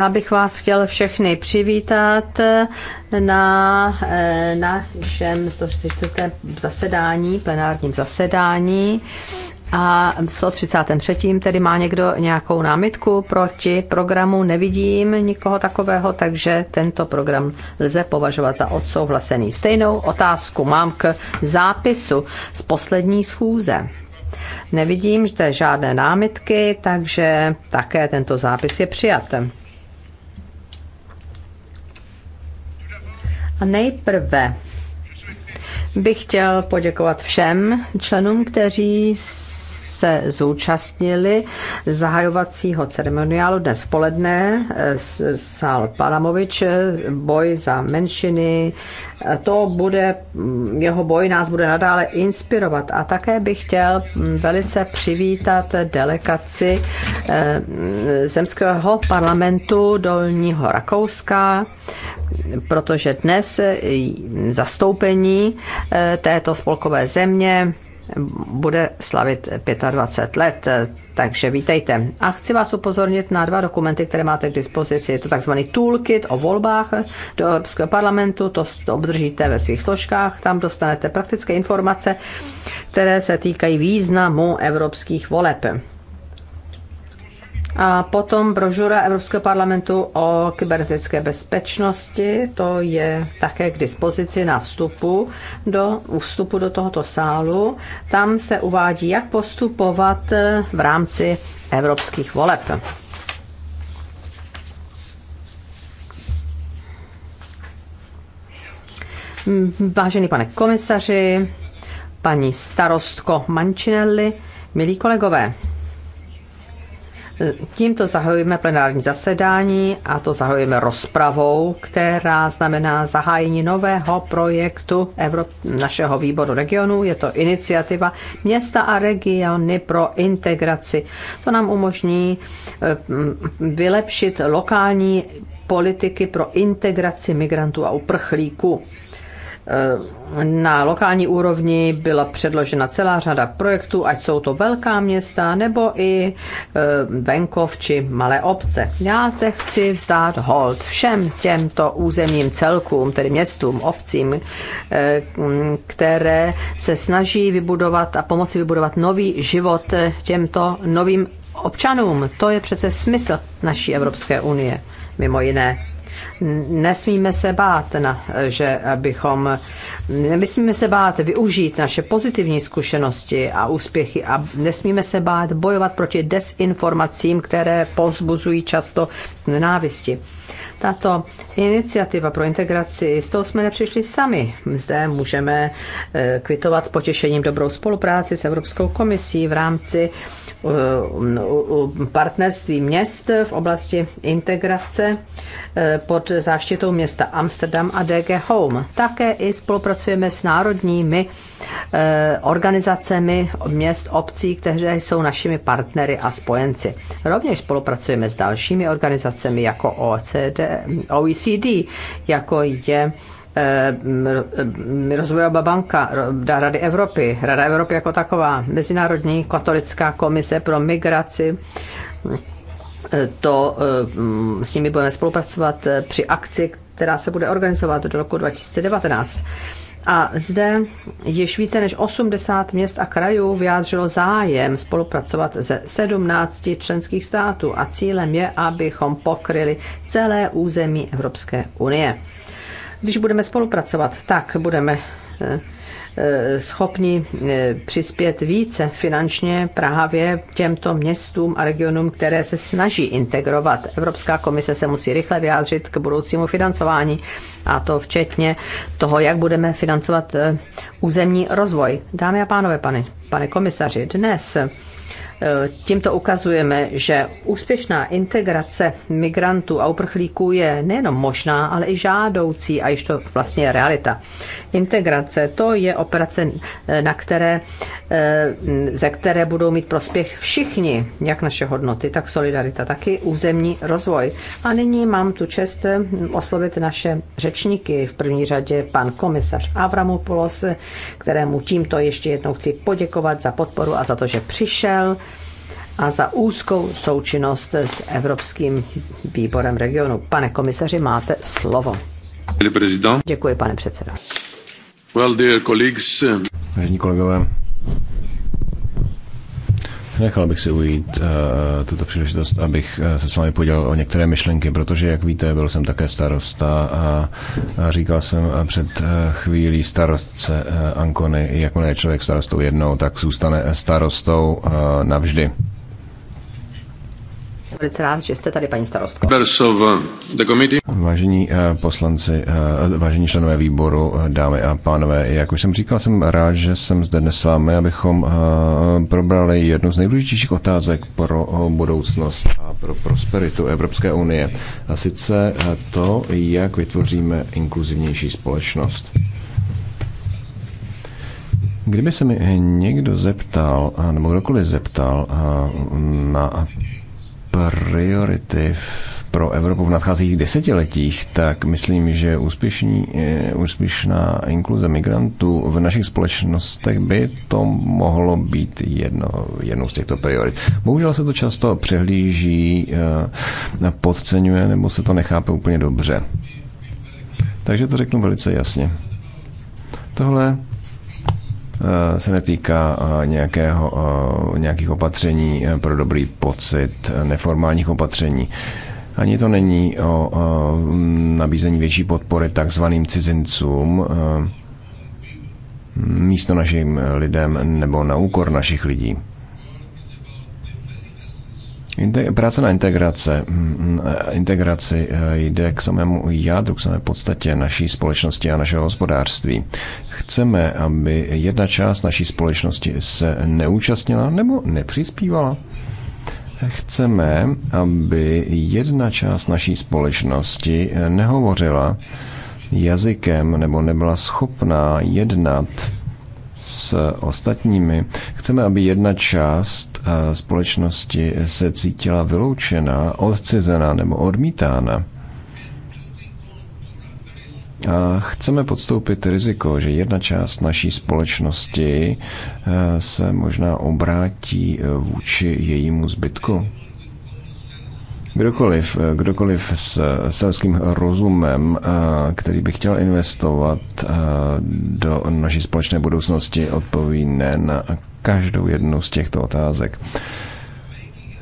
Já bych vás chtěl všechny přivítat na eh, našem 134. zasedání, plenárním zasedání. A 133. tedy má někdo nějakou námitku proti programu? Nevidím nikoho takového, takže tento program lze považovat za odsouhlasený. Stejnou otázku mám k zápisu z poslední schůze. Nevidím zde žádné námitky, takže také tento zápis je přijat. A nejprve bych chtěl poděkovat všem členům, kteří se zúčastnili zahajovacího ceremoniálu dnes v poledne eh, sál Palamovič, eh, boj za menšiny. Eh, to bude, mm, jeho boj nás bude nadále inspirovat a také bych chtěl mm, velice přivítat delegaci mm, zemského parlamentu Dolního Rakouska, protože dnes zastoupení této spolkové země bude slavit 25 let, takže vítejte. A chci vás upozornit na dva dokumenty, které máte k dispozici. Je to takzvaný toolkit o volbách do Evropského parlamentu, to obdržíte ve svých složkách, tam dostanete praktické informace, které se týkají významu evropských voleb. A potom brožura Evropského parlamentu o kybernetické bezpečnosti, to je také k dispozici na vstupu do, vstupu do tohoto sálu. Tam se uvádí, jak postupovat eh, v rámci evropských voleb. Mm, vážený pane komisaři, paní starostko Mančinelli, milí kolegové, Tímto zahajujeme plenární zasedání a to zahajujeme rozpravou, která znamená zahájení nového projektu Evrop- našeho výboru regionu. Je to iniciativa Města a regiony pro integraci. To nám umožní eh, vylepšit lokální politiky pro integraci migrantů a uprchlíků na lokální úrovni byla předložena celá řada projektů, ať jsou to velká města nebo i e, venkov či malé obce. Já zde chci vzdát hold všem těmto územním celkům, tedy městům, obcím, e, které se snaží vybudovat a pomoci vybudovat nový život těmto novým občanům. To je přece smysl naší Evropské unie, mimo jiné nesmíme se bát, na, že bychom, nesmíme se bát využít naše pozitivní zkušenosti a úspěchy a nesmíme se bát bojovat proti desinformacím, které pozbuzují často nenávisti. Tato iniciativa pro integraci, s tou jsme nepřišli sami. Zde můžeme eh, kvitovat s potěšením dobrou spolupráci s Evropskou komisí v rámci eh, partnerství měst v oblasti integrace Eh, pod záštitou města Amsterdam a DG Home. Také i spolupracujeme s národními eh, organizacemi měst, obcí, které jsou našimi partnery a spojenci. Rovněž spolupracujeme s dalšími organizacemi jako OECD, OECD jako je eh, rozvojová banka, Rady Evropy, Rada Evropy jako taková, Mezinárodní katolická komise pro migraci, to eh, s nimi budeme spolupracovat eh, při akci, která se bude organizovat do roku 2019. A zde již více než 80 měst a krajů vyjádřilo zájem spolupracovat ze 17 členských států a cílem je, abychom pokryli celé území Evropské unie. Když budeme spolupracovat, tak budeme eh, Eh, schopni eh, přispět více finančně právě těmto městům a regionům, které se snaží integrovat. Evropská komise se musí rychle vyjádřit k budoucímu financování a to včetně toho, jak budeme financovat eh, územní rozvoj. Dámy a pánové, pane, pane komisaři, dnes Eh, tímto ukazujeme, že úspěšná integrace migrantů a uprchlíků je nejenom možná, ale i žádoucí a již to vlastně je realita. Integrace to je operace, eh, na které, eh, ze které budou mít prospěch všichni, jak naše hodnoty, tak solidarita, taky územní rozvoj. A nyní mám tu čest hm, oslovit naše řečníky, v první řadě pan komisař Avramopoulos, kterému tímto ještě jednou chci poděkovat za podporu a za to, že přišel a za úzkou součinnost s Evropským výborem regionu. Pane komisaři, máte slovo. Děkuji, pane předsedo. Well, dear colleagues. Vážení kolegové, Nechal bych si ujít uh, tuto příležitost, abych uh, se s vámi podělil o některé myšlenky, protože, jak víte, byl jsem také starosta a, a říkal jsem uh, před uh, chvílí starostce uh, Ankony, jakmile je člověk starostou jednou, tak zůstane starostou uh, navždy velice rád, že jste tady, paní starostko. Vážení eh, poslanci, eh, vážení členové výboru, eh, dámy a pánové, jak už jsem říkal, jsem rád, že jsem zde dnes s vámi, abychom probrali jednu z nejdůležitějších otázek pro budoucnost a pro prosperitu Evropské unie. A sice to, jak vytvoříme inkluzivnější společnost. Kdyby se mi někdo zeptal, nebo kdokoliv zeptal na priority pro Evropu v nadcházejících desetiletích, tak myslím, že úspěšní, eh, úspěšná inkluze migrantů v našich společnostech by to mohlo být jedno, jednou z těchto priorit. Bohužel se to často přehlíží, eh, podceňuje nebo se to nechápe úplně dobře. Takže to řeknu velice jasně. Tohle Eh, se netýká eh, nějakého, eh, nějakých opatření pro dobrý pocit, neformálních opatření. Ani to není o nabízení větší podpory takzvaným cizincům, místo našim lidem nebo na úkor našich lidí. Práce na integrace, mm, mm, integraci eh, jde k samému jádru, k samé podstatě naší společnosti a našeho hospodářství. Chceme, aby jedna část naší společnosti se neúčastnila nebo nepřispívala. Chceme, aby jedna část naší společnosti eh, nehovořila jazykem nebo nebyla schopná jednat s ostatními. Chceme, aby jedna část eh, společnosti se cítila vyloučená, odcizená nebo odmítána. A chceme podstoupit riziko, že jedna část naší společnosti eh, se možná obrátí eh, vůči jejímu zbytku. Kdokoliv, kdokoliv s selským rozumem, eh, který by chtěl investovat eh, do naší společné budoucnosti, odpoví ne na každou jednu z těchto otázek.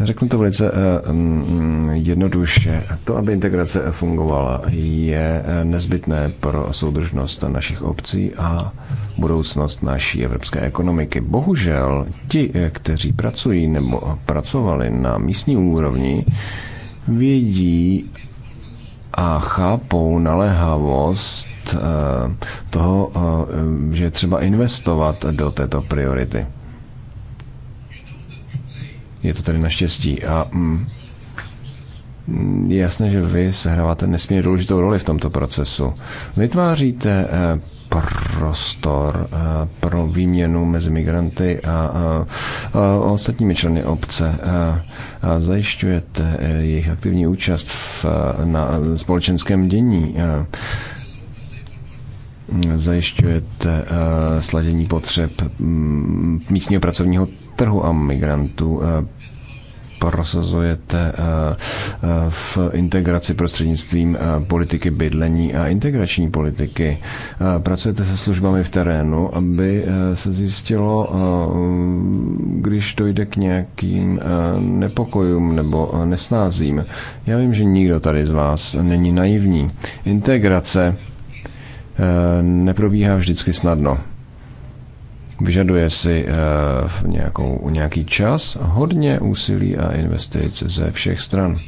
Řeknu to velice eh, mm, jednoduše. To, aby integrace fungovala, je nezbytné pro soudržnost našich obcí a budoucnost naší evropské ekonomiky. Bohužel ti, kteří pracují nebo pracovali na místní úrovni, vědí a chápou naléhavost eh, toho, eh, že třeba investovat do této priority. Je to tedy naštěstí. A mm, je jasné, že vy sehráváte nesmírně důležitou roli v tomto procesu. Vytváříte eh, prostor eh, pro výměnu mezi migranty a, ostatními členy obce eh, a zajišťujete eh, jejich aktivní účast v, na společenském dění zajišťujete sladění potřeb mm, místního pracovního trhu a migrantů, prosazujete eh, eh, v integraci prostřednictvím eh, politiky bydlení a integrační politiky. Pracujete se službami v terénu, aby se zjistilo, když dojde k nějakým nepokojům nebo nesnázím. Já vím, že nikdo tady z vás není naivní. Integrace neprobíhá vždycky snadno. Vyžaduje si uh, nějakou, nějaký čas, hodně úsilí a investice ze všech stran.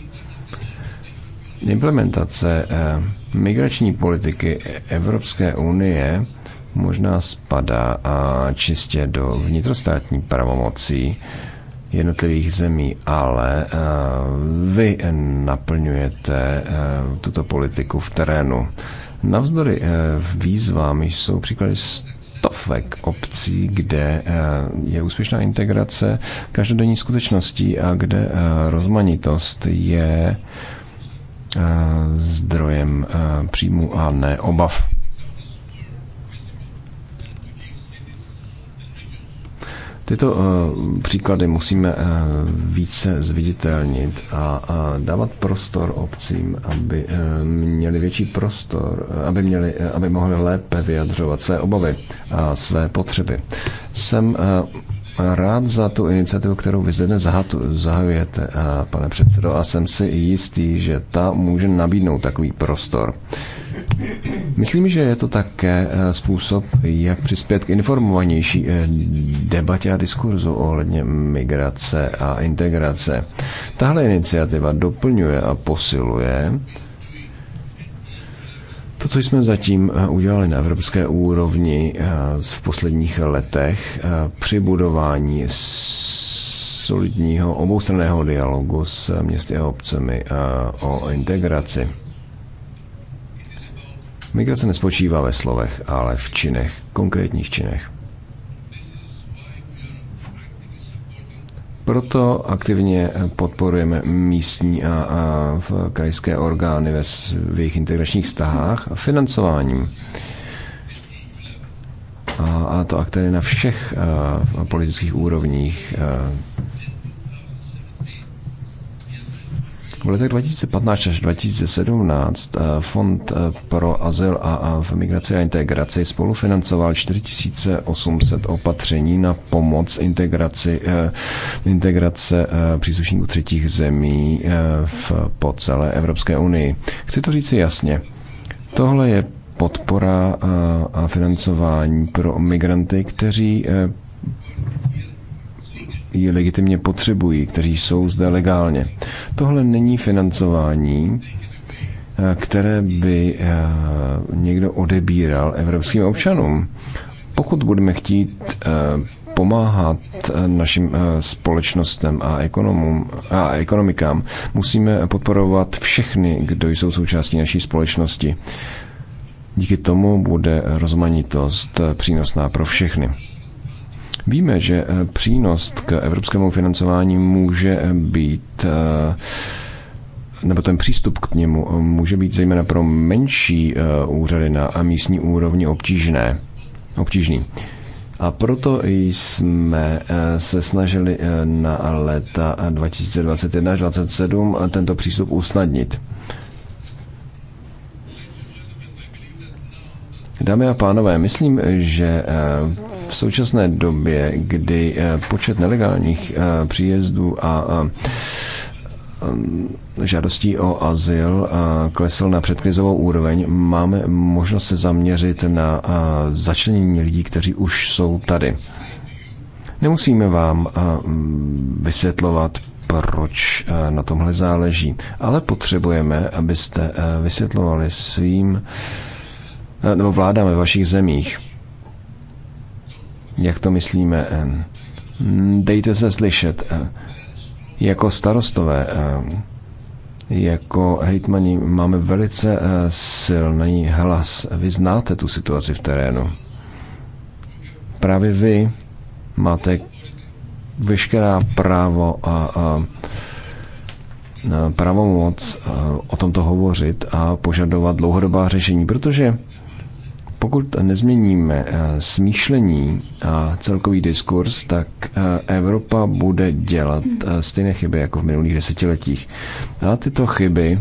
Implementace uh, migrační politiky Evropské unie možná spadá a čistě do vnitrostátní pravomocí jednotlivých zemí, ale eh, vy naplňujete tuto politiku v terénu. Navzdory výzvám jsou příklady z stovek obcí, kde eh, je úspěšná integrace každodenní skutečností a kde eh, rozmanitost je eh, zdrojem příjmu a ne obav. Tyto eh, příklady musíme eh, více zviditelnit a dávat prostor obcím, aby eh, měli větší prostor, aby, měli, aby mohli lépe vyjadřovat své obavy a své potřeby. Jsem rád za tu iniciativu, kterou vy zde dnes zahajujete, pane předsedo, a jsem si jistý, že ta může nabídnout takový prostor. Myslím, že je to také eh, způsob, jak přispět k informovanější eh, debatě a diskurzu ohledně migrace a integrace. Tahle iniciativa doplňuje a posiluje to, co jsme zatím eh, udělali na evropské úrovni eh, v posledních letech eh, při budování solidního oboustranného dialogu s městy a obcemi o integraci. Migrace nespočívá ve slovech, ale v činech, konkrétních činech. Proto aktivně podporujeme místní a, a v krajské orgány ve, v jejich integračních vztahách a financováním. A, a to aktivně na všech a, a politických úrovních, a, V letech 2015 až 2017 eh, Fond eh, pro azyl a migraci a integraci spolufinancoval 4800 opatření na pomoc integraci, eh, integrace příslušníků třetích zemí v, po celé Evropské unii. Chci to říci jasně. Tohle je podpora a financování pro migranty, kteří ji legitimně potřebují, kteří jsou zde legálně. Tohle není financování, eh, které by eh, někdo odebíral evropským občanům. Pokud budeme chtít eh, pomáhat našim společnostem a, ekonomům, a ekonomikám, musíme podporovat všechny, kdo jsou součástí naší společnosti. Díky tomu bude rozmanitost přínosná pro všechny. Víme, že eh, přínos k evropskému financování může eh, být eh, nebo ten přístup k němu může být zejména pro menší úřady na místní úrovni obtížné, obtížný. A proto jsme se snažili na léta 2021 až 2027 tento přístup usnadnit. Dámy a pánové, myslím, že eh, v současné době, kdy eh, počet nelegálních eh, příjezdů a žádostí o azyl klesl na předkrizovou úroveň, máme možnost se zaměřit na začlenění lidí, kteří už jsou tady. Nemusíme vám vysvětlovat, proč na tomhle záleží, ale potřebujeme, abyste vysvětlovali svým Eh, nebo vládám ve vašich zemích. Jak to myslíme? Dejte se slyšet. Eh, jako starostové, jako hejtmani máme velice eh, silný hlas. Vy znáte tu situaci v terénu. Právě vy máte veškerá právo a, a pravomoc o tomto hovořit a požadovat dlouhodobá řešení, protože pokud nezměníme eh, smýšlení a celkový diskurs, tak eh, Evropa bude dělat eh, stejné chyby jako v minulých desetiletích. A tyto chyby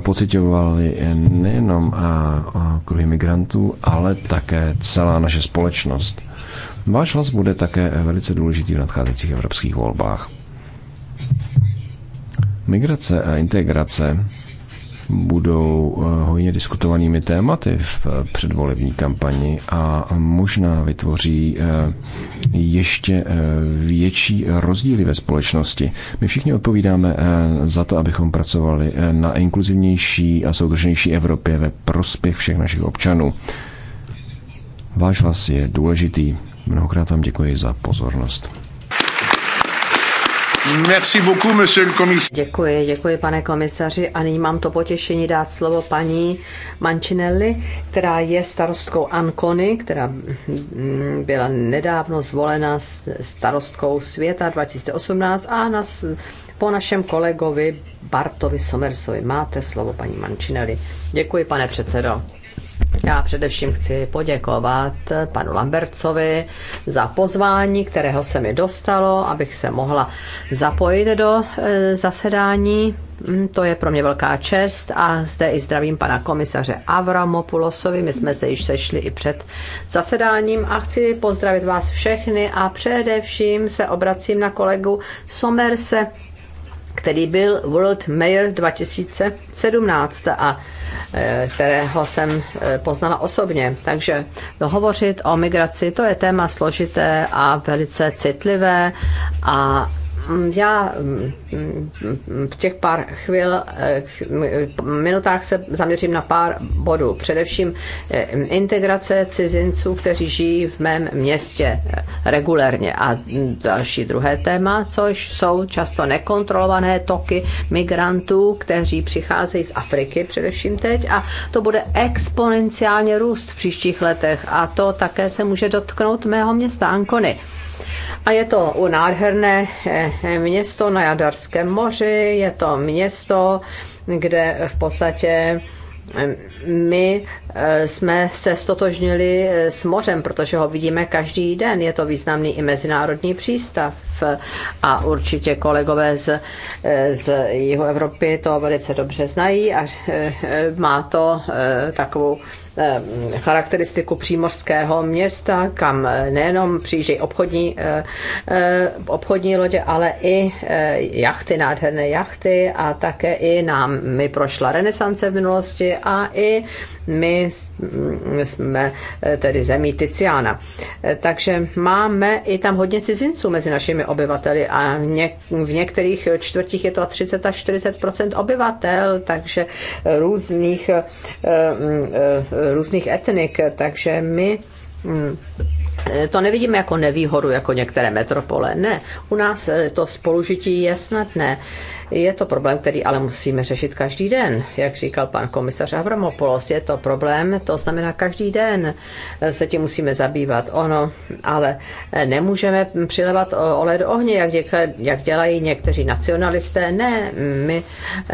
pocitovaly nejenom kruhy migrantů, ale také celá naše společnost. Váš hlas bude také velice důležitý v nadcházejících evropských volbách. Migrace a integrace budou eh, hojně diskutovanými tématy v eh, předvolební kampani a možná vytvoří eh, ještě větší rozdíly ve společnosti. My všichni odpovídáme za to, abychom pracovali na inkluzivnější a soudržnější Evropě ve prospěch všech našich občanů. Váš hlas je důležitý. Mnohokrát vám děkuji za pozornost. Merci beaucoup, monsieur le commissaire. Děkuji, děkuji, pane komisaři. A nyní mám to potěšení dát slovo paní Mancinelli, která je starostkou Ancony, která mm, byla nedávno zvolena starostkou světa 2018 a nas, po našem kolegovi Bartovi Somersovi. Máte slovo, paní Mancinelli. Děkuji, pane předsedo. Já především chci poděkovat panu Lambercovi za pozvání, kterého se mi dostalo, abych se mohla zapojit do e, zasedání. Mm, to je pro mě velká čest a zde i zdravím pana komisaře Avramopulosovi. My jsme se již sešli i před zasedáním a chci pozdravit vás všechny a především se obracím na kolegu Somerse, který byl World Mayor 2017 a Eh, kterého jsem eh, poznala osobně. Takže hovořit o migraci, to je téma složité a velice citlivé a Hm, já hm, hm, v těch pár chvil, eh, eh, minutách se zaměřím na pár bodů. Především eh, integrace cizinců, kteří žijí v mém městě regulérně. A další druhé téma, což jsou často nekontrolované toky migrantů, kteří přicházejí z Afriky především teď. A to bude exponenciálně růst v příštích letech. A to také se může dotknout mého města Ankony. A je to u nádherné eh, město na Jadarském moři, je to město, kde v podstatě eh, my eh, jsme se stotožnili s mořem, protože ho vidíme každý den. Je to významný i mezinárodní přístav a určitě kolegové z, z jeho Evropy to velice dobře znají a má to takovou Eh, charakteristiku přímořského města, kam nejenom přijíždějí obchodní, eh, eh, obchodní lodě, ale i jachty, nádherné jachty a také i nám mi prošla renesance v minulosti a i my mm, jsme tedy zemí Tiziana. Takže máme i tam hodně cizinců mezi našimi obyvateli a v některých čtvrtích je to 30 až 40 obyvatel, takže různých mm, různých etnik, takže my mm, eh, to nevidíme jako nevýhodu, jako některé metropole. Ne, u nás eh, to spolužití je snadné. Je to problém, který ale musíme řešit každý den. Jak říkal pan komisař Avramopoulos, je to problém, to znamená každý den se tím musíme zabývat. Ono, ale nemůžeme přilevat olej do ohně, jak, děka, jak dělají někteří nacionalisté. Ne, my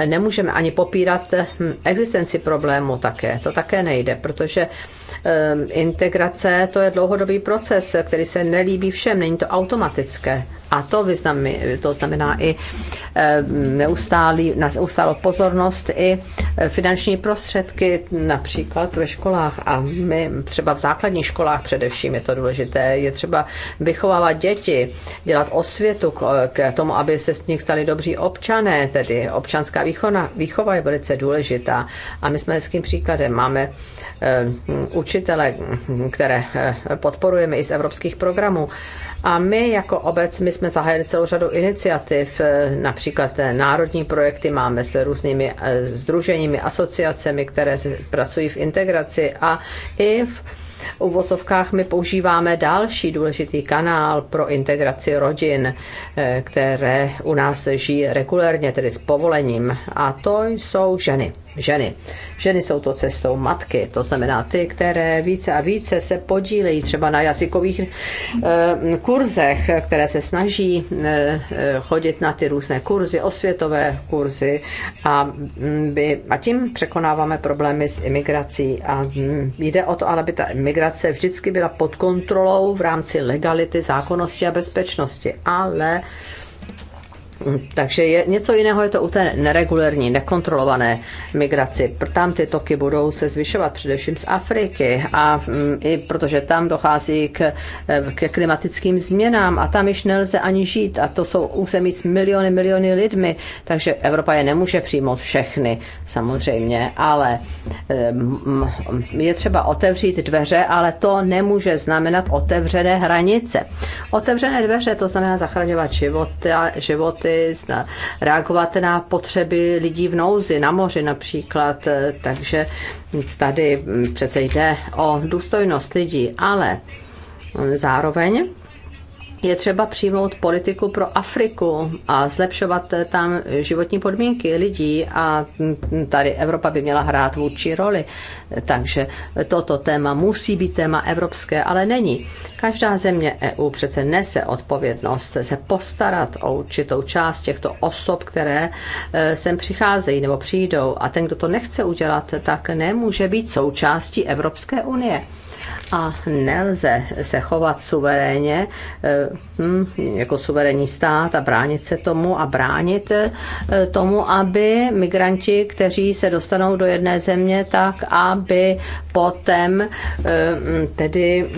nemůžeme ani popírat hm, existenci problému také. To také nejde, protože Ehm, integrace to je dlouhodobý proces, který se nelíbí všem, není to automatické. A to, vyznamy, to znamená i ehm, neustálou pozornost i eh, finanční prostředky, například ve školách a my třeba v základních školách především je to důležité. Je třeba vychovávat děti, dělat osvětu k, k tomu, aby se z nich stali dobří občané, tedy občanská výchova, výchova je velice důležitá. A my jsme hezkým příkladem. Máme ehm, učitele, které eh, podporujeme i z evropských programů. A my jako obec, my jsme zahájili celou řadu iniciativ, eh, například eh, národní projekty máme s různými združeními, asociacemi, které pracují v integraci a i v uvozovkách my používáme další důležitý kanál pro integraci rodin, které u nás žijí regulérně, tedy s povolením. A to jsou ženy ženy. Ženy jsou to cestou matky, to znamená ty, které více a více se podílejí třeba na jazykových eh, kurzech, které se snaží eh, eh, chodit na ty různé kurzy, osvětové kurzy a, by, mm, a tím překonáváme problémy s imigrací a mm, jde o to, aby ta imigrace vždycky byla pod kontrolou v rámci legality, zákonnosti a bezpečnosti. Ale takže je, něco jiného je to u té neregulární, nekontrolované migraci. Tam ty toky budou se zvyšovat především z Afriky, a mm, i protože tam dochází k, eh, k klimatickým změnám a tam již nelze ani žít. A to jsou území s miliony, miliony lidmi, takže Evropa je nemůže přijmout všechny, samozřejmě. Ale eh, je třeba otevřít dveře, ale to nemůže znamenat otevřené hranice. Otevřené dveře to znamená zachraňovat životy na reagovat na potřeby lidí v nouzi, na moři například. Takže tady přece jde o důstojnost lidí, ale zároveň je třeba přijmout politiku pro Afriku a zlepšovat tam životní podmínky lidí a tady Evropa by měla hrát vůči roli. Takže toto téma musí být téma evropské, ale není. Každá země EU přece nese odpovědnost se postarat o určitou část těchto osob, které e, sem přicházejí nebo přijdou a ten, kdo to nechce udělat, tak nemůže být součástí Evropské unie a nelze se chovat suverénně eh, hm, jako suverénní stát a bránit se tomu a bránit eh, tomu, aby migranti, kteří se dostanou do jedné země, tak aby potom eh, tedy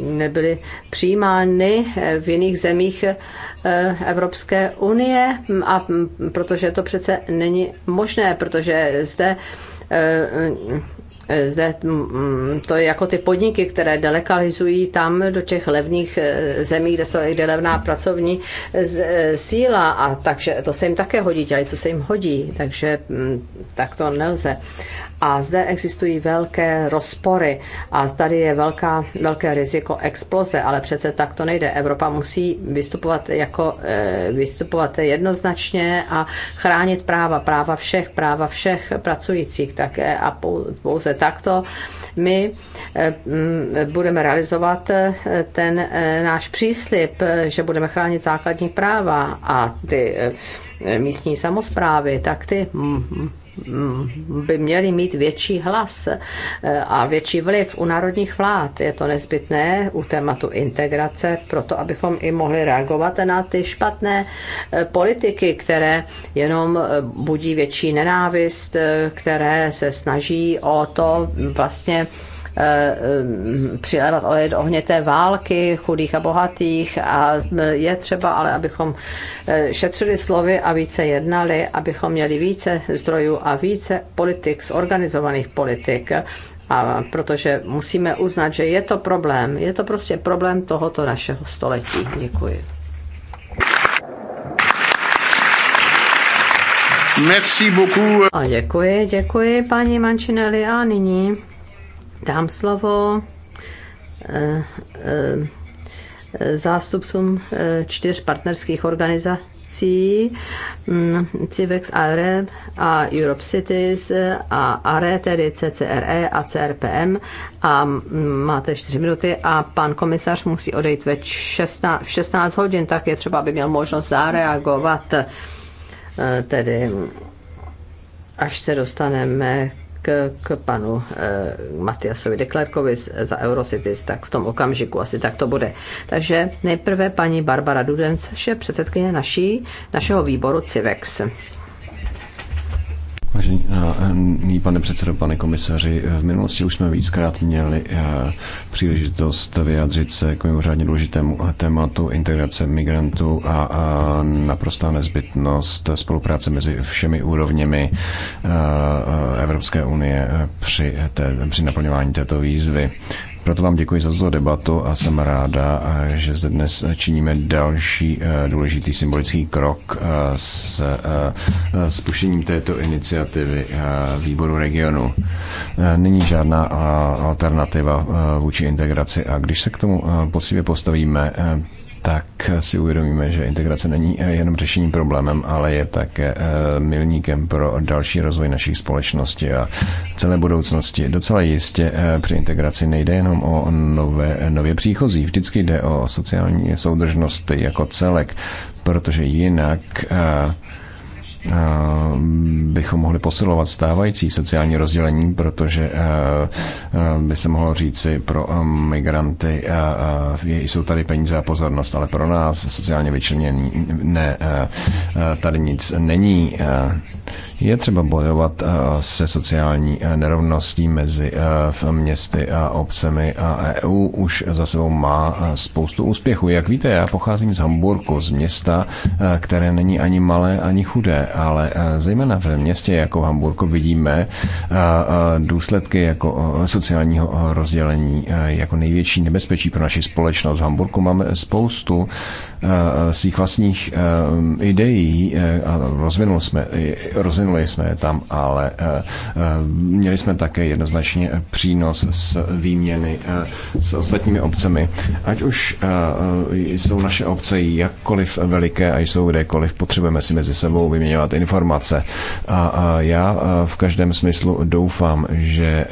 nebyli přijímány v jiných zemích Evropské unie, a protože to přece není možné, protože zde Eh, zde mm, mm, to je jako ty podniky, které delekalizují tam do těch levných eh, zemí, kde jsou i levná pracovní eh, síla a takže to se jim také hodí, dělají, co se jim hodí, takže mm, tak to nelze. A zde existují velké rozpory a tady je velká, velké riziko exploze, ale přece tak to nejde. Evropa musí vystupovat, jako, vystupovat jednoznačně a chránit práva, práva všech, práva všech pracujících také a pouze takto my eh, mm, budeme realizovat eh, ten eh, náš příslip, že budeme chránit základní práva a ty místní samozprávy, tak ty mm, by měli mít větší hlas eh, a větší vliv u národních vlád. Je to nezbytné u tématu integrace, proto abychom i mohli reagovat na ty špatné eh, politiky, které jenom eh, budí větší nenávist, které se snaží o to vlastně Eh, přilévat olej do ohně té války chudých a bohatých a je třeba ale, abychom eh, šetřili slovy a více jednali, abychom měli více zdrojů a více politik, zorganizovaných politik, a protože musíme uznat, že je to problém, je to prostě problém tohoto našeho století. Děkuji. Merci beaucoup. A děkuji, děkuji paní Mančinelli a nyní dám slovo eh, eh, zástupcům eh, čtyř partnerských organizací mm, CIVEX ARE a Europe Cities a ARE, tedy CCRE a CRPM a mm, máte čtyři minuty a pan komisař musí odejít ve 16, v 16 hodin, tak je třeba, aby měl možnost zareagovat tedy mm, až se dostaneme k, k panu eh, Matiasovi Deklerkovi za Eurocities, tak v tom okamžiku asi tak to bude. Takže nejprve paní Barbara Dudenc, šéf předsedkyně naší, našeho výboru CIVEX. Vážený eh, eh, pane předsedo, pane komisaři, eh, v minulosti už jsme víckrát měli příležitost vyjádřit se k mimořádně důležitému tématu integrace migrantů a naprostá nezbytnost spolupráce mezi všemi úrovněmi Evropské unie při, té, při naplňování této výzvy. Proto vám děkuji za tuto debatu a jsem ráda, že zde dnes činíme další eh, důležitý symbolický krok eh, s eh, spuštěním této iniciativy výboru regionu. Není žádná alternativa vůči integraci a když se k tomu poctivě postavíme, tak si uvědomíme, že integrace není eh, jenom řešením problémem, ale je také eh, milníkem pro další rozvoj našich společností a celé budoucnosti. Docela jistě eh, při integraci nejde jenom o nové, nově příchozí, vždycky jde o sociální soudržnost jako celek, protože jinak bychom mohli posilovat stávající sociální rozdělení, protože by se mohlo říci pro migranty, jsou tady peníze a pozornost, ale pro nás sociálně vyčlenění ne, tady nic není. Je třeba bojovat eh, se sociální eh, nerovností mezi eh, městy a obcemi a EU už za sebou má spoustu úspěchů. Jak víte, já pocházím z Hamburku, z města, které není ani malé, ani chudé, ale zejména ve městě jako Hamburku vidíme důsledky jako sociálního rozdělení jako největší nebezpečí pro naši společnost. V Hamburku máme spoustu svých vlastních ideí a rozvinul jsme rozvinuli jsme je tam, ale eh, eh, měli jsme také jednoznačně přínos z výměny eh, s ostatními obcemi. Ať už jsou naše obce jakkoliv veliké a jsou kdekoliv, potřebujeme si mezi sebou vyměňovat informace. A já v každém smyslu doufám, že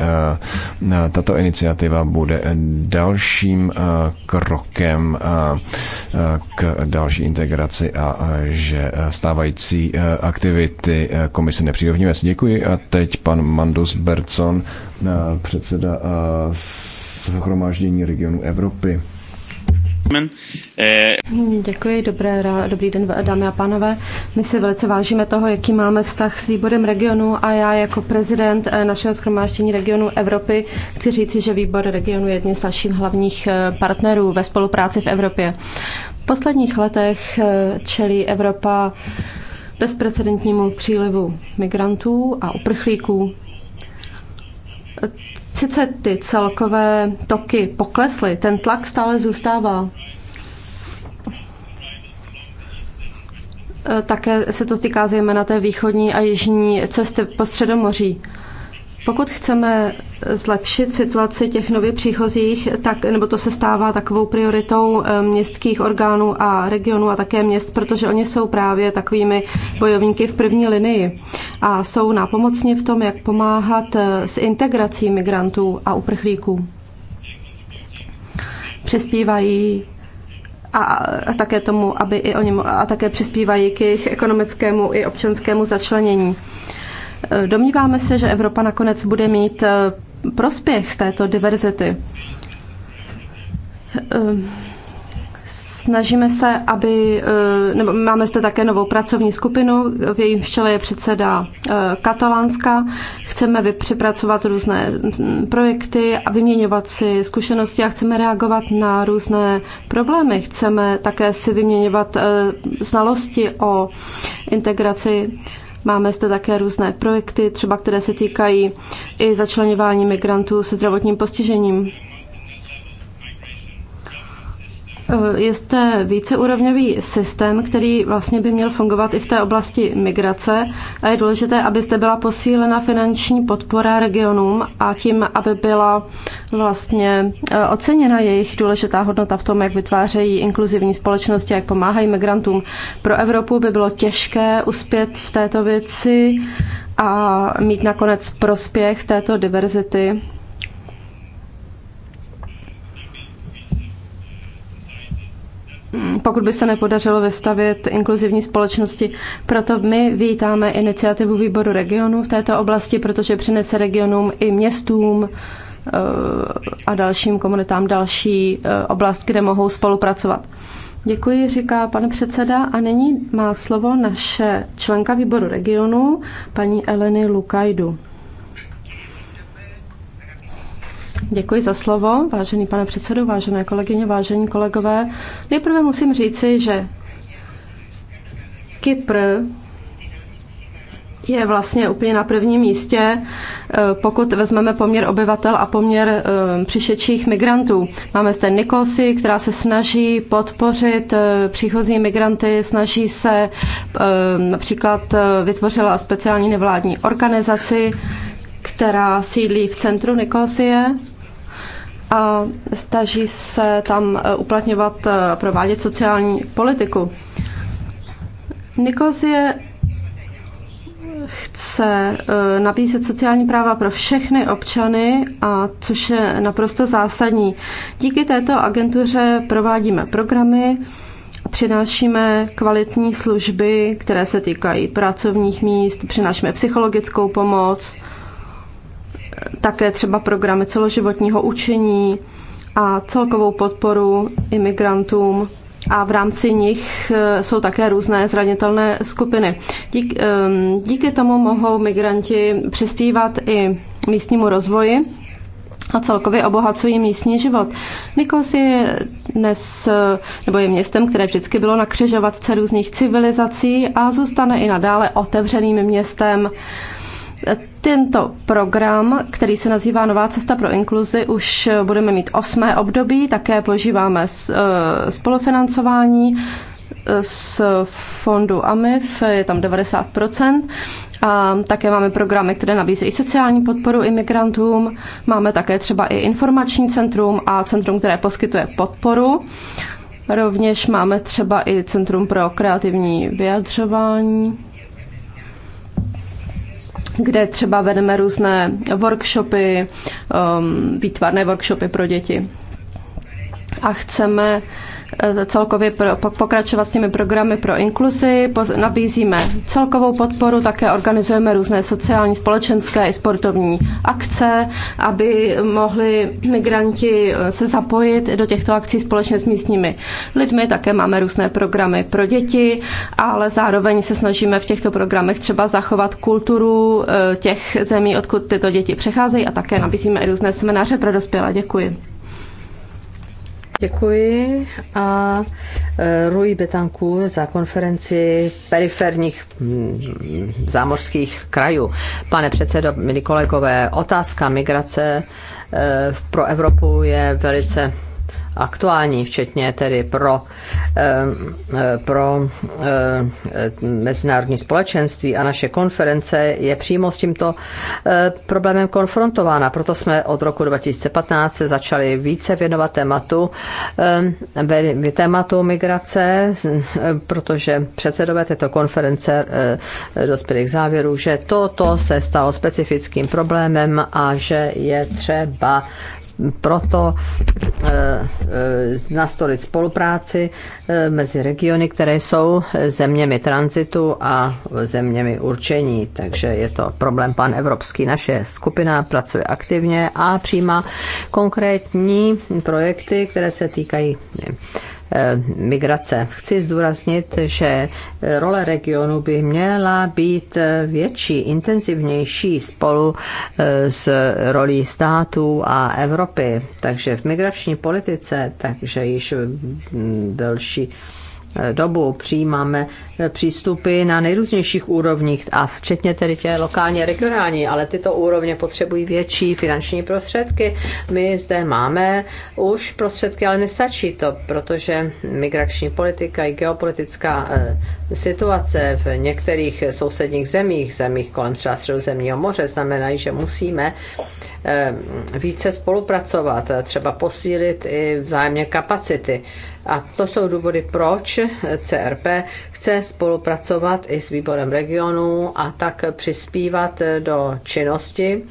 tato iniciativa bude dalším krokem k další integraci a že stávající aktivity Eh, komise nepřírovníme. Děkuji a teď pan Mandus Bertson, eh, předseda eh, shromáždění regionu Evropy. Děkuji, dobré, dobrý den, dámy a pánové. My si velice vážíme toho, jaký máme vztah s výborem regionu a já jako prezident našeho schromáždění regionu Evropy chci říci, že výbor regionu je jedním z našich hlavních partnerů ve spolupráci v Evropě. V posledních letech čelí Evropa bezprecedentnímu přílivu migrantů a uprchlíků. Sice ty celkové toky poklesly, ten tlak stále zůstává. Také se to týká zejména té východní a jižní cesty po Středomoří. Pokud chceme zlepšit situaci těch nově příchozích, tak, nebo to se stává takovou prioritou eh, městských orgánů a regionů a také měst, protože oni jsou právě takovými bojovníky v první linii a jsou nápomocni v tom, jak pomáhat eh, s integrací migrantů a uprchlíků. Přispívají a, a také tomu, aby i oni, a také přispívají k jejich ekonomickému i občanskému začlenění. Eh, domníváme se, že Evropa nakonec bude mít eh, prospěch z této diverzity. Eh, snažíme se, aby, nebo máme zde také novou pracovní skupinu, v jejím čele je předseda Katalánska. Chceme připracovat různé mm, projekty a vyměňovat si zkušenosti a chceme reagovat na různé problémy. Chceme také si vyměňovat znalosti o integraci Máme zde také různé projekty, třeba které se týkají i začlenování migrantů se zdravotním postižením. Eh, je zde víceúrovňový systém, který vlastně by měl fungovat i v té oblasti migrace a je důležité, aby zde byla posílena finanční podpora regionům a tím, aby byla vlastně eh, oceněna jejich důležitá hodnota v tom, jak vytvářejí inkluzivní společnosti, jak pomáhají migrantům. Pro Evropu by bylo těžké uspět v této věci a mít nakonec prospěch z této diverzity Mm, pokud by se nepodařilo vystavit inkluzivní společnosti. Proto my vítáme iniciativu výboru regionů v této oblasti, protože přinese regionům i městům eh, a dalším komunitám další eh, oblast, kde mohou spolupracovat. Děkuji, říká pan předseda. A nyní má slovo naše členka výboru regionu, paní Eleny Lukajdu. Děkuji za slovo, vážený pane předsedo, vážené kolegyně, vážení kolegové. Nejprve musím říci, že Kypr je vlastně úplně na prvním místě, eh, pokud vezmeme poměr obyvatel a poměr eh, přišedších migrantů. Máme zde Nikosy, která se snaží podpořit eh, příchozí migranty, snaží se například vytvořila speciální nevládní organizaci, která sídlí v centru Nikosie a staží se tam eh, uplatňovat, eh, provádět sociální politiku. Nikozie chce eh, nabízet sociální práva pro všechny občany, a což je naprosto zásadní. Díky této agentuře provádíme programy, přinášíme kvalitní služby, které se týkají pracovních míst, přinášíme psychologickou pomoc, také třeba programy celoživotního učení a celkovou podporu imigrantům a v rámci nich eh, jsou také různé zranitelné skupiny. Dík, ehm, díky tomu mohou migranti přispívat i místnímu rozvoji a celkově obohacují místní život. Nikos je dnes, eh, nebo je městem, které vždycky bylo na křižovatce různých civilizací a zůstane i nadále otevřeným městem, tento program, který se nazývá Nová cesta pro inkluzi, už budeme mít osmé období, také požíváme eh, spolufinancování eh, z fondu AMIF, je tam 90%. A také máme programy, které nabízejí sociální podporu imigrantům. Máme také třeba i informační centrum a centrum, které poskytuje podporu. Rovněž máme třeba i Centrum pro kreativní vyjadřování kde třeba vedeme různé workshopy, um, výtvarné workshopy pro děti a chceme e, celkově pokračovat s těmi programy pro inkluzi. Nabízíme celkovou podporu, také organizujeme různé sociální, společenské i sportovní akce, aby mohli migranti e, se zapojit do těchto akcí společně s místními lidmi. Také máme různé programy pro děti, ale zároveň se snažíme v těchto programech třeba zachovat kulturu e, těch zemí, odkud tyto děti přecházejí a také nabízíme i různé semináře pro dospělé. Děkuji. Děkuji a e, Rui Betanku za konferenci periferních hm, zámořských krajů. Pane předsedo, milí kolegové, otázka migrace e, pro Evropu je velice aktuální, včetně tedy pro, eh, pro eh, mezinárodní společenství a naše konference je přímo s tímto eh, problémem konfrontována. Proto jsme od roku 2015 začali více věnovat tématu, tématu migrace, protože předsedové této konference dospěli k závěru, že toto se stalo specifickým problémem a že je třeba proto eh, eh, nastolit spolupráci eh, mezi regiony, které jsou zeměmi tranzitu a zeměmi určení. Takže je to problém pan Evropský. Naše skupina pracuje aktivně a přijímá konkrétní projekty, které se týkají Eh, migrace. Chci zdůraznit, že role regionu by měla být větší, intenzivnější spolu eh, s rolí států a Evropy. Takže v migrační politice, takže již mm, delší dobu přijímáme eh, přístupy na nejrůznějších úrovních, a včetně tedy tě lokálně regionální, ale tyto úrovně potřebují větší finanční prostředky. My zde máme už prostředky, ale nestačí to, protože migrační politika i geopolitická eh, situace v některých sousedních zemích, zemích kolem třeba Středozemního moře, znamenají, že musíme eh, více spolupracovat, třeba posílit i vzájemně kapacity a to jsou důvody, proč CRP chce spolupracovat i s výborem regionů a tak přispívat do činnosti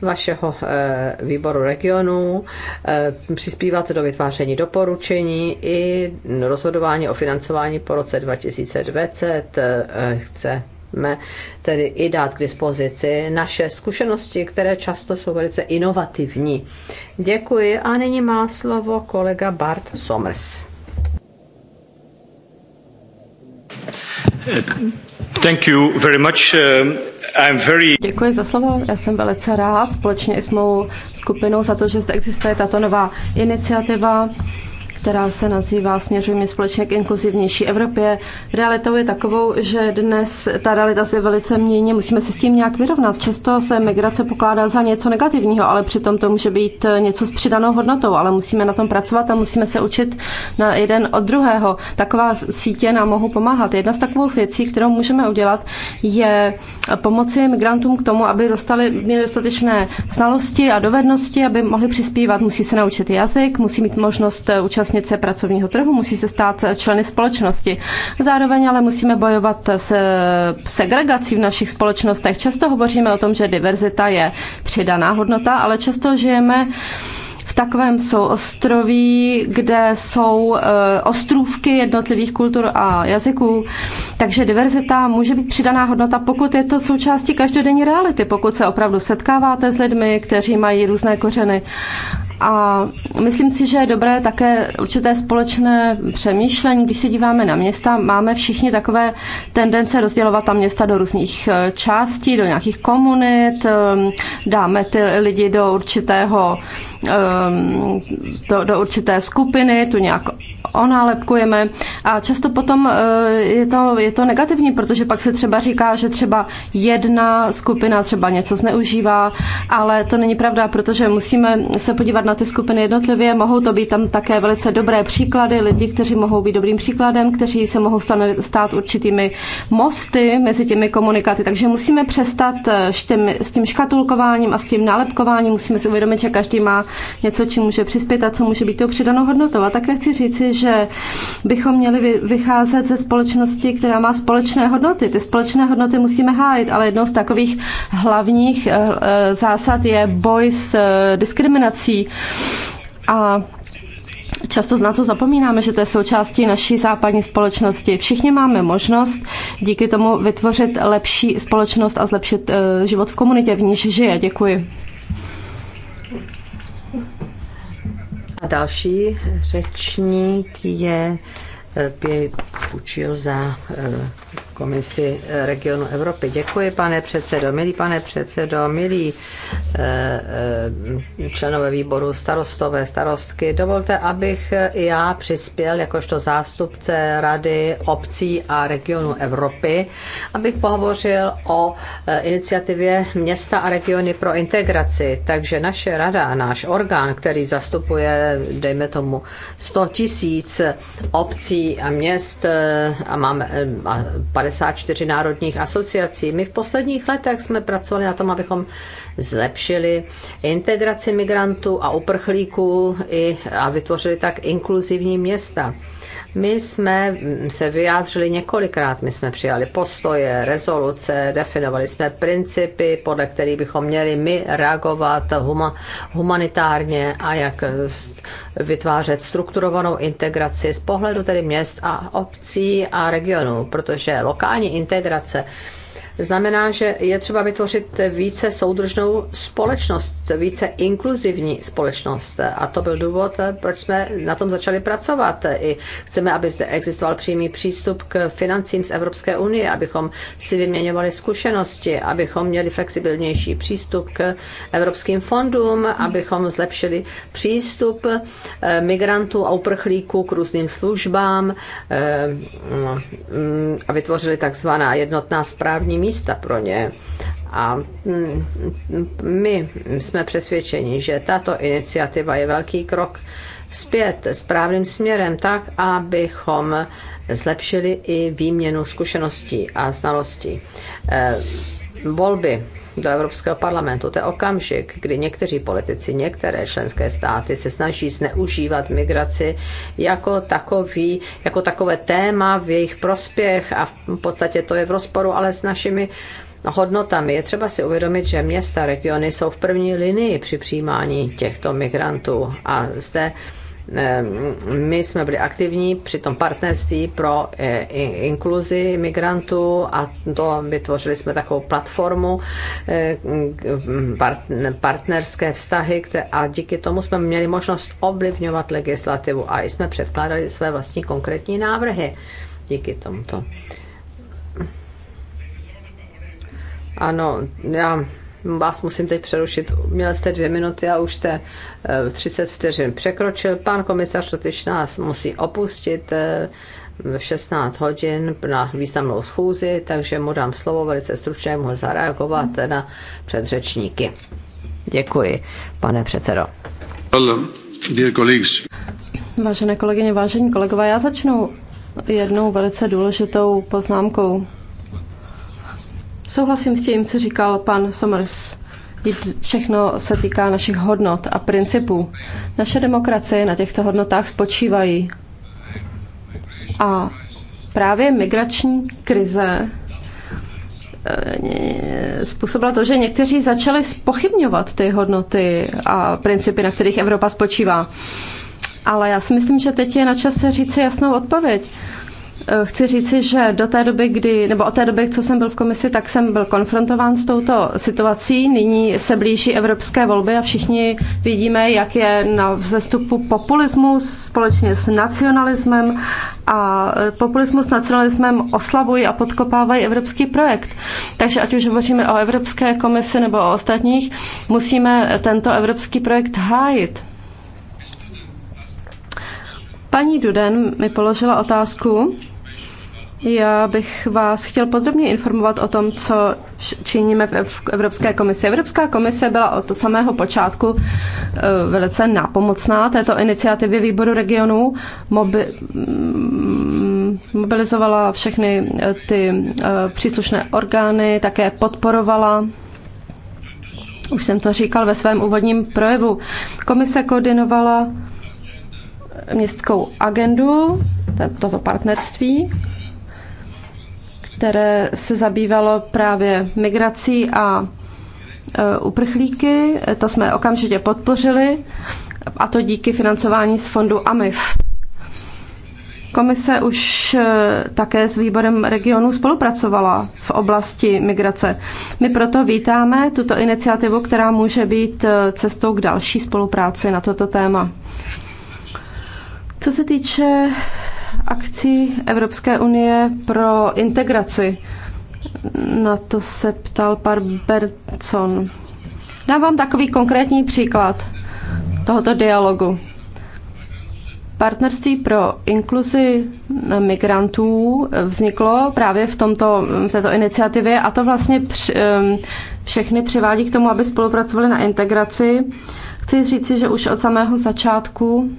vašeho eh, výboru regionu, eh, přispívat do vytváření doporučení i rozhodování o financování po roce 2020. Eh, chceme tedy i dát k dispozici naše zkušenosti, které často jsou velice inovativní. Děkuji a nyní má slovo kolega Bart Somers. Um, Děkuji za slovo. Já jsem velice rád společně i s mou skupinou za to, že zde existuje tato nová iniciativa která se nazývá Směřujeme společně k inkluzivnější Evropě. Realitou je takovou, že dnes ta realita se velice mění, musíme se s tím nějak vyrovnat. Často se migrace pokládá za něco negativního, ale přitom to může být něco s přidanou hodnotou, ale musíme na tom pracovat a musíme se učit na jeden od druhého. Taková sítě nám mohou pomáhat. Jedna z takových věcí, kterou můžeme udělat, je pomoci migrantům k tomu, aby dostali, měli dostatečné znalosti a dovednosti, aby mohli přispívat. Musí se naučit jazyk, musí mít možnost účastnit účastnit se pracovního trhu, musí se stát členy společnosti. Zároveň ale musíme bojovat se segregací v našich společnostech. Často hovoříme o tom, že diverzita je přidaná hodnota, ale často žijeme v takovém jsou ostroví, kde jsou eh, ostrůvky jednotlivých kultur a jazyků. Takže diverzita může být přidaná hodnota, pokud je to součástí každodenní reality, pokud se opravdu setkáváte s lidmi, kteří mají různé kořeny. A myslím si, že je dobré také určité společné přemýšlení. Když se díváme na města, máme všichni takové tendence rozdělovat ta města do různých eh, částí, do nějakých komunit, eh, dáme ty lidi do určitého eh, do, do určité skupiny, tu nějak onálepkujeme a často potom e, je to, je to negativní, protože pak se třeba říká, že třeba jedna skupina třeba něco zneužívá, ale to není pravda, protože musíme se podívat na ty skupiny jednotlivě, mohou to být tam také velice dobré příklady lidí, kteří mohou být dobrým příkladem, kteří se mohou stát určitými mosty mezi těmi komunikaty, takže musíme přestat e, s tím škatulkováním a s tím nálepkováním, musíme si uvědomit, že každý má něco, čím může přispět a co může být tou přidanou hodnotou. A také chci říci, že že bychom měli vycházet ze společnosti, která má společné hodnoty. Ty společné hodnoty musíme hájit, ale jednou z takových hlavních eh, eh, zásad je boj s eh, diskriminací. A Často na to zapomínáme, že to je součástí naší západní společnosti. Všichni máme možnost díky tomu vytvořit lepší společnost a zlepšit život v komunitě, v níž žije. Děkuji. další řečník je eh, Pě Pučil za eh, komisi eh, regionu Evropy. Děkuji, pane předsedo, milý pane předsedo, milí eh, eh, členové výboru starostové, starostky. Dovolte, abych i já přispěl jakožto zástupce Rady obcí a regionu Evropy, abych pohovořil o iniciativě Města a regiony pro integraci. Takže naše rada, náš orgán, který zastupuje, dejme tomu, 100 tisíc obcí a měst a máme a 54 národních asociací. My v posledních letech jsme pracovali na tom, abychom zlepšili integraci migrantů a uprchlíků i, a vytvořili tak inkluzivní města. My jsme se vyjádřili několikrát, my jsme přijali postoje, rezoluce, definovali jsme principy, podle kterých bychom měli my reagovat huma, humanitárně a jak vytvářet strukturovanou integraci z pohledu tedy měst a obcí a regionů, protože lokální integrace znamená, že je třeba vytvořit více soudržnou společnost, více inkluzivní společnost. A to byl důvod, proč jsme na tom začali pracovat. I chceme, aby zde existoval přímý přístup k financím z Evropské unie, abychom si vyměňovali zkušenosti, abychom měli flexibilnější přístup k evropským fondům, abychom zlepšili přístup eh, migrantů a uprchlíků k různým službám eh, mm, a vytvořili takzvaná jednotná správní místa pro ně. A mm, my jsme přesvědčeni, že tato iniciativa je velký krok zpět správným směrem tak, abychom zlepšili i výměnu zkušeností a znalostí. Eh, volby do Evropského parlamentu. To je okamžik, kdy někteří politici, některé členské státy se snaží zneužívat migraci jako, takový, jako takové téma v jejich prospěch a v podstatě to je v rozporu ale s našimi hodnotami. Je třeba si uvědomit, že města, regiony jsou v první linii při přijímání těchto migrantů a zde my jsme byli aktivní při tom partnerství pro e, inkluzi migrantů a to vytvořili jsme takovou platformu e, partnerské vztahy a díky tomu jsme měli možnost ovlivňovat legislativu a jsme předkládali své vlastní konkrétní návrhy díky tomuto. Ano, já vás musím teď přerušit. Měl jste dvě minuty a už jste 30 eh, vteřin překročil. Pan komisař totiž nás musí opustit eh, v 16 hodin na významnou schůzi, takže mu dám slovo velice stručně, mohl zareagovat na předřečníky. Děkuji, pane předsedo. Vážené kolegyně, vážení kolegové, já začnu jednou velice důležitou poznámkou. Souhlasím s tím, co říkal pan Somers. Všechno se týká našich hodnot a principů. Naše demokracie na těchto hodnotách spočívají. A právě migrační krize eh, způsobila to, že někteří začali spochybňovat ty hodnoty a principy, na kterých Evropa spočívá. Ale já si myslím, že teď je na čase říct si jasnou odpověď. Eh, chci říci, že do té doby, kdy, nebo od té doby, co jsem byl v komisi, tak jsem byl konfrontován s touto situací. Nyní se blíží evropské volby a všichni vidíme, jak je na vzestupu populismus společně s nacionalismem a eh, populismus s nacionalismem oslabují a podkopávají evropský projekt. Takže ať už hovoříme o Evropské komisi nebo o ostatních, musíme tento evropský projekt hájit. Paní Duden mi položila otázku. Já bych vás chtěl podrobně informovat o tom, co činíme v Evropské komisi. Evropská komise byla od samého počátku eh, velice nápomocná této iniciativě výboru regionů. Mobi- mm, mobilizovala všechny eh, ty eh, příslušné orgány, také podporovala už jsem to říkal ve svém úvodním projevu. Komise koordinovala městskou agendu, toto partnerství, které se zabývalo právě migrací a e, uprchlíky. To jsme okamžitě podpořili a to díky financování z fondu AMIF. Komise už e, také s výborem regionů spolupracovala v oblasti migrace. My proto vítáme tuto iniciativu, která může být e, cestou k další spolupráci na toto téma. Co se týče akcí Evropské unie pro integraci, na to se ptal pan Bertson. Dám vám takový konkrétní příklad tohoto dialogu. Partnerství pro inkluzi migrantů vzniklo právě v, tomto, v této iniciativě a to vlastně při, všechny přivádí k tomu, aby spolupracovali na integraci. Chci říci, že už od samého začátku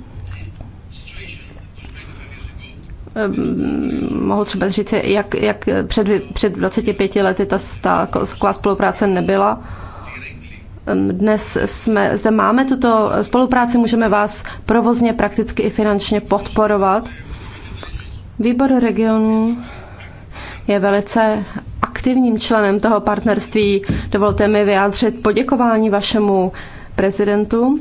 Ehm, mohu třeba říct, jak, jak před, před 25 lety ta, ta taková spolupráce nebyla. Ehm, dnes jsme, zde máme tuto spolupráci, můžeme vás provozně, prakticky i finančně podporovat. Výbor regionů je velice aktivním členem toho partnerství. Dovolte mi vyjádřit poděkování vašemu prezidentu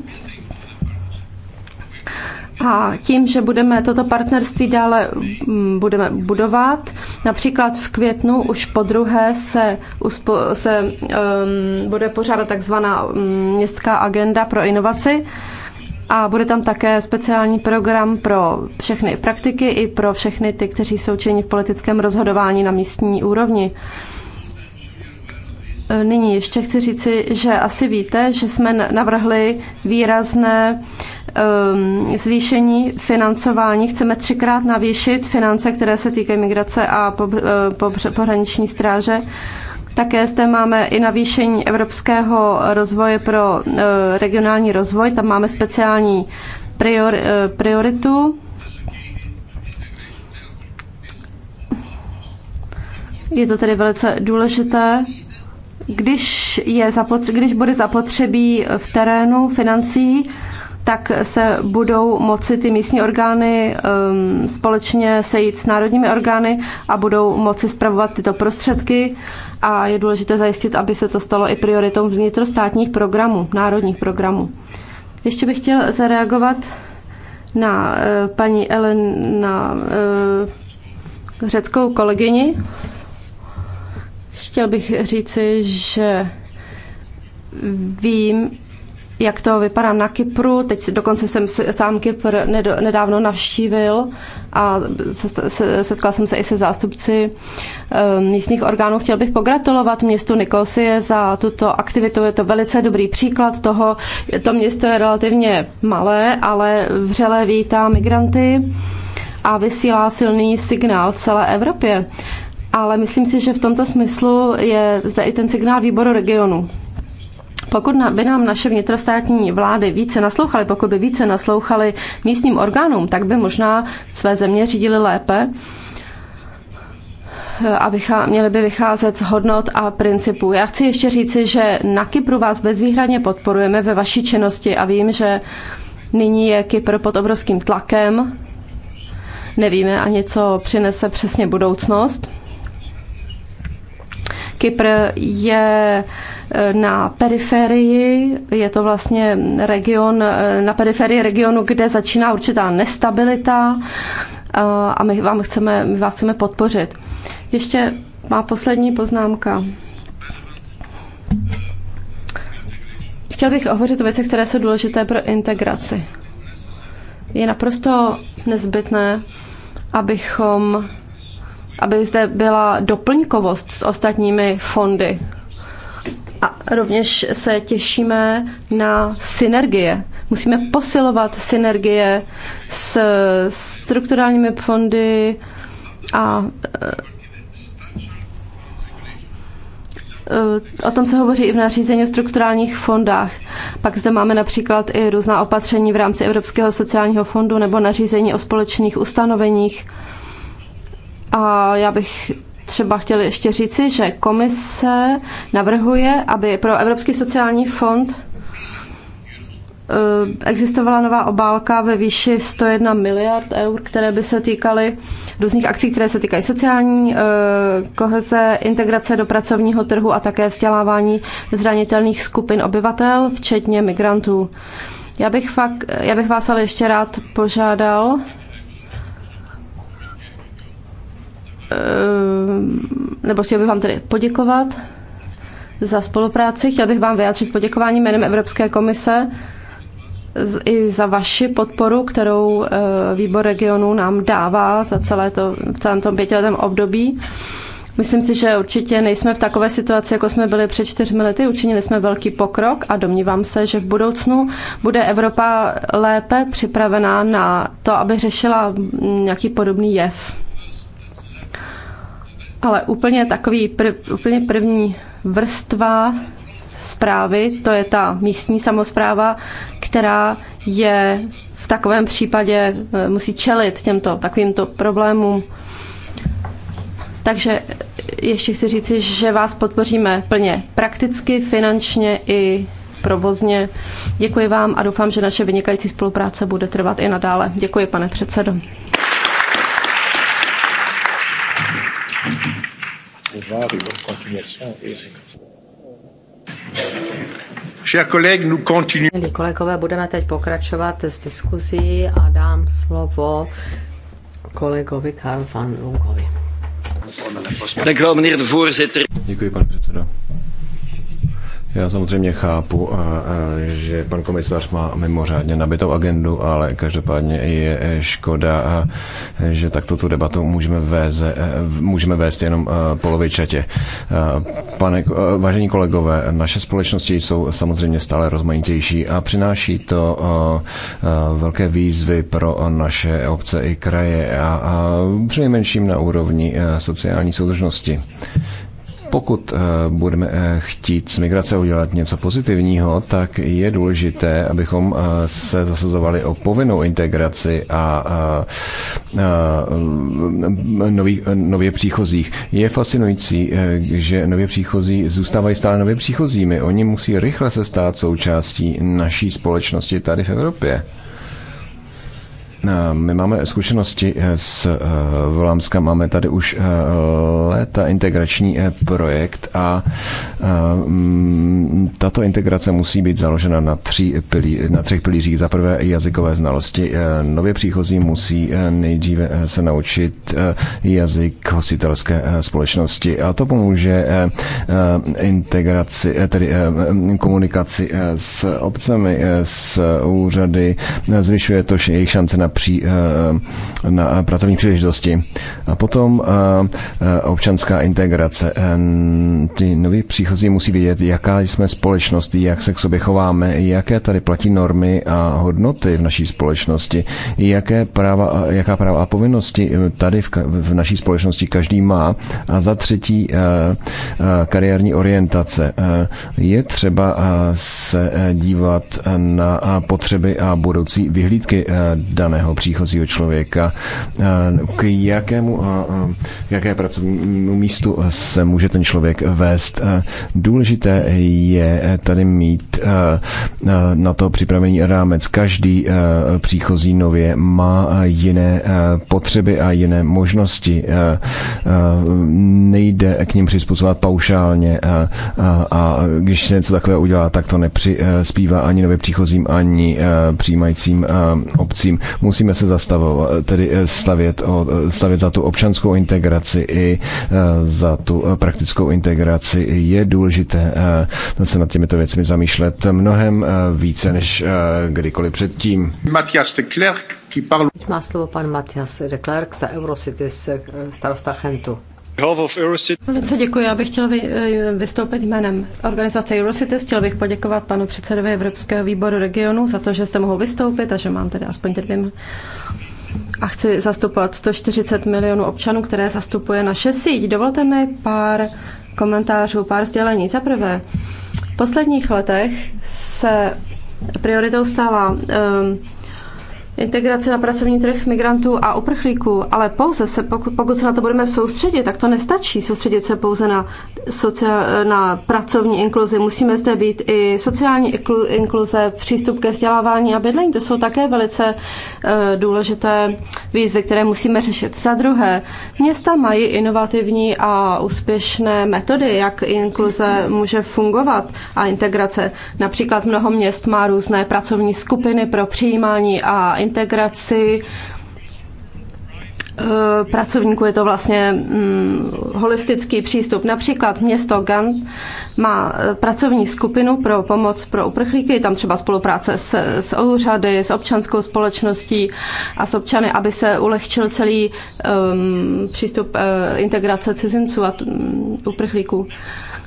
a tím, že budeme toto partnerství dále mm, budeme budovat, například v květnu už po druhé se, uspo, se um, bude pořádat takzvaná mm, městská agenda pro inovaci a bude tam také speciální program pro všechny praktiky i pro všechny ty, kteří jsou činni v politickém rozhodování na místní úrovni. E, nyní ještě chci říci, že asi víte, že jsme navrhli výrazné uh, Ehm, zvýšení financování. Chceme třikrát navýšit finance, které se týkají migrace a eh, pohraniční stráže. Také zde máme i navýšení Evropského rozvoje pro eh, regionální rozvoj. Tam máme speciální uh, prioritu. Je to tedy velice důležité. Když, je zapotře- když bude zapotřebí v terénu financí, tak se budou moci ty místní orgány um, společně sejít s národními orgány a budou moci zpravovat tyto prostředky a je důležité zajistit, aby se to stalo i prioritou vnitrostátních programů, národních programů. Ještě bych chtěl zareagovat na uh, paní Ellen, na uh, řeckou kolegyni. Chtěl bych říci, že vím, jak to vypadá na Kypru. Teď dokonce jsem sám Kypr nedávno navštívil a setkal jsem se i se zástupci ehm, místních orgánů. Chtěl bych pogratulovat městu Nikosie za tuto aktivitu. Je to velice dobrý příklad toho. To město je relativně malé, ale vřele vítá migranty a vysílá silný signál celé Evropě. Ale myslím si, že v tomto smyslu je zde i ten signál výboru regionu. Pokud by nám naše vnitrostátní vlády více naslouchaly, pokud by více naslouchaly místním orgánům, tak by možná své země řídili lépe a vychá, měli by vycházet z hodnot a principů. Já chci ještě říci, že na Kypru vás bezvýhradně podporujeme ve vaší činnosti a vím, že nyní je Kypr pod obrovským tlakem. Nevíme ani, co přinese přesně budoucnost. Kypr je eh, na periferii, je to vlastně region, eh, na periferii regionu, kde začíná určitá nestabilita eh, a my, vám chceme, my vás chceme podpořit. Ještě má poslední poznámka. Chtěl bych hovořit o věcech, které jsou důležité pro integraci. Je naprosto nezbytné, abychom aby zde byla doplňkovost s ostatními fondy. A rovněž se těšíme na synergie. Musíme posilovat synergie s strukturálními fondy a eh, O tom se hovoří i v nařízení o strukturálních fondách. Pak zde máme například i různá opatření v rámci Evropského sociálního fondu nebo nařízení o společných ustanoveních. A já bych třeba chtěla ještě říci, že komise navrhuje, aby pro Evropský sociální fond eh, existovala nová obálka ve výši 101 miliard eur, které by se týkaly různých akcí, které se týkají sociální eh, koheze, integrace do pracovního trhu a také vzdělávání zranitelných skupin obyvatel, včetně migrantů. Já bych, fakt, já bych vás ale ještě rád požádal, Eh, nebo chtěl bych vám tedy poděkovat za spolupráci. Chtěl bych vám vyjádřit poděkování jménem Evropské komise i za vaši podporu, kterou eh, výbor regionu nám dává za celé to, v celém tom pětiletém období. Myslím si, že určitě nejsme v takové situaci, jako jsme byli před čtyřmi lety. Učinili jsme velký pokrok a domnívám se, že v budoucnu bude Evropa lépe připravená na to, aby řešila mm, nějaký podobný jev. Ale úplně takový prv, úplně první vrstva zprávy, to je ta místní samozpráva, která je v takovém případě eh, musí čelit těmto takovýmto problémům. Takže ještě chci říci, že vás podpoříme plně prakticky, finančně i provozně. Děkuji vám a doufám, že naše vynikající spolupráce bude trvat i nadále. Děkuji, pane předsedo. départ et bonne continuation. Milí kolegové, budeme teď pokračovat s diskuzí a dám slovo kolegovi Karl van Lungovi. Děkuji, pane předsedo. Já samozřejmě chápu, eh, eh, že pan komisař má mimořádně nabitou agendu, ale každopádně je eh, škoda, že takto tu debatu můžeme, vést, můžeme vést jenom polovičatě. Pane, vážení kolegové, naše společnosti jsou samozřejmě stále rozmanitější a přináší to velké výzvy pro naše obce i kraje a přinejmenším na úrovni sociální soudržnosti pokud eh, budeme eh, chtít z migrace udělat něco pozitivního, tak je důležité, abychom eh, se zasazovali o povinnou integraci a nových, nově příchozích. Je fascinující, že nově příchozí zůstávají stále nově příchozími. Oni musí rychle se stát součástí naší společnosti tady v Evropě. Eh, my máme zkušenosti eh, s eh, Volámska, máme tady už léta integrační projekt a mm, tato integrace musí být založena na, tří pilí, na třech pilířích. Za prvé jazykové znalosti. Nově příchozí musí nejdříve se naučit jazyk hostitelské společnosti a to pomůže integraci, tedy mm, komunikaci s obcemi, s úřady, zvyšuje to jejich šance na pří, eh, na pracovní příležitosti. A potom eh, eh, občanská integrace. Ty noví příchozí musí vědět, jaká jsme společnost, jak se k sobě chováme, jaké tady platí normy a hodnoty v naší společnosti, jaké práva, jaká práva a povinnosti tady v, v naší společnosti každý má. A za třetí kariérní orientace. Je třeba se dívat na potřeby a budoucí vyhlídky daného jiného příchozího člověka, eh, k jakému, eh, eh, jaké pracovnímu místu se může ten člověk vést. Důležité je tady mít na to připravený rámec. Každý příchozí nově má jiné potřeby a jiné možnosti. Nejde k ním přizpůsobovat paušálně a když se něco takového udělá, tak to nepřispívá ani nově příchozím, ani přijímajícím obcím. Musíme se zastavovat, tedy eh, stavět, o, eh, stavět za tu občanskou integraci i eh, za tu praktickou integraci. Je důležité se nad těmito věcmi zamýšlet mnohem více než kdykoliv předtím. Matias de Klerk, qui Má slovo pan Matias de Klerk za Eurocities starosta Chentu. Velice děkuji. Já bych chtěl vy, eh, vystoupit jménem organizace Eurocities. Chtěl bych poděkovat panu předsedovi Evropského výboru regionu za to, že jste mohl vystoupit a že mám tedy aspoň ty dvě a chci zastupovat 140 milionů občanů, které zastupuje naše síť. Dovolte mi pár komentářů, pár sdělení. Za prvé, v posledních letech se prioritou stala um, Integrace na pracovní trh migrantů a uprchlíků, ale pouze se, pokud, pokud se na to budeme soustředit, tak to nestačí soustředit se pouze na, socia, na pracovní inkluzi. Musíme zde být i sociální inkluze, přístup ke vzdělávání a bydlení. To jsou také velice uh, důležité výzvy, které musíme řešit. Za druhé, města mají inovativní a úspěšné metody, jak inkluze může fungovat a integrace. Například mnoho měst má různé pracovní skupiny pro přijímání a integraci eh, pracovníků je to vlastně mm, holistický přístup. Například město Gant má eh, pracovní skupinu pro pomoc pro uprchlíky, tam třeba spolupráce s, s úřady, s občanskou společností a s občany, aby se ulehčil celý um, přístup uh, integrace cizinců a um, uprchlíků.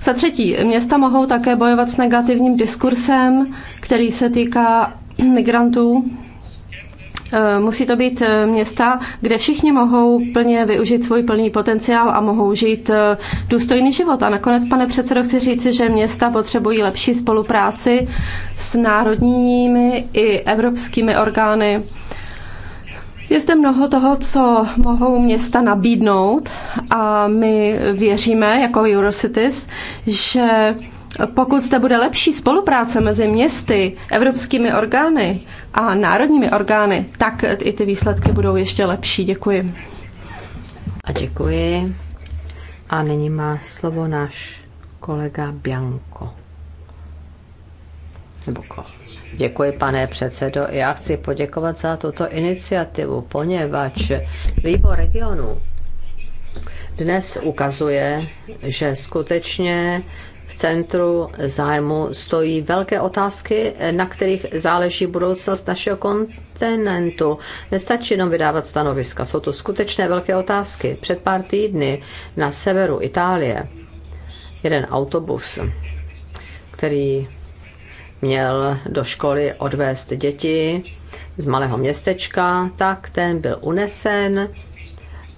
Za třetí, města mohou také bojovat s negativním diskursem, který se týká migrantů Eh, musí to být eh, města, kde všichni mohou plně využít svůj plný potenciál a mohou žít eh, důstojný život. A nakonec, pane předsedo, chci říct, že města potřebují lepší spolupráci s národními i evropskými orgány. Je zde mnoho toho, co mohou města nabídnout a my věříme jako Eurocities, že pokud zde bude lepší spolupráce mezi městy, evropskými orgány a národními orgány, tak i ty výsledky budou ještě lepší. Děkuji. A děkuji. A nyní má slovo náš kolega Bianco. Nebo ko. Děkuji, pane předsedo. Já chci poděkovat za tuto iniciativu, poněvadž výbor regionu dnes ukazuje, že skutečně centru zájmu stojí velké otázky, na kterých záleží budoucnost našeho kontinentu. Nestačí jenom vydávat stanoviska, jsou to skutečné velké otázky. Před pár týdny na severu Itálie jeden autobus, který měl do školy odvést děti z malého městečka, tak ten byl unesen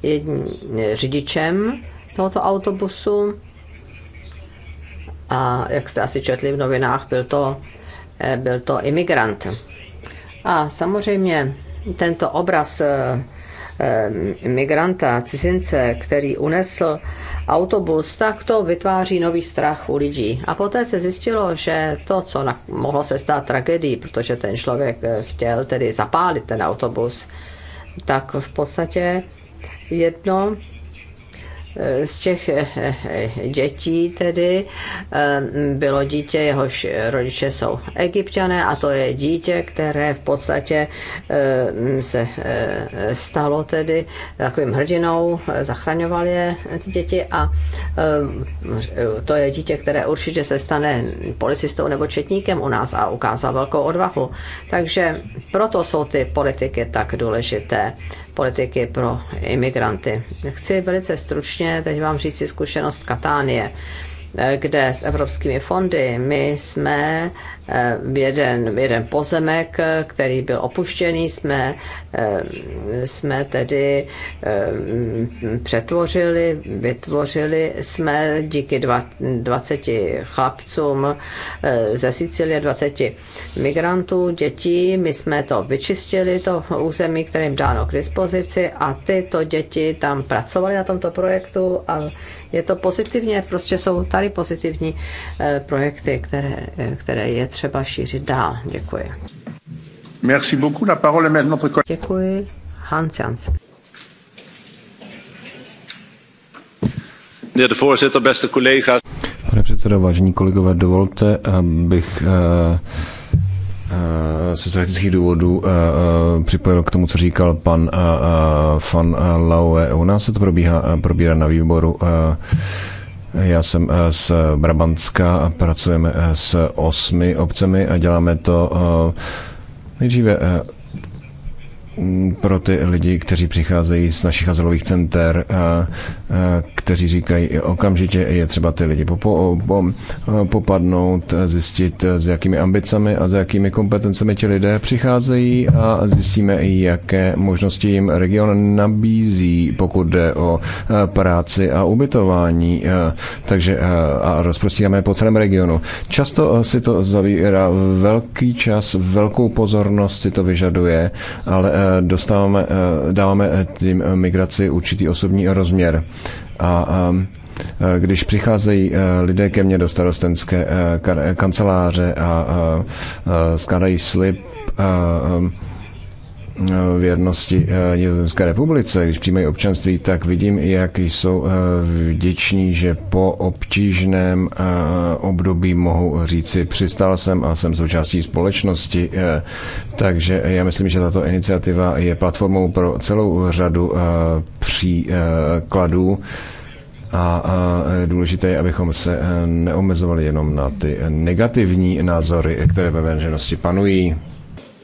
jedním řidičem tohoto autobusu a jak jste asi četli v novinách, byl to, eh, byl to imigrant. A samozřejmě tento obraz eh, eh, migranta, cizince, který unesl autobus, tak to vytváří nový strach u lidí. A poté se zjistilo, že to, co na, mohlo se stát tragédií, protože ten člověk chtěl tedy zapálit ten autobus, tak v podstatě jedno z těch eh, eh, dětí tedy eh, bylo dítě, jehož rodiče jsou egyptiané a to je dítě, které v podstatě se stalo tedy takovým hrdinou, zachraňoval je ty děti a to je dítě, které určitě se stane policistou nebo četníkem u nás a ukázal velkou odvahu. Takže proto jsou ty politiky tak důležité politiky pro imigranty. Chci velice stručně teď vám říct si zkušenost Katánie. Eh, kde s evropskými fondy my jsme eh, jeden, jeden pozemek, eh, který byl opuštěný, jsme, jsme tedy přetvořili, vytvořili jsme díky 20 chlapcům ze Sicilie, 20 migrantů, dětí. My jsme to vyčistili, to území, kterým dáno k dispozici a tyto děti tam pracovali na tomto projektu a je to pozitivně, prostě jsou tady pozitivní eh, projekty, které, eh, které je třeba šířit dál. Děkuji. Merci beaucoup. La parole est maintenant notre Děkuji. Hans Jans. beste Pane předsedo, vážení kolegové, dovolte, abych uh, se eh, strategických důvodů eh, eh, připojil k tomu, co říkal pan Fan Laue. U nás se to probíhá, probírá na výboru. Já jsem z Brabantska a pracujeme s osmi obcemi a děláme to nejdříve Mm, pro ty lidi, kteří přicházejí z našich azylových center, kteří říkají, okamžitě je třeba ty lidi popadnout, zjistit, s jakými ambicemi a s jakými kompetencemi ti lidé přicházejí a zjistíme, jaké možnosti jim region nabízí, pokud jde o práci a ubytování. Takže a rozprostíráme po celém regionu. Často si to zavírá velký čas, velkou pozornost si to vyžaduje, ale dostáváme, eh, dáváme eh, tím eh, migraci určitý osobní rozměr. A ehm, když přicházejí lidé ke mně do starostenské kanceláře a skládají slib, ehm, věrnosti eh, Nizozemské republice, když přijímají občanství, tak vidím, jak jsou eh, vděční, že po obtížném eh, období mohu říci, přistál jsem a jsem součástí společnosti. Takže já myslím, že tato iniciativa je platformou pro celou řadu příkladů. A, důležité je, abychom se neomezovali jenom na ty negativní názory, které ve veřejnosti panují.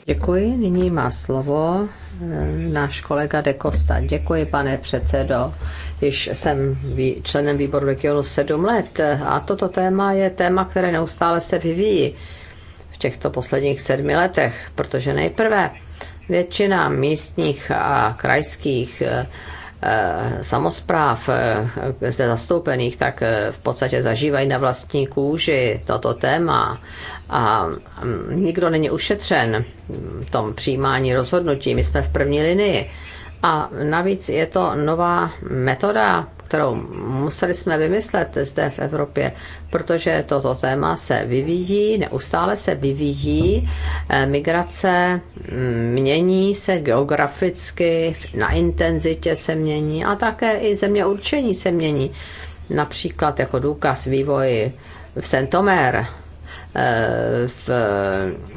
Děkuji. Nyní má slovo eh, náš kolega De Costa. Děkuji, pane předsedo. Již jsem členem výboru regionu sedm let a toto téma je téma, které neustále se vyvíjí v těchto posledních sedmi letech, protože nejprve většina místních a krajských eh, Eh, samozpráv eh, zde zastoupených, tak eh, v podstatě zažívají na vlastní kůži toto téma a mm, nikdo není ušetřen v tom přijímání rozhodnutí. My jsme v první linii. A navíc je to nová metoda kterou museli jsme vymyslet zde v Evropě, protože toto téma se vyvíjí, neustále se vyvíjí, eh, migrace mm, mění se geograficky, na intenzitě se mění a také i země určení se mění. Například jako důkaz vývoji v Saint-Omer Eh, v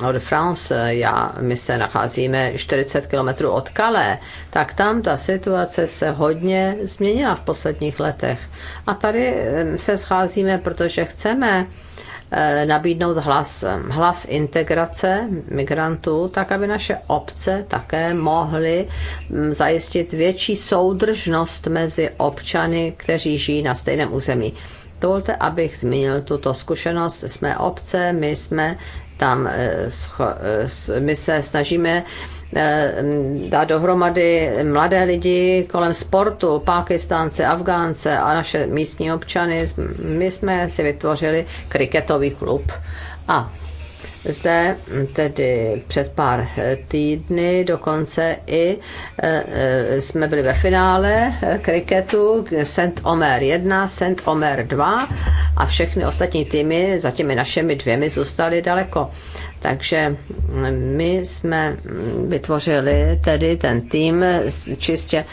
Eau de France, eh, já, my se nacházíme 40 km od Calais, tak tam ta situace se hodně změnila v posledních letech. A tady eh, se scházíme, protože chceme nabídnout hlas, hlas integrace migrantů, tak aby naše obce také mohly mm, zajistit větší soudržnost mezi občany, kteří žijí na stejném území. Dovolte, abych zmínil tuto zkušenost. Jsme obce, my jsme tam, eh, eh, my se snažíme eh, mm, dát dohromady mladé lidi kolem sportu, Pákistánce, Afgánce a naše místní občany. My jsme si vytvořili kriketový klub. A zde tedy před pár eh, týdny dokonce i eh, eh, jsme byli ve finále kriketu St. Omer 1, St. Omer 2 a všechny ostatní týmy za těmi našimi dvěmi zůstaly daleko. Takže my jsme vytvořili tedy ten tým čistě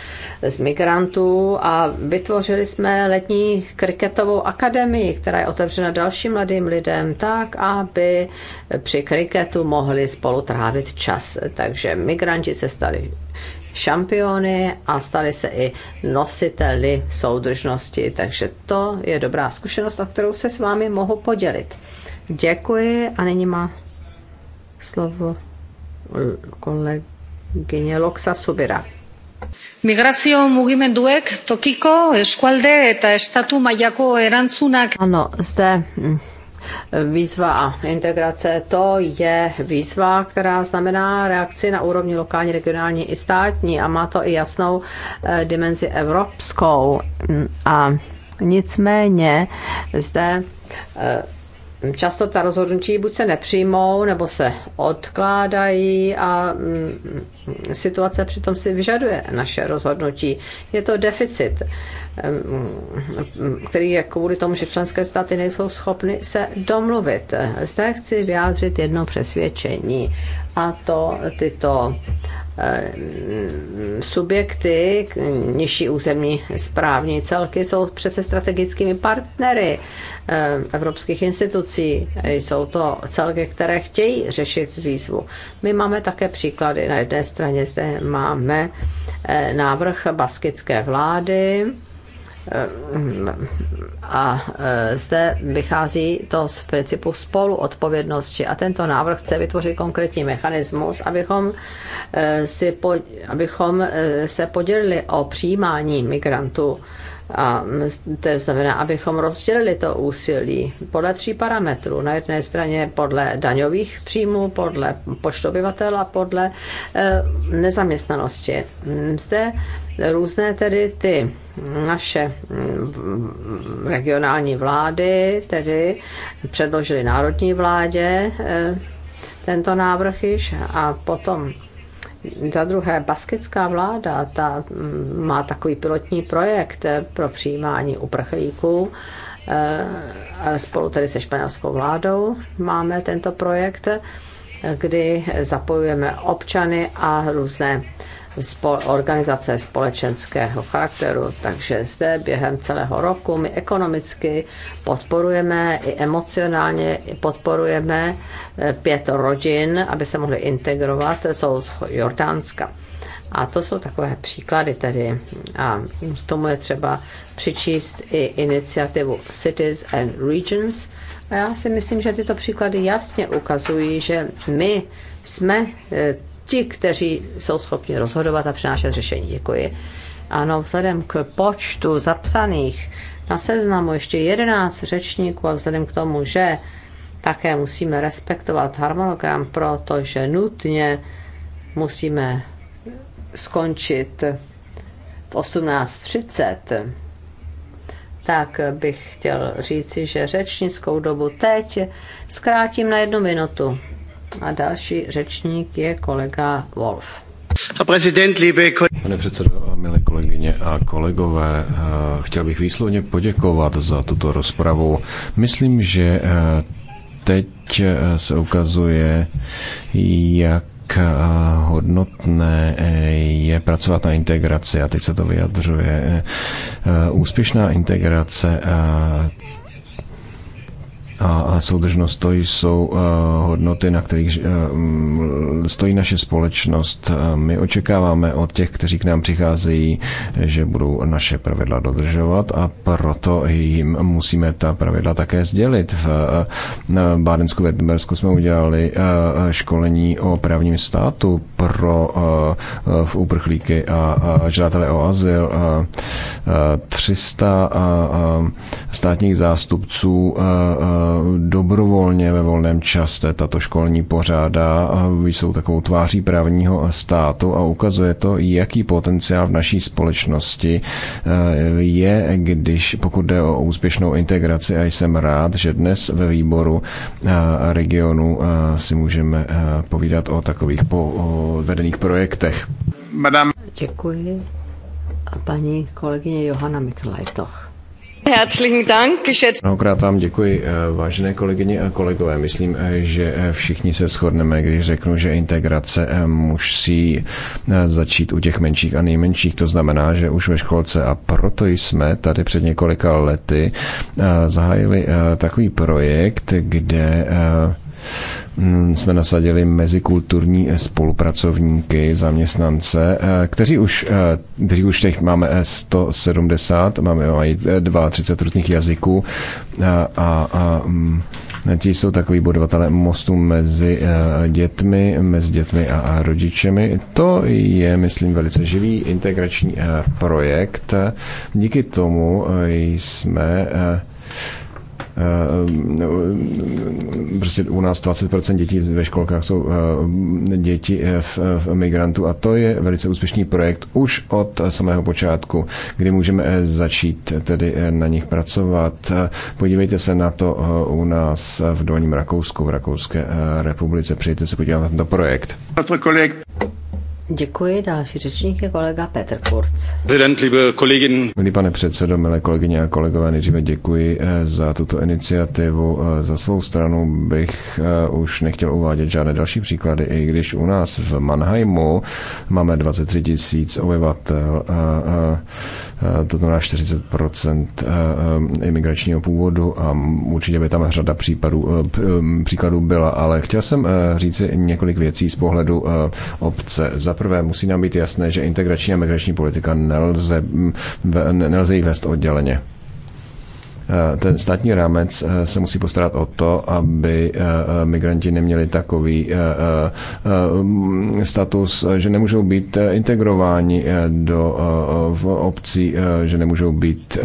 z migrantů a vytvořili jsme letní kriketovou akademii, která je otevřena dalším mladým lidem tak, aby při kriketu mohli spolu trávit čas. Takže migranti se stali šampiony a stali se i nositeli soudržnosti. Takže to je dobrá zkušenost, o kterou se s vámi mohu podělit. Děkuji a nyní má slovo eh, kolegyně Loxa Subira. Migrazio mugimenduek tokiko eskualde eta estatu mailako erantzunak. Ano, zde hm, výzva a integrace, to je výzva, která znamená reakci na úrovni lokální, regionální i státní a má to i jasnou eh, dimenzi evropskou. Hm, a nicméně zde eh, často ta rozhodnutí buď se nepřijmou, nebo se odkládají a mm, mm, situace přitom si vyžaduje naše rozhodnutí. Je to deficit, mm, který je kvůli tomu, že členské státy nejsou schopny se domluvit. Zde chci vyjádřit jedno přesvědčení a to tyto Eh, subjekty, nižší územní správní celky jsou přece strategickými partnery eh, evropských institucí. Jsou to celky, které chtějí řešit výzvu. My máme také příklady. Na jedné straně zde máme eh, návrh baskické vlády, a e, zde vychází to z principu spoluodpovědnosti a tento návrh chce vytvořit konkrétní mechanismus, abychom, e, si po, abychom e, se podělili o přijímání migrantů a to znamená, abychom rozdělili to úsilí podle tří parametrů. Na jedné straně podle daňových příjmů, podle počtu obyvatel a podle eh, nezaměstnanosti. Zde různé tedy ty naše mm, regionální vlády, tedy předložili národní vládě eh, tento návrh již a potom za druhé, baskická vláda ta mm, má takový pilotní projekt eh, pro přijímání uprchlíků eh, spolu tedy se španělskou vládou máme tento projekt, eh, kdy zapojujeme občany a různé organizace společenského charakteru. Takže zde během celého roku my ekonomicky podporujeme i emocionálně podporujeme eh, pět rodin, aby se mohly integrovat, jsou z Jordánska. A to jsou takové příklady tedy. A k tomu je třeba přičíst i iniciativu Cities and Regions. A já si myslím, že tyto příklady jasně ukazují, že my jsme eh, ti, kteří jsou schopni rozhodovat a přinášet řešení. Děkuji. Ano, vzhledem k počtu zapsaných na seznamu ještě 11 řečníků a vzhledem k tomu, že také musíme respektovat harmonogram, protože nutně musíme skončit v 18.30, tak bych chtěl říci, že řečnickou dobu teď zkrátím na jednu minutu. A další řečník je kolega Wolf. Pane předsedo, milé kolegyně a kolegové, eh, chtěl bych výslovně poděkovat za tuto rozpravu. Myslím, že eh, teď eh, se ukazuje, jak jak hodnotné je pracovat na integraci, a teď se to vyjadřuje, úspěšná integrace a soudržnost to jsou eh, hodnoty, na kterých eh, stojí naše společnost. Eh, my očekáváme od těch, kteří k nám přicházejí, že budou naše pravidla dodržovat a proto jim musíme ta pravidla také sdělit. V Bádensku, Vertembersku jsme udělali školení o právním státu pro v uprchlíky a žádatele o azyl. 300 státních zástupců dobrovolně ve volném čase tato školní pořádá. Jsou takovou tváří právního státu a ukazuje to, jaký potenciál v naší společnosti eh, je, když pokud jde o úspěšnou integraci a jsem rád, že dnes ve výboru eh, regionu eh, si můžeme povídat o takových vedených projektech. Madame. Děkuji. A paní kolegyně Johana Miklajtoch. Herzlichen Dank, Mnohokrát vám děkuji, eh, vážené kolegyně a kolegové. Myslím, eh, že eh, všichni se shodneme, když řeknu, že integrace musí začít u těch menších a nejmenších. To znamená, že už ve školce a proto jsme tady před několika lety zahájili takový projekt, kde Mm, jsme nasadili mezikulturní eh, spolupracovníky, zaměstnance, eh, kteří už, eh, kteří už těch máme 170, máme mají 32 různých jazyků a, a, a mm, ti jsou takový budovatelé mostů mezi dětmi, mezi dětmi a rodičemi. To je, myslím, velice živý integrační projekt. Díky tomu jsme Eh, prostě u nás 20% dětí ve školkách jsou eh, děti eh, v, v migrantů a to je velice úspěšný projekt už od samého počátku, kdy můžeme začít tedy na nich pracovat. Podívejte se na to u nás v Dolním Rakousku, v Rakouské republice. Přijďte se podívat na tento projekt. Děkuji. Další řečník je kolega Petr Kurz. Milý pane předsedo, milé kolegyně a kolegové, nejdříve děkuji eh, za tuto iniciativu. Eh, za svou stranu bych eh, už nechtěl uvádět žádné další příklady, i když u nás v Mannheimu máme 23 tisíc obyvatel, to znamená 40 imigračního původu a určitě by tam řada případů, příkladů byla, ale chtěl jsem říci několik věcí z pohledu obce. Za prvé musí nám být jasné, že integrační a migrační politika nelze, nelze jí vést odděleně e, ten státní rámec e, se musí postarat o to, aby e, migranti neměli takový status, že nemůžou být integrováni do v obcí, že nemůžou být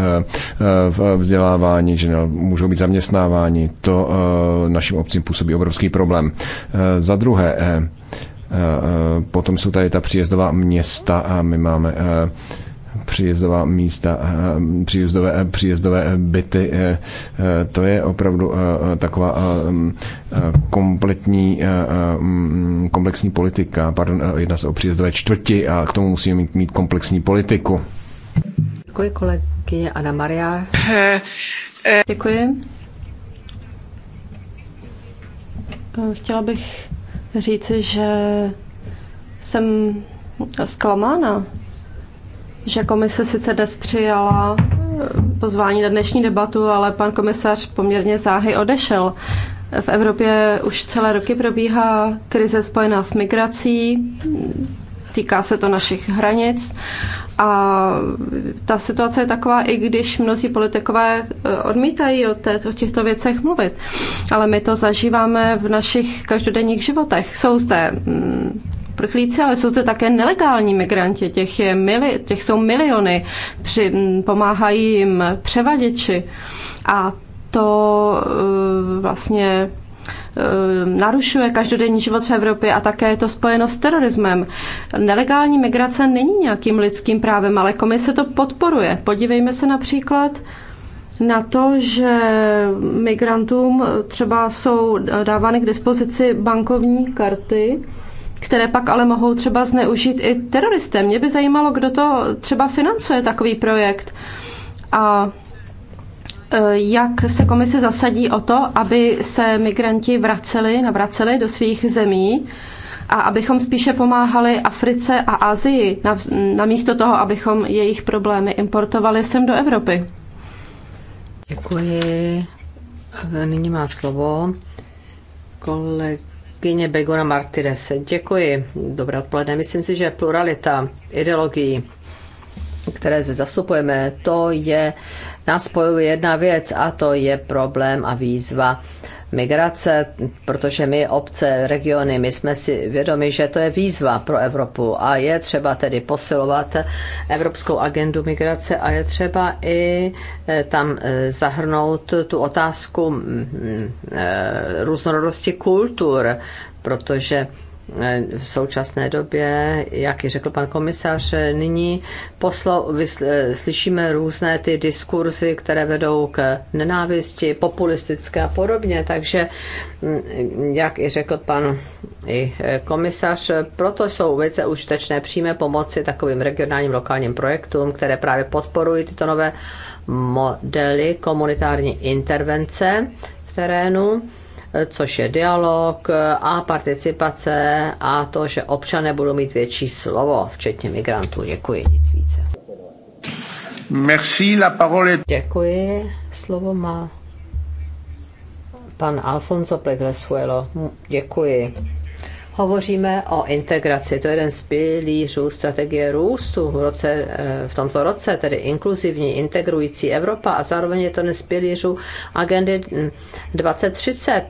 v vzdělávání, že nemůžou být zaměstnáváni. To našim obcím působí obrovský problém. Za druhé, Eh, eh, potom jsou tady ta příjezdová města a my máme eh, příjezdová místa, příjezdové, příjezdové byty. To je opravdu taková mm, kompletní, mm, komplexní politika. Pardon, jedná se o příjezdové čtvrti a k tomu musíme mít, mít komplexní politiku. Děkuji kolegyně Ana Maria. Děkuji. Chtěla bych říci, že jsem zklamána, že komise sice dnes přijala eh, pozvání na dnešní debatu, ale pan komisař poměrně záhy odešel. V Evropě už celé roky probíhá krize spojená s migrací, týká se to našich hranic. A ta situace je taková, i když mnozí politikové eh, odmítají o, té, o těchto věcech mluvit, ale my to zažíváme v našich každodenních životech. Jsou zde mm, prchlíci, ale jsou to také nelegální migranti, těch, je mili, těch jsou miliony, při, mm, pomáhají jim převaděči a to eh, vlastně Eh, narušuje každodenní život v Evropě a také je to spojeno s terorismem. Nelegální migrace není nějakým lidským právem, ale komise to podporuje. Podívejme se například na to, že migrantům třeba jsou dávány k dispozici bankovní karty, které pak ale mohou třeba zneužít i teroristé. Mě by zajímalo, kdo to třeba financuje, takový projekt. A Eh, jak se komise zasadí o to, aby se migranti vraceli, navraceli do svých zemí a abychom spíše pomáhali Africe a Asii, namísto toho, abychom jejich problémy importovali sem do Evropy. Děkuji. Nyní má slovo kolegyně Begona Martinez. Děkuji. Dobré odpoledne. Myslím si, že pluralita ideologií které zastupujeme, to je nás spojuje jedna věc a to je problém a výzva migrace, protože my obce, regiony, my jsme si vědomi, že to je výzva pro Evropu a je třeba tedy posilovat evropskou agendu migrace a je třeba i eh, tam eh, zahrnout tu otázku mm, mm, eh, různorodosti kultur, protože Eh, v současné době, jak ji řekl pan komisař, eh, nyní poslo, vysl, eh, slyšíme různé ty diskurzy, které vedou k nenávisti, populistické a podobně, takže mm, jak i řekl pan i komisař, proto jsou velice užitečné přímé pomoci takovým regionálním lokálním projektům, které právě podporují tyto nové modely komunitární intervence v terénu což je dialog a participace a to, že občané budou mít větší slovo, včetně migrantů. Děkuji, nic více. Merci, la parole. Děkuji, slovo má pan Alfonso Pleglesuelo. Děkuji hovoříme o integraci. To je jeden z pilířů strategie růstu v, roce, eh, v tomto roce, tedy inkluzivní, integrující Evropa a zároveň je to jeden z pilířů agendy 2030,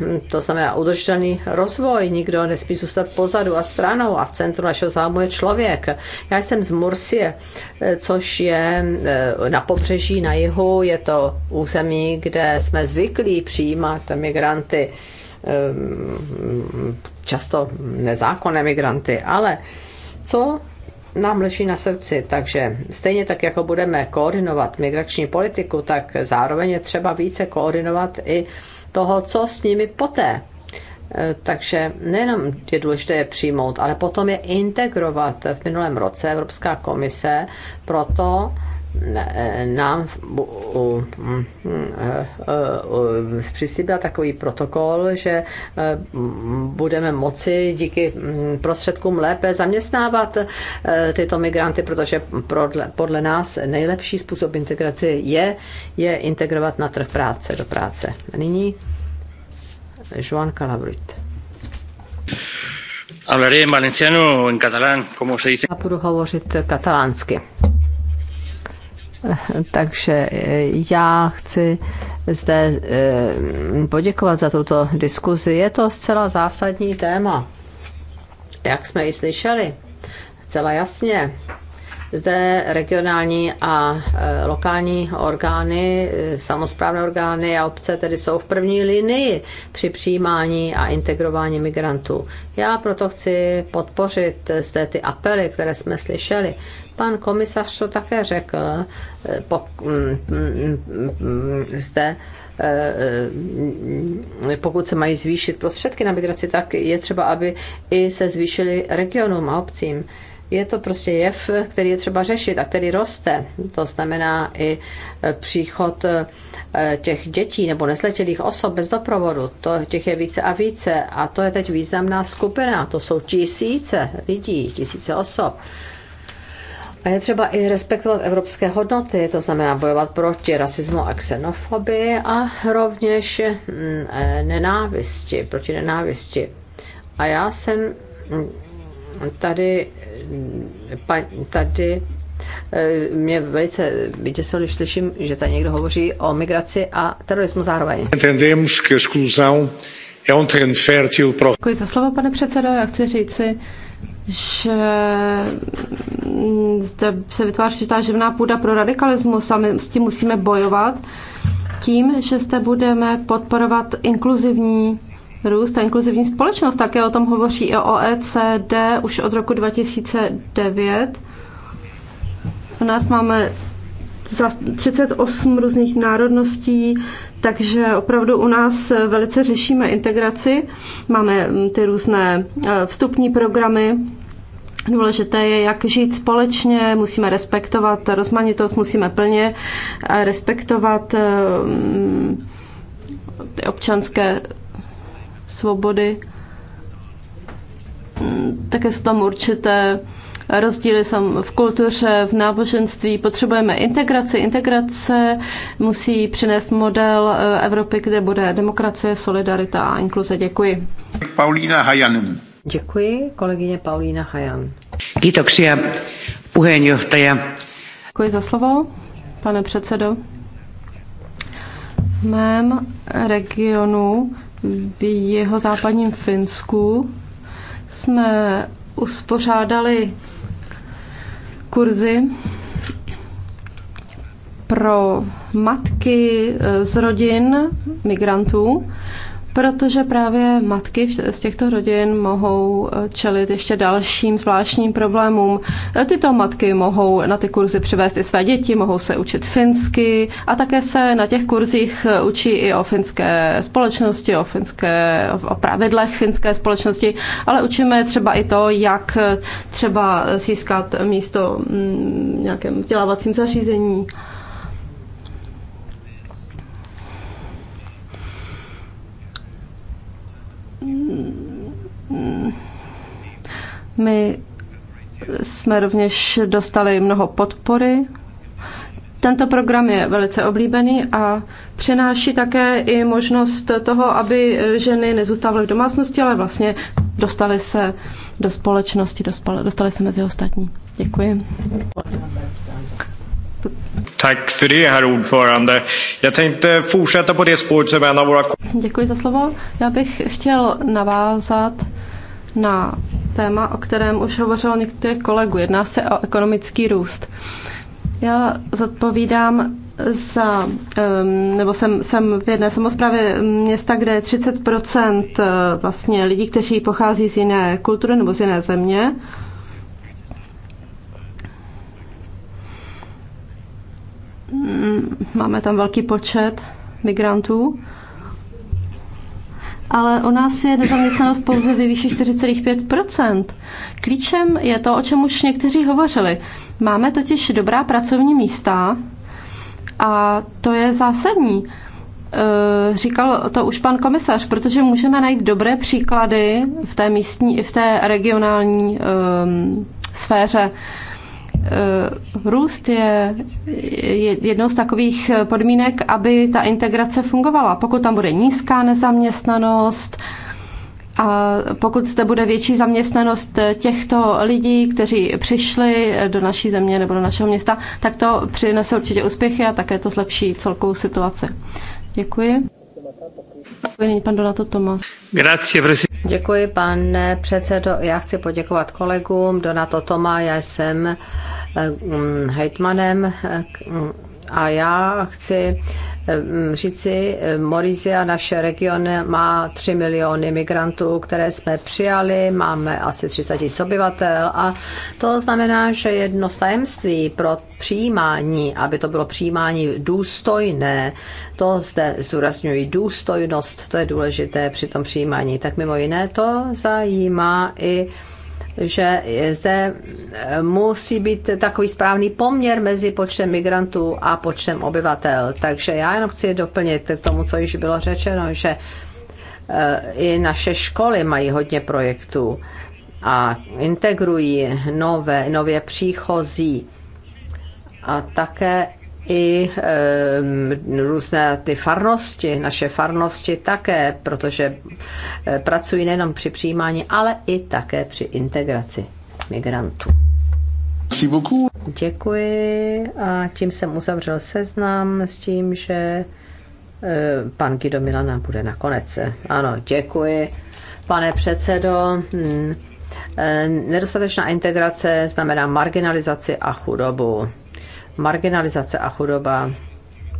mm, eh, to znamená udržitelný rozvoj. Nikdo nesmí zůstat pozadu a stranou a v centru našeho zájmu je člověk. Já jsem z Mursie, eh, což je na pobřeží na jihu, je to území, kde jsme zvyklí přijímat migranty Ehm, často nezákonné migranty, ale co nám leží na srdci, takže stejně tak, jako budeme koordinovat migrační politiku, tak zároveň je třeba více koordinovat i toho, co s nimi poté. Eh, takže nejenom je důležité je přijmout, ale potom je integrovat. V minulém roce Evropská komise proto Eh, nám hm, eh, eh, přistýbila takový protokol, že budeme moci díky hm, prostředkům lépe zaměstnávat tyto migranty, protože podle nás nejlepší způsob integrace je, je integrovat na trh práce, do práce. Nyní Joan Calabrit. Hablaré en valenciano o en catalán, como se dice. Já budu hovořit katalánsky takže eh, já chci zde eh, poděkovat za tuto diskuzi. Je to zcela zásadní téma, jak jsme ji slyšeli, zcela jasně. Zde regionální a eh, lokální orgány, samozprávné orgány a obce tedy jsou v první linii při přijímání a integrování migrantů. Já proto chci podpořit zde ty apely, které jsme slyšeli. Pan komisař to také řekl eh, po, mm, mm, mm, zde eh, pokud se mají zvýšit prostředky na migraci, tak je třeba, aby i se zvýšily regionům a obcím. Je to prostě jev, který je třeba řešit a který roste. To znamená i eh, příchod těch dětí nebo nezletilých osob bez doprovodu. To, těch je více a více a to je teď významná skupina. To jsou tisíce lidí, tisíce osob. A je třeba i respektovat evropské hodnoty, to znamená bojovat proti rasismu a xenofobii a rovněž mm, e, nenávisti, proti nenávisti. A já jsem mm, tady, mm, tady e, mě velice vytěsilo, když slyším, že tady někdo hovoří o migraci a terorismu zároveň. Entendemos que exclusão é um terreno fértil pro... Děkuji za slovo, pane předsedo. Já chci říci, že mm, zde se vytváří ta živná půda pro radikalismus a my s tím musíme bojovat tím, že zde budeme podporovat inkluzivní růst a inkluzivní společnost. Také o tom hovoří i OECD už od roku 2009. U nás máme za 38 různých národností, takže opravdu u nás velice řešíme integraci. Máme mm, ty různé e, vstupní programy, Důležité je, jak žít společně, musíme respektovat rozmanitost, musíme plně eh, respektovat ehm, ty občanské svobody. Mm, také jsou tam určité rozdíly v kultuře, v náboženství. Potřebujeme integraci. Integrace musí přinést model eh, Evropy, kde bude demokracie, solidarita a inkluze. Děkuji. Paulína Hajanem. Děkuji, kolegyně Paulína Hajan. Kiitoksia, puheenjohtaja. Děkuji za slovo, pane předsedo. V mém regionu, v jeho západním Finsku, jsme uspořádali kurzy pro matky z rodin migrantů, Protože právě matky z těchto rodin mohou eh, čelit ještě dalším zvláštním problémům. Eh, tyto matky mohou na ty kurzy přivést i své děti, mohou se učit finsky a také se na těch kurzích eh, učí i o finské společnosti, o, finské, o pravidlech finské společnosti, ale učíme třeba i to, jak třeba získat místo v mm, nějakém vzdělávacím zařízení. My jsme rovněž dostali mnoho podpory. Tento program je velice oblíbený a přináší také i možnost toho, aby ženy nezůstávaly v domácnosti, ale vlastně dostaly se do společnosti, dostaly se mezi ostatní. Děkuji. Děkuji za slovo. Já bych chtěl navázat na téma, o kterém už hovořilo některý kolegu. Jedná se o ekonomický růst. Já zodpovídám za, nebo jsem, jsem v jedné samozprávě města, kde je 30% eh, vlastně lidí, kteří pochází z jiné kultury nebo z jiné země. Mm, máme tam velký počet migrantů, ale u nás je nezaměstnanost pouze ve výši 4,5%. Klíčem je to, o čem už někteří hovořili. Máme totiž dobrá pracovní místa a to je zásadní. E, říkal to už pan komisař, protože můžeme najít dobré příklady v té místní i v té regionální um, sféře. Uh, Eh, růst je jednou z takových eh, podmínek, aby ta integrace fungovala. Pokud tam bude nízká nezaměstnanost, a pokud zde bude větší zaměstnanost eh, těchto lidí, kteří přišli do naší země nebo do našeho města, tak to přinese určitě úspěchy a také to zlepší celkovou situaci. Děkuji. Děkuji, pane předsedo. Já chci poděkovat kolegům. Donato Toma, já jsem eh, hm, hejtmanem eh, hm, a já chci říci, Morizia, naše region, má 3 miliony migrantů, které jsme přijali, máme asi 30 tisíc obyvatel a to znamená, že jedno z tajemství pro přijímání, aby to bylo přijímání důstojné, to zde zdůrazňuji důstojnost, to je důležité při tom přijímání, tak mimo jiné to zajímá i že zde eh, musí být takový správný poměr mezi počtem migrantů a počtem obyvatel. Takže já jenom chci doplnit k tomu, co již bylo řečeno, že eh, i naše školy mají hodně projektů a integrují nové, nově příchozí a také i e, různé ty farnosti, naše farnosti také, protože e, pracují nejenom při přijímání, ale i také při integraci migrantů. Děkuji a tím jsem uzavřel seznam s tím, že e, pan Guido Milana bude nakonec. Ano, děkuji. Pane předsedo, hmm, e, nedostatečná integrace znamená marginalizaci a chudobu marginalizace a chudoba.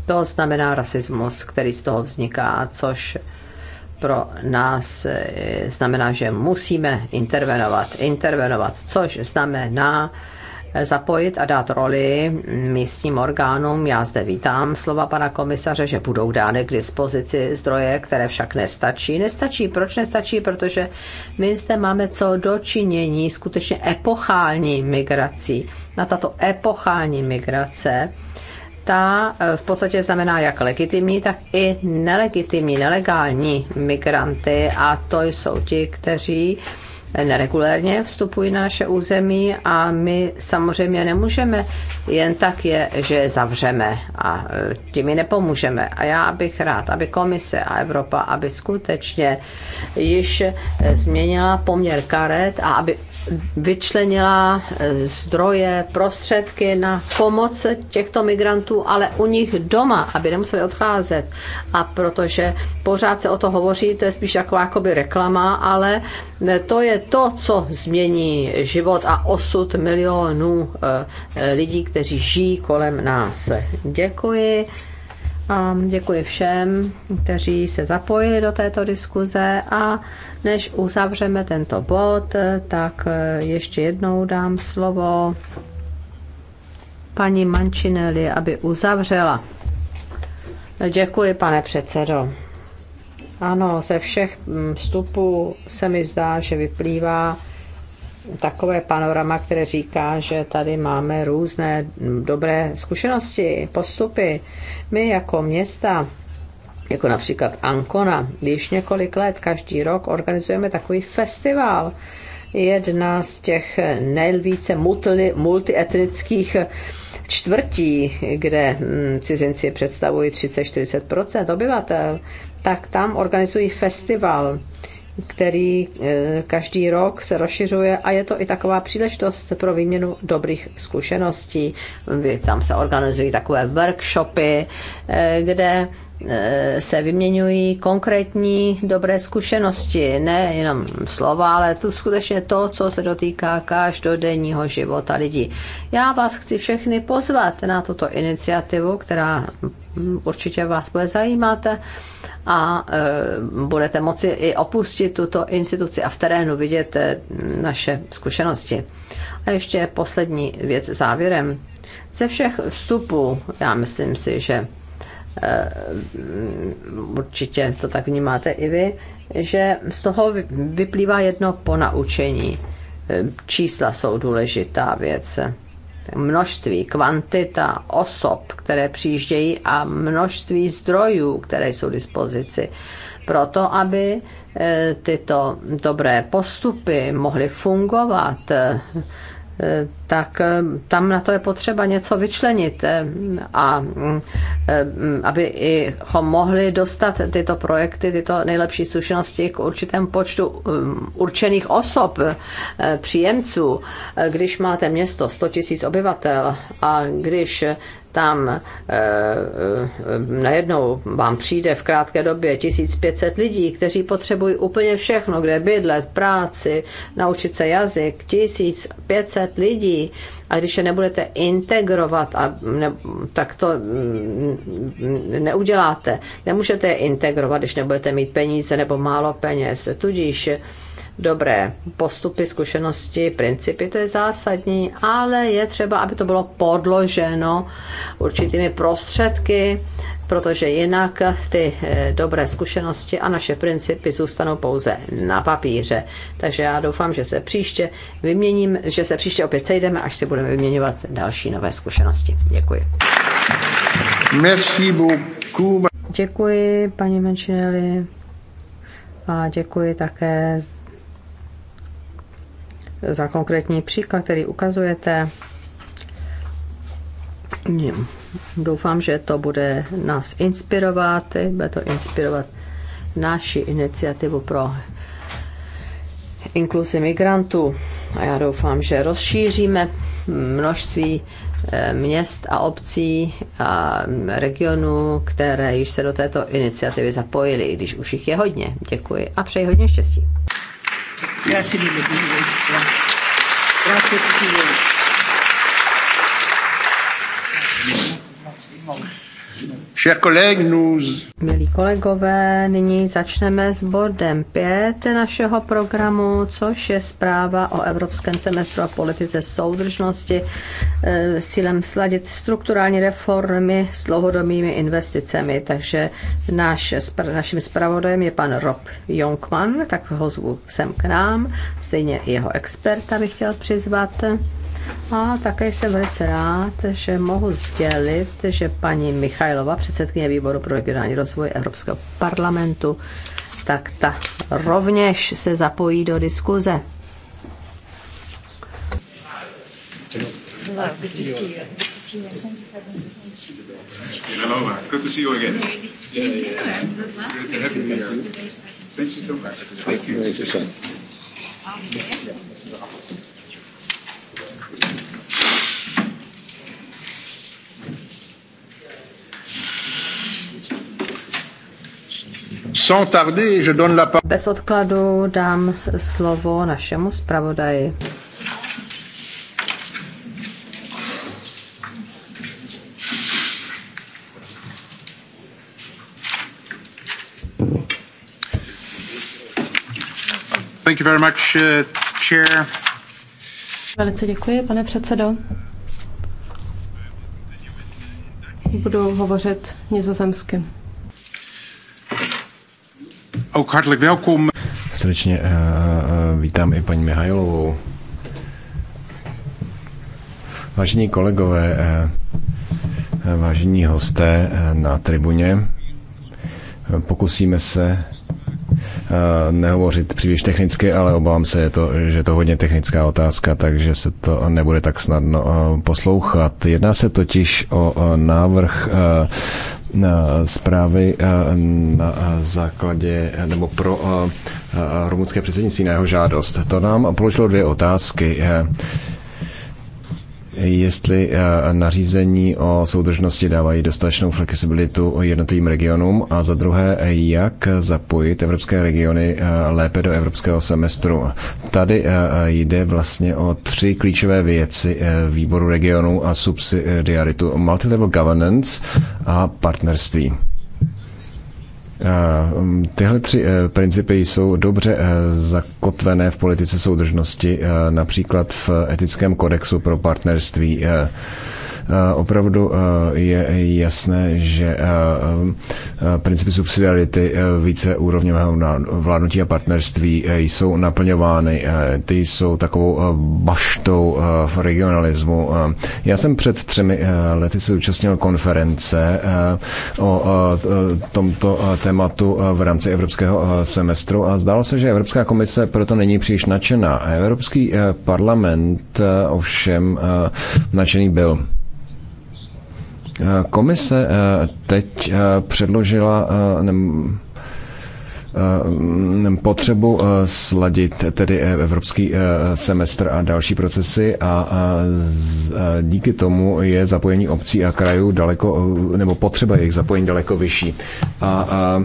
To znamená rasismus, který z toho vzniká, což pro nás eh, znamená, že musíme intervenovat. Intervenovat, což znamená zapojit a dát roli místním orgánům. Já zde vítám slova pana komisaře, že budou dány k dispozici zdroje, které však nestačí. Nestačí, proč nestačí? Protože my zde máme co dočinění skutečně epochální migrací. Na tato epochální migrace ta eh, v podstatě znamená jak legitimní, tak i nelegitimní, nelegální migranty a to jsou ti, kteří neregulérně vstupují na naše území a my samozřejmě nemůžeme jen tak je, že je zavřeme a e, tím ji nepomůžeme. A já bych rád, aby komise a Evropa, aby skutečně již e, změnila poměr karet a aby vyčlenila eh, zdroje, prostředky na pomoc těchto migrantů, ale u nich doma, aby nemuseli odcházet. A protože pořád se o to hovoří, to je spíš jako jakoby reklama, ale eh, to je to, co změní život a osud milionů eh, lidí, kteří žijí kolem nás. Děkuji. A děkuji všem, kteří se zapojili do této diskuze a než uzavřeme tento bod, tak ještě jednou dám slovo paní Mančinelli, aby uzavřela. Děkuji, pane předsedo. Ano, ze všech mm, vstupů se mi zdá, že vyplývá, takové panorama, které říká, že tady máme různé dobré zkušenosti, postupy. My jako města, jako například Ancona, již několik let každý rok organizujeme takový festival, jedna z těch nejvíce multietnických čtvrtí, kde hm, cizinci představují 30-40 obyvatel, tak tam organizují festival který eh, každý rok se rozšiřuje a je to i taková příležitost pro výměnu dobrých zkušeností. Tam se organizují takové workshopy, eh, kde Eh, se vyměňují konkrétní dobré zkušenosti, ne jenom slova, ale to skutečně to, co se dotýká každodenního života lidí. Já vás chci všechny pozvat na tuto iniciativu, která určitě vás bude zajímat a eh, budete moci i opustit tuto instituci a v terénu vidět eh, naše zkušenosti. A ještě poslední věc závěrem. Ze všech vstupů, já myslím si, že Eh, určitě to tak vnímáte i vy, že z toho vyplývá jedno ponaučení. Eh, čísla jsou důležitá věc. Množství, kvantita osob, které přijíždějí a množství zdrojů, které jsou k dispozici. Proto, aby eh, tyto dobré postupy mohly fungovat, tak eh, tam na to je potřeba něco vyčlenit eh, a eh, aby i mohli dostat tyto projekty, tyto nejlepší zkušenosti k určitém počtu určených osob, příjemců. Když máte město 100 000 obyvatel a když tam eh, eh, najednou vám přijde v krátké době 1500 lidí, kteří potřebují úplně všechno, kde bydlet, práci, naučit se jazyk, 1500 lidí a když je nebudete integrovat, a ne, tak to mm, mm, neuděláte. Nemůžete je integrovat, když nebudete mít peníze nebo málo peněz. Tudíž dobré postupy, zkušenosti, principy, to je zásadní, ale je třeba, aby to bylo podloženo určitými prostředky, protože jinak ty eh, dobré zkušenosti a naše principy zůstanou pouze na papíře. Takže já doufám, že se příště vyměním, že se příště opět sejdeme, až si budeme vyměňovat další nové zkušenosti. Děkuji. Merci beaucoup. Děkuji, paní Menšinelli. A děkuji také za konkrétní příklad, který ukazujete. Doufám, že to bude nás inspirovat, bude to inspirovat naši iniciativu pro inkluzi migrantů. A já doufám, že rozšíříme množství eh, měst a obcí a regionů, které již se do této iniciativy zapojily, i když už jich je hodně. Děkuji a přeji hodně štěstí. Grazie mille Presidente, grazie. Grazie a tutti voi. Grazie, grazie, grazie di nuovo. Milí kolegové, nyní začneme s bodem 5 našeho programu, což je zpráva o Evropském semestru a politice soudržnosti eh, s cílem sladit strukturální reformy s dlouhodobými investicemi. Takže náš, naším zpravodajem je pan Rob Jonkman, tak ho zvu sem k nám, stejně jeho experta bych chtěl přizvat. A také jsem velice rád, že mohu sdělit, že paní Michajlova, předsedkyně výboru pro regionální rozvoj Evropského parlamentu, tak ta rovněž se zapojí do diskuze. Thank you so much. Thank you. Thank you. Sans tarder, je donne la parole. Bez odkladu dám slovo našemu zpravodaji. Thank you very much, uh, chair. Velice děkuji, pane předsedo. Budu hovořit nizozemsky. Ook hartelijk welkom. Srdečně eh, eh, vítám i paní Mihajlovou. Vážení kolegové, eh, vážení hosté na tribuně, pokusíme se nehovořit příliš technicky, ale obávám se, je to, že to hodně technická otázka, takže se to nebude tak snadno poslouchat. Jedná se totiž o návrh Eh, zprávy eh, na základě nebo pro eh, rumunské předsednictví na jeho žádost. To nám položilo dvě otázky jestli eh, nařízení o soudržnosti dávají dostatečnou flexibilitu jednotlivým regionům a za druhé, jak zapojit evropské regiony eh, lépe do evropského semestru. Tady eh, jde vlastně o tři klíčové věci výboru regionů a subsidiaritu. Multilevel governance a partnerství. Eh, tyhle tři eh, principy jsou dobře eh, zakotvené v politice soudržnosti, například v etickém kodexu pro partnerství Eh, opravdu eh, je jasné, že eh, principy subsidiarity více úrovňového vládnutí a partnerství jsou naplňovány. Ty jsou takovou baštou v regionalismu. Já jsem před třemi lety se zúčastnil konference o tomto tématu v rámci evropského semestru a zdálo se, že Evropská komise proto není příliš nadšená. Evropský parlament ovšem nadšený byl. Komise eh, teď eh, předložila eh, potřebu sladit tedy evropský semestr a další procesy a díky tomu je zapojení obcí a krajů daleko, nebo potřeba jejich zapojení daleko vyšší. A, a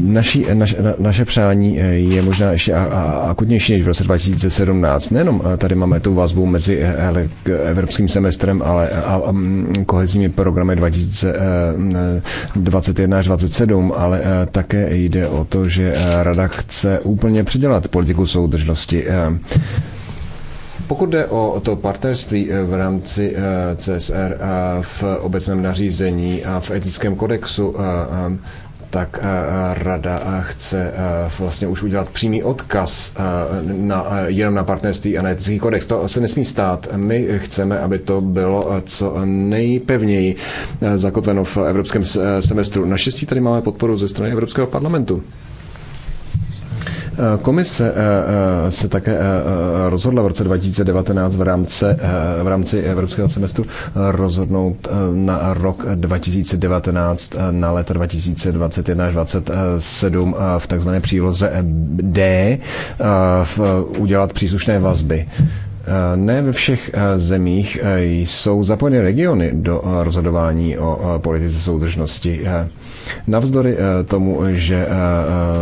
Naší, naš, na, naše přání eh, je možná ještě akutnější než v roce 2017. Nejenom eh, tady máme tu vazbu mezi eh, k evropským semestrem, ale a, a, mm, kohezními programy 2021 až 2027, ale také jde o to, že Rada chce úplně předělat politiku soudržnosti. Pokud jde o to partnerství v rámci CSR v obecném nařízení a v etickém kodexu, tak eh, rada eh, chce eh, vlastně už udělat přímý odkaz na, jenom na partnerství a na etický kodex. To se nesmí stát. My chceme, aby to bylo co nejpevněji zakotveno v evropském semestru. Naštěstí tady máme podporu ze strany Evropského parlamentu. Eh, komise eh, eh, se také rozhodla v roce 2019 v rámci, v rámci evropského semestru rozhodnout na rok 2019 na léta 2021 2027 v takzvané příloze D udělat příslušné vazby Eh, ne ve všech eh, zemích eh, jsou zapojeny regiony do rozhodování o politice soudržnosti. Navzdory tomu, že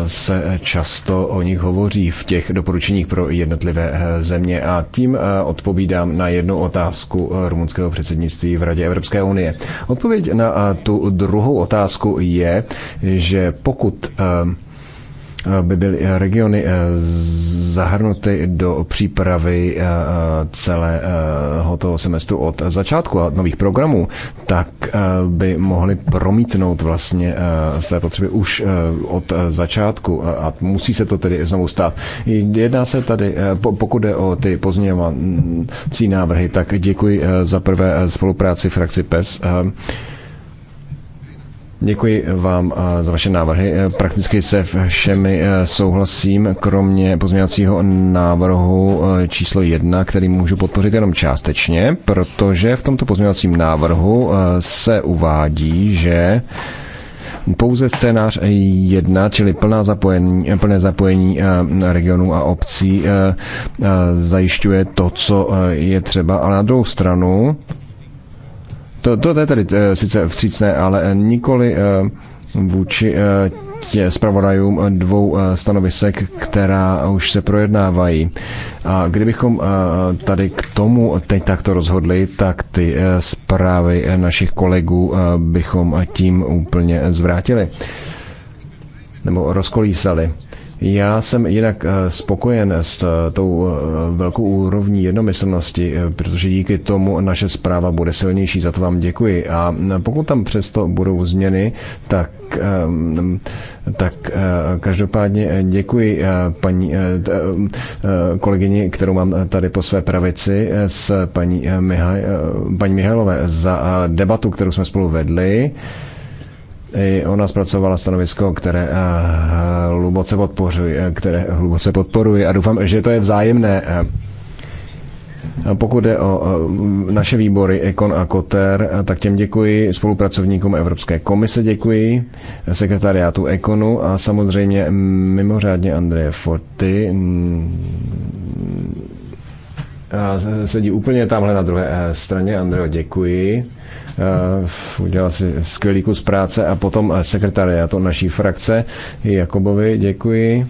se často o nich hovoří v těch doporučeních pro jednotlivé země a tím odpovídám na jednu otázku rumunského předsednictví v Radě Evropské unie. Odpověď na tu druhou otázku je, že pokud by byly eh, regiony eh, zahrnuty do přípravy eh, celého toho semestru od začátku a nových programů, tak by mohly promítnout vlastně své potřeby už od začátku a musí se to tedy znovu stát. Jedná se tady, pokud jde o ty pozměňovací návrhy, tak děkuji za prvé spolupráci frakci PES Děkuji vám eh, za vaše návrhy. Eh, prakticky se všemi eh, souhlasím, kromě pozměňovacího návrhu číslo jedna, který můžu podpořit jenom částečně, protože v tomto pozměňovacím návrhu se uvádí, že pouze scénář 1, čili plná zapojení, plné zapojení regionů a obcí zajišťuje to, co je třeba. Ale na druhou stranu to, to, to je tedy eh, sice vstřícné, ale eh, nikoli eh, vůči tě zpravodajům dvou stanovisek, která už se projednávají. A kdybychom tady k tomu teď takto rozhodli, tak ty zprávy našich kolegů bychom tím úplně zvrátili nebo rozkolísali. Já jsem jinak eh, spokojen s eh, tou eh, velkou úrovní jednomyslnosti, protože díky tomu naše zpráva bude silnější. Za to vám děkuji. A pokud tam přesto budou změny, tak, ehm, tak každopádně děkuji paní kolegyni, kterou mám tady po své pravici, s paní, Mihaj, paní Mihalové za debatu, kterou jsme spolu vedli. I ona zpracovala stanovisko, které eh, hluboce podporuje, eh, které hluboce podporuje a doufám, že to je vzájemné. Eh, pokud jde o naše výbory Ekon a Koter, tak těm děkuji, spolupracovníkům Evropské komise děkuji, sekretariátu Ekonu a samozřejmě mimořádně Andreje Forty, Eh, sedí úplně tamhle na druhé eh, straně. Andreo, děkuji. Eh, udělal si skvělý kus práce a potom sekretariátu naší frakce Jakobovi děkuji.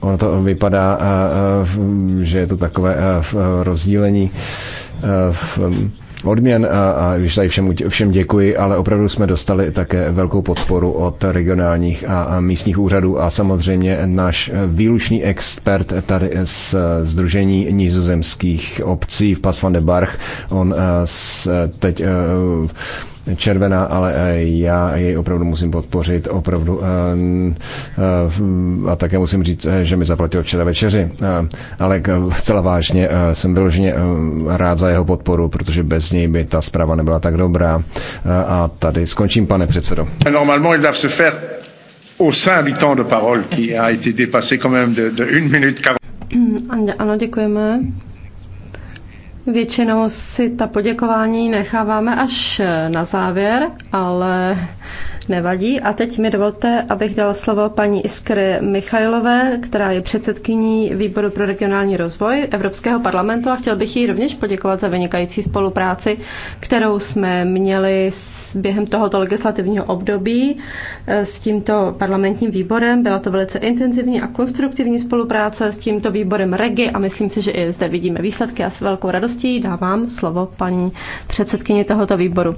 Ono to vypadá, že je to takové rozdílení odměn a, a když tady všem, všem děkuji, ale opravdu jsme dostali také velkou podporu od regionálních a, a místních úřadů a samozřejmě náš výlučný expert tady z Združení nizozemských obcí v Pas de Barch, on eh, s, teď eh, červená, ale e, já jej opravdu musím podpořit, opravdu e, e, a také musím říct, že mi zaplatil včera večeři, ale celá vážně jsem vyloženě rád za jeho podporu, protože bez něj by ta zpráva nebyla tak dobrá a tady skončím, pane předsedo. Normalement, ils doivent se faire au sein du temps de parole qui a été dépassé quand même de, de 1 minute Ano, děkujeme. Většinou si ta poděkování necháváme až na závěr, ale nevadí. A teď mi dovolte, abych dala slovo paní Iskry Michajlové, která je předsedkyní Výboru pro regionální rozvoj Evropského parlamentu a chtěl bych jí rovněž poděkovat za vynikající spolupráci, kterou jsme měli během tohoto legislativního období eh, s tímto parlamentním výborem. Byla to velice intenzivní a konstruktivní spolupráce s tímto výborem REGI a myslím si, že i zde vidíme výsledky a s velkou radostí dávám slovo paní předsedkyni tohoto výboru.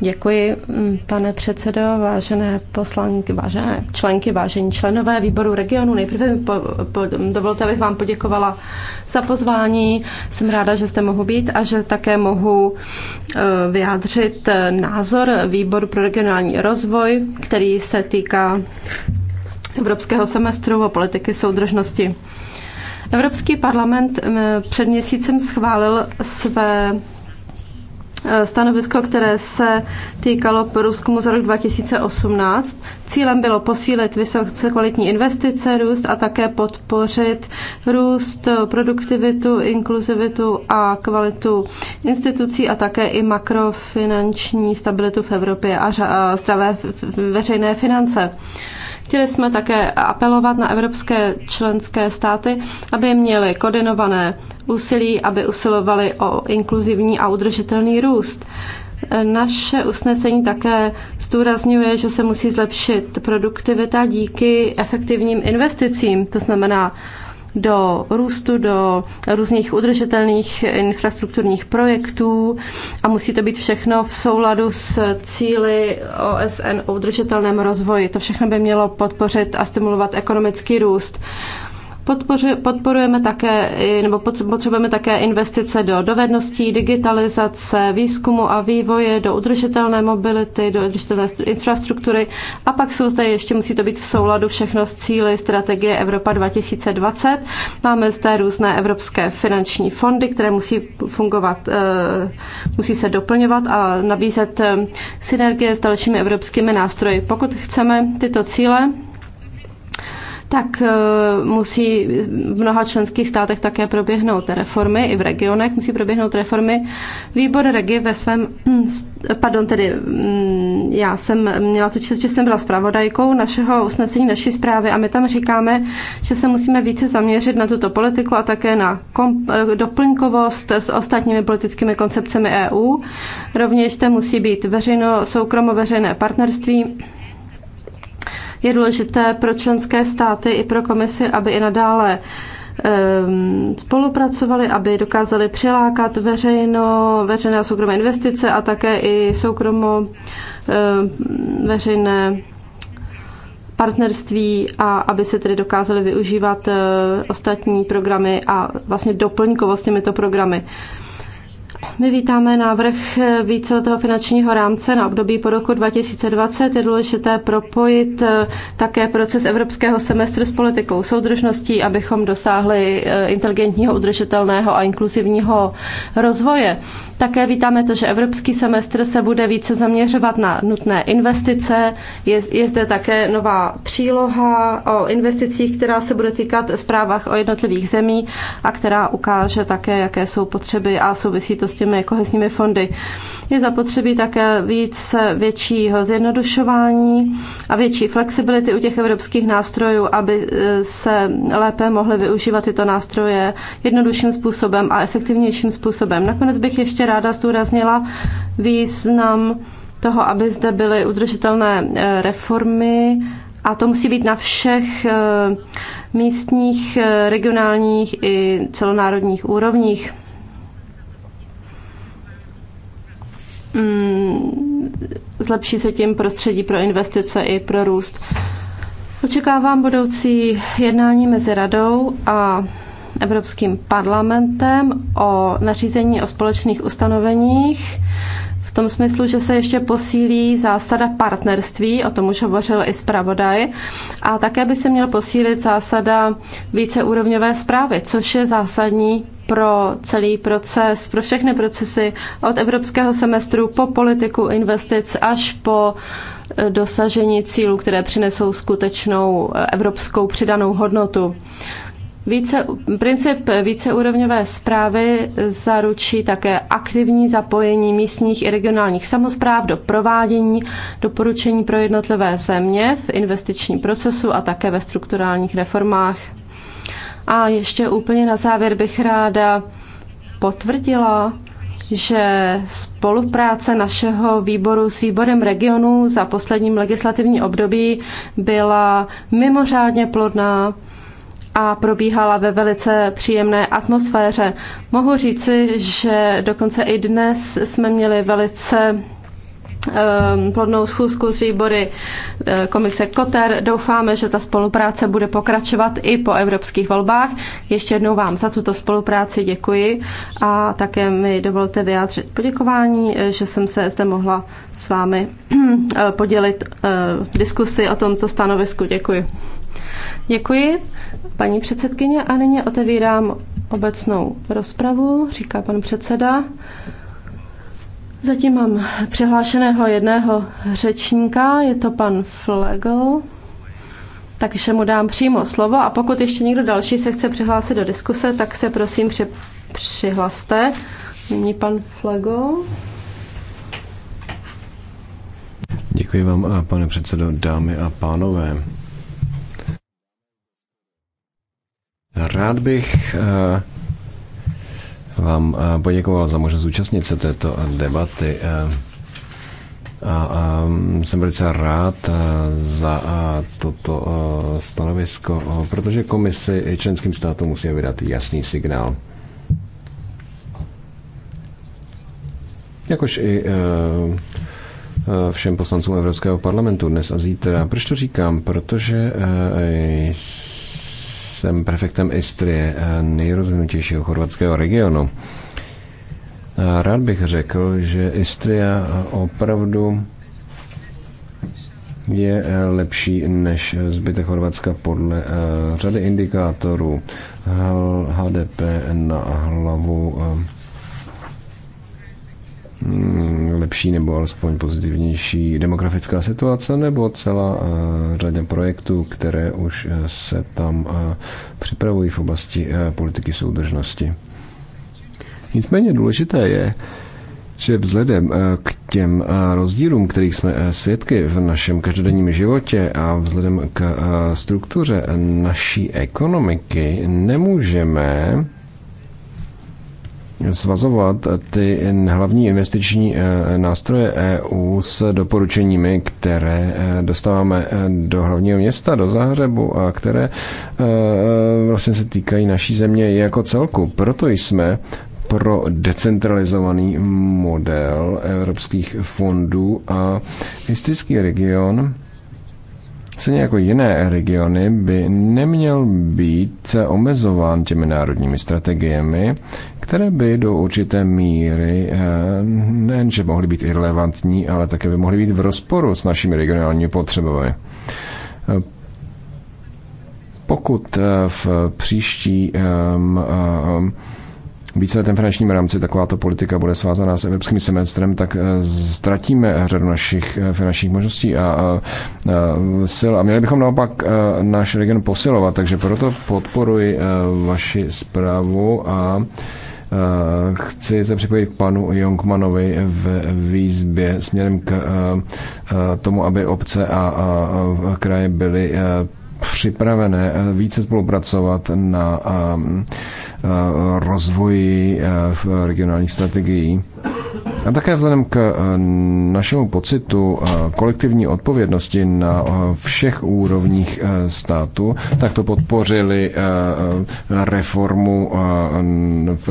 Děkuji, mm, pane předsedo, vážené poslanky, vážené členky, vážení členové výboru regionu. Nejprve mi po, po, dovolte, abych vám poděkovala za pozvání. Jsem ráda, že jste mohu být a že také mohu e, vyjádřit e, názor výboru pro regionální rozvoj, který se týká Evropského semestru o politiky soudržnosti. Evropský parlament před měsícem schválil své Eh, stanovisko, které se týkalo průzkumu za rok 2018. Cílem bylo posílit vysoce kvalitní investice, růst a také podpořit růst, eh, produktivitu, inkluzivitu a kvalitu institucí a také i makrofinanční stabilitu v Evropě a zdravé veřejné finance. Chtěli jsme také apelovat na evropské členské státy, aby měly koordinované úsilí, aby usilovali o inkluzivní a udržitelný růst. Naše usnesení také zdůrazňuje, že se musí zlepšit produktivita díky efektivním investicím, to znamená do růstu, do různých udržitelných infrastrukturních projektů a musí to být všechno v souladu s cíly OSN o udržitelném rozvoji. To všechno by mělo podpořit a stimulovat ekonomický růst podporujeme také, nebo potřebujeme také investice do dovedností, digitalizace, výzkumu a vývoje, do udržitelné mobility, do udržitelné infrastruktury a pak jsou zde ještě, musí to být v souladu všechno s cíly strategie Evropa 2020. Máme zde různé evropské finanční fondy, které musí fungovat, eh, musí se doplňovat a nabízet eh, synergie s dalšími evropskými nástroji. Pokud chceme tyto cíle, tak e, musí v mnoha členských státech také proběhnout reformy, i v regionech musí proběhnout reformy. Výbor Regi ve svém, mm, pardon, tedy mm, já jsem měla tu čest, že jsem byla zpravodajkou našeho usnesení, naší zprávy a my tam říkáme, že se musíme více zaměřit na tuto politiku a také na e, doplňkovost s ostatními politickými koncepcemi EU. Rovněž to musí být veřejno, soukromo veřejné partnerství, je důležité pro členské státy i pro komisi, aby i nadále ehm, spolupracovali, aby dokázali přilákat veřejno, veřejné a soukromé investice a také i soukromo ehm, veřejné partnerství a aby se tedy dokázali využívat eh, ostatní programy a vlastně doplňkovost těmito programy. My vítáme návrh eh, víceletého finančního rámce na období po roku 2020. Je důležité propojit eh, také proces evropského semestru s politikou soudržností, abychom dosáhli eh, inteligentního, udržitelného a inkluzivního rozvoje. Také vítáme to, že evropský semestr se bude více zaměřovat na nutné investice. Je, je zde také nová příloha o investicích, která se bude týkat zprávách o jednotlivých zemí a která ukáže také, jaké jsou potřeby a souvisí to s těmi kohesními jako fondy. Je zapotřebí také víc většího zjednodušování a větší flexibility u těch evropských nástrojů, aby eh, se lépe mohly využívat tyto nástroje jednodušším způsobem a efektivnějším způsobem. Nakonec bych ještě ráda zdůraznila význam toho, aby zde byly udržitelné eh, reformy a to musí být na všech eh, místních, regionálních i celonárodních úrovních. Mm, zlepší se tím prostředí pro investice i pro růst. Očekávám budoucí jednání mezi radou a Evropským parlamentem o nařízení o společných ustanoveních v tom smyslu, že se ještě posílí zásada partnerství, o tom už hovořil i zpravodaj, a také by se měl posílit zásada víceúrovňové zprávy, což je zásadní pro celý proces, pro všechny procesy od evropského semestru po politiku investic až po eh, dosažení cílů, které přinesou skutečnou eh, evropskou přidanou hodnotu. Více, princip víceúrovňové zprávy zaručí také aktivní zapojení místních i regionálních samozpráv do provádění doporučení pro jednotlivé země v investičním procesu a také ve strukturálních reformách. A ještě úplně na závěr bych ráda potvrdila, že spolupráce našeho výboru s výborem regionu za posledním legislativní období byla mimořádně plodná a probíhala ve velice příjemné atmosféře. Mohu říci, že dokonce i dnes jsme měli velice ehm, plodnou schůzku z výbory eh, komise Koter. Doufáme, že ta spolupráce bude pokračovat i po evropských volbách. Ještě jednou vám za tuto spolupráci děkuji a také mi dovolte vyjádřit poděkování, eh, že jsem se zde mohla s vámi eh, podělit diskusi o tomto stanovisku. Děkuji. Děkuji, paní předsedkyně, a nyní otevírám obecnou rozpravu, říká pan předseda. Zatím mám přihlášeného jedného řečníka, je to pan Flegel. Takže mu dám přímo slovo a pokud ještě někdo další se chce přihlásit do diskuse, tak se prosím při, přihlaste. Nyní pan Flego. Děkuji vám, pane předsedo, dámy a pánové. Rád bych eh, vám eh, poděkoval za možnost zúčastnit se této debaty. Eh, a, mm, jsem velice rád za toto stanovisko, protože komisi i členským státům musí vydat jasný signál. Jakož i všem poslancům Evropského parlamentu dnes a zítra. Proč to říkám? Protože jsem prefektem Istrie, eh, nejrozvinutějšího chorvatského regionu. Rád bych řekl, že Istria opravdu je eh, lepší než zbytek Chorvatska podle eh, řady indikátorů HDP na hlavu Mm, lepší nebo alespoň pozitivnější demografická situace nebo celá eh, řada projektů, které už eh, se tam eh, připravují v oblasti politiky soudržnosti. Nicméně důležité je, že vzhledem k těm rozdílům, kterých jsme svědky v našem každodenním životě a vzhledem k struktuře naší ekonomiky, nemůžeme svazovat ty hlavní investiční eh, nástroje EU s doporučeními, které eh, dostáváme eh, do hlavního města, do Záhřebu a které vlastně se týkají naší země jako celku. Proto jsme pro decentralizovaný model evropských fondů a historický region Stejně jako jiné regiony by neměl být omezován těmi národními strategiemi, které by do určité míry eh, nejenže mohly být irrelevantní, ale také by mohly být v rozporu s našimi regionálními potřebami. Eh, pokud eh, v příštím víceletém finančním rámci takováto politika bude svázaná s evropským semestrem, tak eh, ztratíme řadu našich eh, finančních možností a, a, a sil. A měli bychom naopak eh, náš region posilovat, takže proto podporuji vaši zprávu a chci se připojit k panu Jongmanovi v výzbě směrem k tomu, aby obce a kraje byly připravené eh, více spolupracovat na ehm, eh, rozvoji eh, v regionálních strategií. A také vzhledem k našemu pocitu kolektivní odpovědnosti na všech úrovních státu, tak to podpořili reformu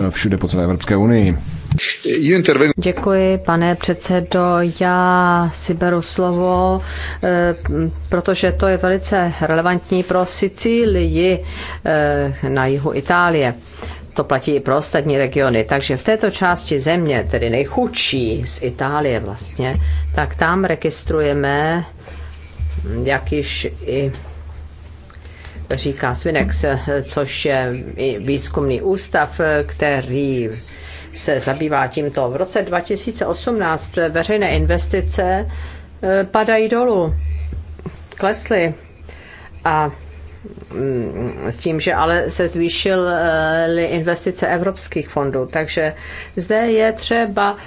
všude po celé Evropské unii. Děkuji, pane předsedo. Já si beru slovo, eh, protože to je velice relevantní pro Sicílii eh, na jihu Itálie. To platí i pro ostatní regiony. Takže v této části země, tedy nejchudší z Itálie vlastně, tak tam registrujeme, jak již i říká Svinex, eh, což je výzkumný ústav, který se zabývá tímto. V roce 2018 veřejné investice eh, padají dolů, klesly a mm, s tím, že ale se zvýšily investice evropských fondů. Takže zde je třeba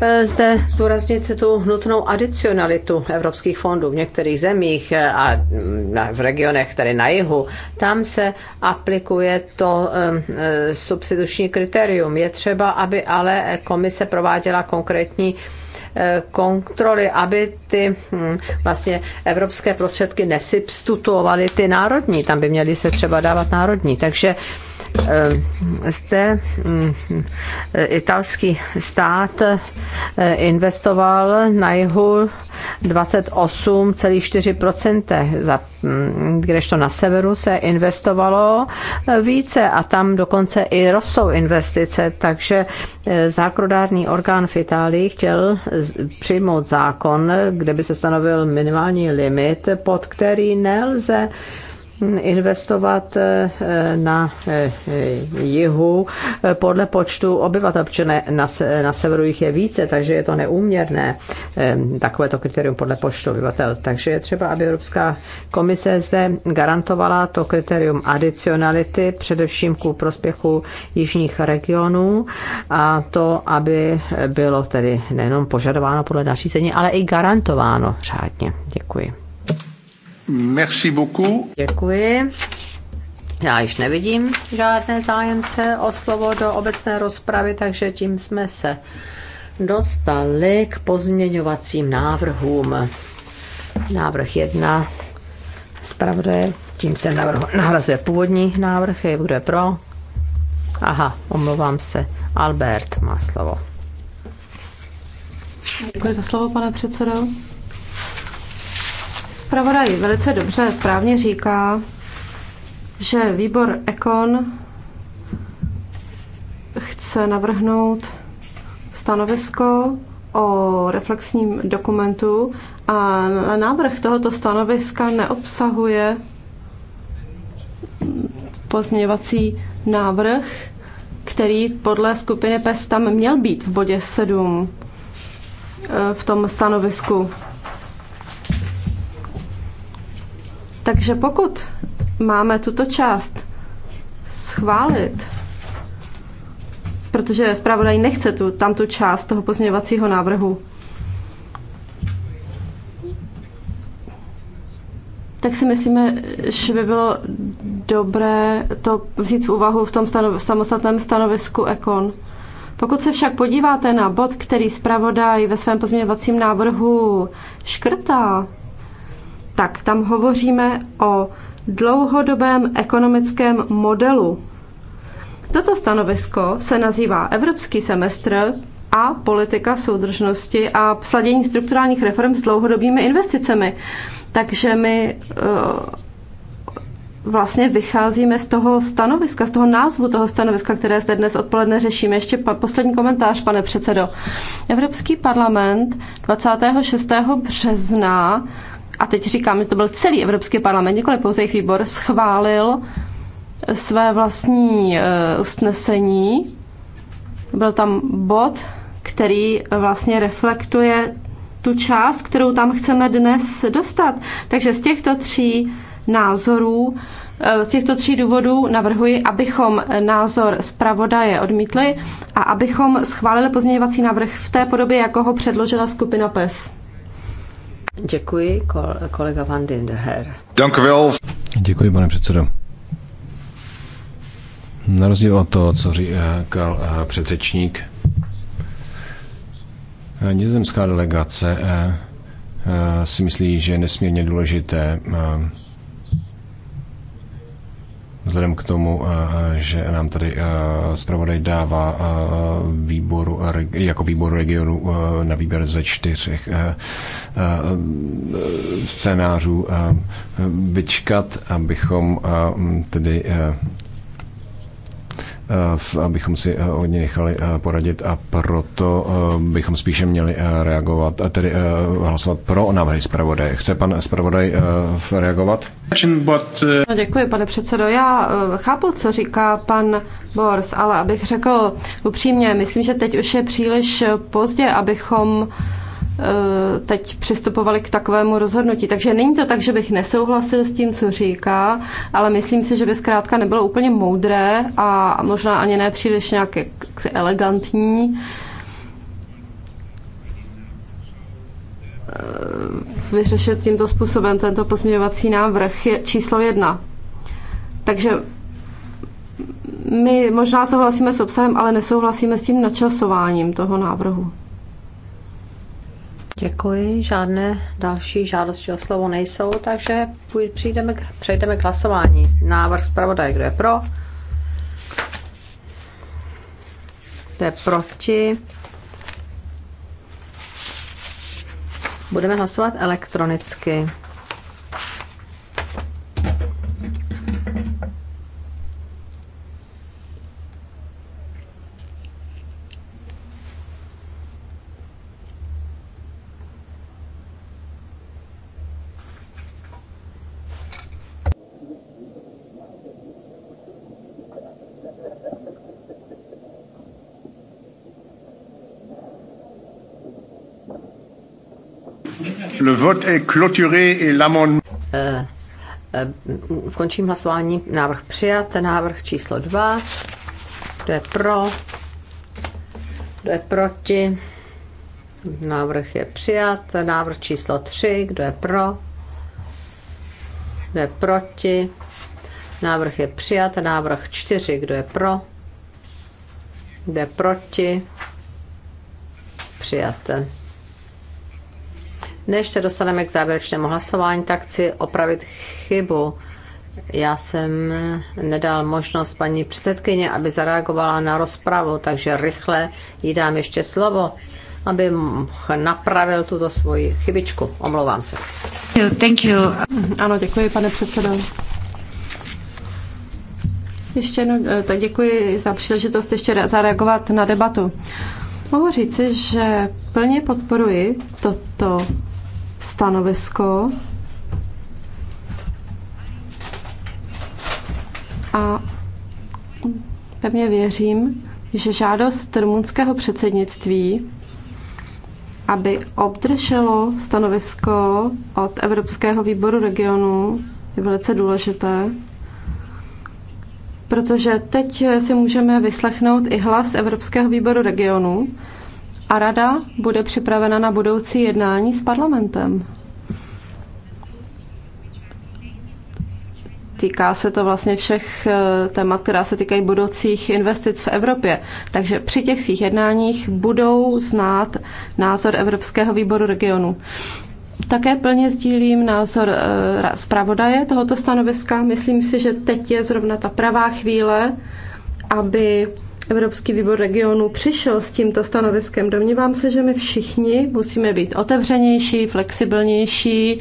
Eh, zde zdůraznit tu nutnou adicionalitu evropských fondů v některých zemích eh, a mm, v regionech, tedy na jihu. Tam se aplikuje to ehm, eh, substituční kritérium. Je třeba, aby ale komise prováděla konkrétní kontroly, aby ty hm, vlastně evropské prostředky nesubstituovaly ty národní. Tam by měly se třeba dávat národní. Takže Eh, zde hm, eh, italský stát eh, investoval na jihu 28,4%, hm, kdežto na severu se investovalo více a tam dokonce i rostou investice, takže zákrodární orgán v Itálii chtěl přijmout zákon, kde by se stanovil minimální limit, pod který nelze investovat eh, na eh, jihu podle počtu obyvatel, protože ne, na, na severu jich je více, takže je to neúměrné eh, takové to kritérium podle počtu obyvatel. Takže je třeba, aby Evropská komise zde garantovala to kritérium adicionality, především ku prospěchu jižních regionů a to, aby bylo tedy nejenom požadováno podle nařízení, ale i garantováno řádně. Děkuji. Merci beaucoup. Děkuji. Já již nevidím žádné zájemce o slovo do obecné rozpravy, takže tím jsme se dostali k pozměňovacím návrhům. Návrh 1 zpravodaje, tím se navrhu, nahrazuje původní návrh, je bude pro. Aha, omlouvám se, Albert má slovo. Děkuji za slovo, pane předsedo. Spravodaj velice dobře, správně říká, že výbor Ekon chce navrhnout stanovisko o reflexním dokumentu a návrh tohoto stanoviska neobsahuje pozměňovací návrh, který podle skupiny PES tam měl být v bodě 7 eh, v tom stanovisku Takže pokud máme tuto část schválit, protože zpravodaj nechce tu, tam tu část toho pozměňovacího návrhu, tak si myslíme, že by bylo dobré to vzít v úvahu v tom stanov, samostatném stanovisku Ekon. Pokud se však podíváte na bod, který zpravodaj ve svém pozměňovacím návrhu škrtá, tak tam hovoříme o dlouhodobém ekonomickém modelu. Toto stanovisko se nazývá Evropský semestr a politika soudržnosti a sladění strukturálních reform s dlouhodobými investicemi. Takže my eh, vlastně vycházíme z toho stanoviska, z toho názvu toho stanoviska, které zde dnes odpoledne řešíme. Ještě pa, poslední komentář, pane předsedo. Evropský parlament 26. března a teď říkám, že to byl celý Evropský parlament, nikoli pouze jejich výbor, schválil své vlastní e, usnesení. Byl tam bod, který vlastně reflektuje tu část, kterou tam chceme dnes dostat. Takže z těchto tří názorů, e, z těchto tří důvodů navrhuji, abychom názor zpravodaje odmítli a abychom schválili pozměňovací návrh v té podobě, jako ho předložila skupina PES. Děkuji, kolega Van Dinderher. Děkuji, pane předsedo. Na rozdíl od toho, co eh, říkal eh, předřečník, eh, nizozemská delegace si myslí, že je nesmírně důležité Vzhledem k tomu, eh, že nám tady eh, zpravodaj dává eh, výboru, jako výboru regionu na výběr ze čtyřech scénářů vyčkat, abychom tedy abychom si eh, od něj nechali eh, poradit a proto eh, bychom spíše měli reagovat, tedy hlasovat pro návrhy zpravodaje. Chce pan zpravodaj reagovat? No, děkuji, pane předsedo. Já chápu, co říká pan Bors, ale abych řekl upřímně, myslím, že teď už je příliš pozdě, abychom Eh, teď přistupovali k takovému rozhodnutí. Takže není to tak, že bych nesouhlasil s tím, co říká, ale myslím si, že by zkrátka nebylo úplně moudré a možná ani ne příliš nějak jaksi elegantní eh, vyřešit tímto způsobem tento pozměňovací návrh je číslo jedna. Takže my možná souhlasíme s obsahem, ale nesouhlasíme s tím načasováním toho návrhu. Děkuji, žádné další žádosti o slovo nejsou, takže přijdeme k, přejdeme k hlasování. Návrh zpravodaje, kdo je pro? Kdo je proti? Budeme hlasovat elektronicky. Le vote est clôturé et l'amendement... Eh, eh, končím hlasování. Návrh přijat. Návrh číslo 2. Kdo je pro? Kdo je proti? Návrh je přijat. Návrh číslo 3. Kdo je pro? Kdo je proti? Návrh je přijat. Návrh 4. Kdo je pro? Kdo je proti? Přijat. Než se dostaneme k závěrečnému hlasování, tak chci opravit chybu. Já jsem nedal možnost paní předsedkyně, aby zareagovala na rozpravu, takže rychle jí dám ještě slovo, aby napravil tuto svoji chybičku. Omlouvám se. Thank you. Ano, děkuji, pane předsedo. Ještě jednou eh, tak děkuji za příležitost ještě zareagovat na debatu. Mohu říci, že plně podporuji toto stanovisko a pevně věřím, že žádost rumunského předsednictví, aby obdrželo stanovisko od Evropského výboru regionu, je velice důležité, protože teď si můžeme vyslechnout i hlas Evropského výboru regionu a Rada bude připravena na budoucí jednání s parlamentem. Týká se to vlastně všech eh, témat, která se týkají budoucích investic v Evropě. Takže při těch svých jednáních budou znát názor Evropského výboru regionu. Také plně sdílím názor eh, zpravodaje tohoto stanoviska. Myslím si, že teď je zrovna ta pravá chvíle, aby Evropský výbor regionu přišel s tímto stanoviskem. Domnívám se, že my všichni musíme být otevřenější, flexibilnější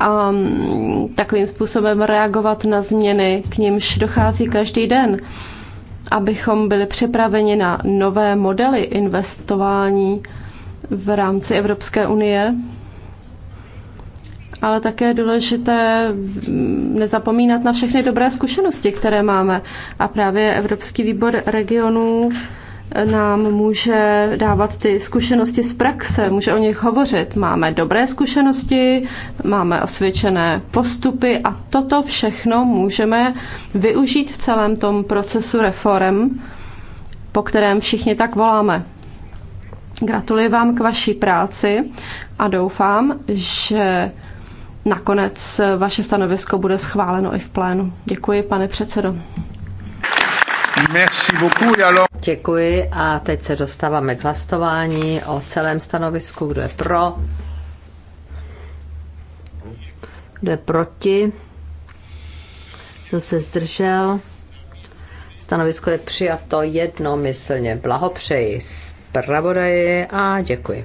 a mm, takovým způsobem reagovat na změny, k nímž dochází každý den, abychom byli připraveni na nové modely investování v rámci Evropské unie ale také je důležité mm, nezapomínat na všechny dobré zkušenosti, které máme. A právě Evropský výbor regionů eh, nám může dávat ty zkušenosti z praxe, může o nich hovořit. Máme dobré zkušenosti, máme osvědčené postupy a toto všechno můžeme využít v celém tom procesu reform, po kterém všichni tak voláme. Gratuluji vám k vaší práci a doufám, že nakonec eh, vaše stanovisko bude schváleno i v plénu. Děkuji, pane předsedo. Děkuji a teď se dostáváme k hlasování o celém stanovisku, kdo je pro, kdo je proti, kdo se zdržel. Stanovisko je přijato jednomyslně. Blahopřeji zpravodaji a děkuji.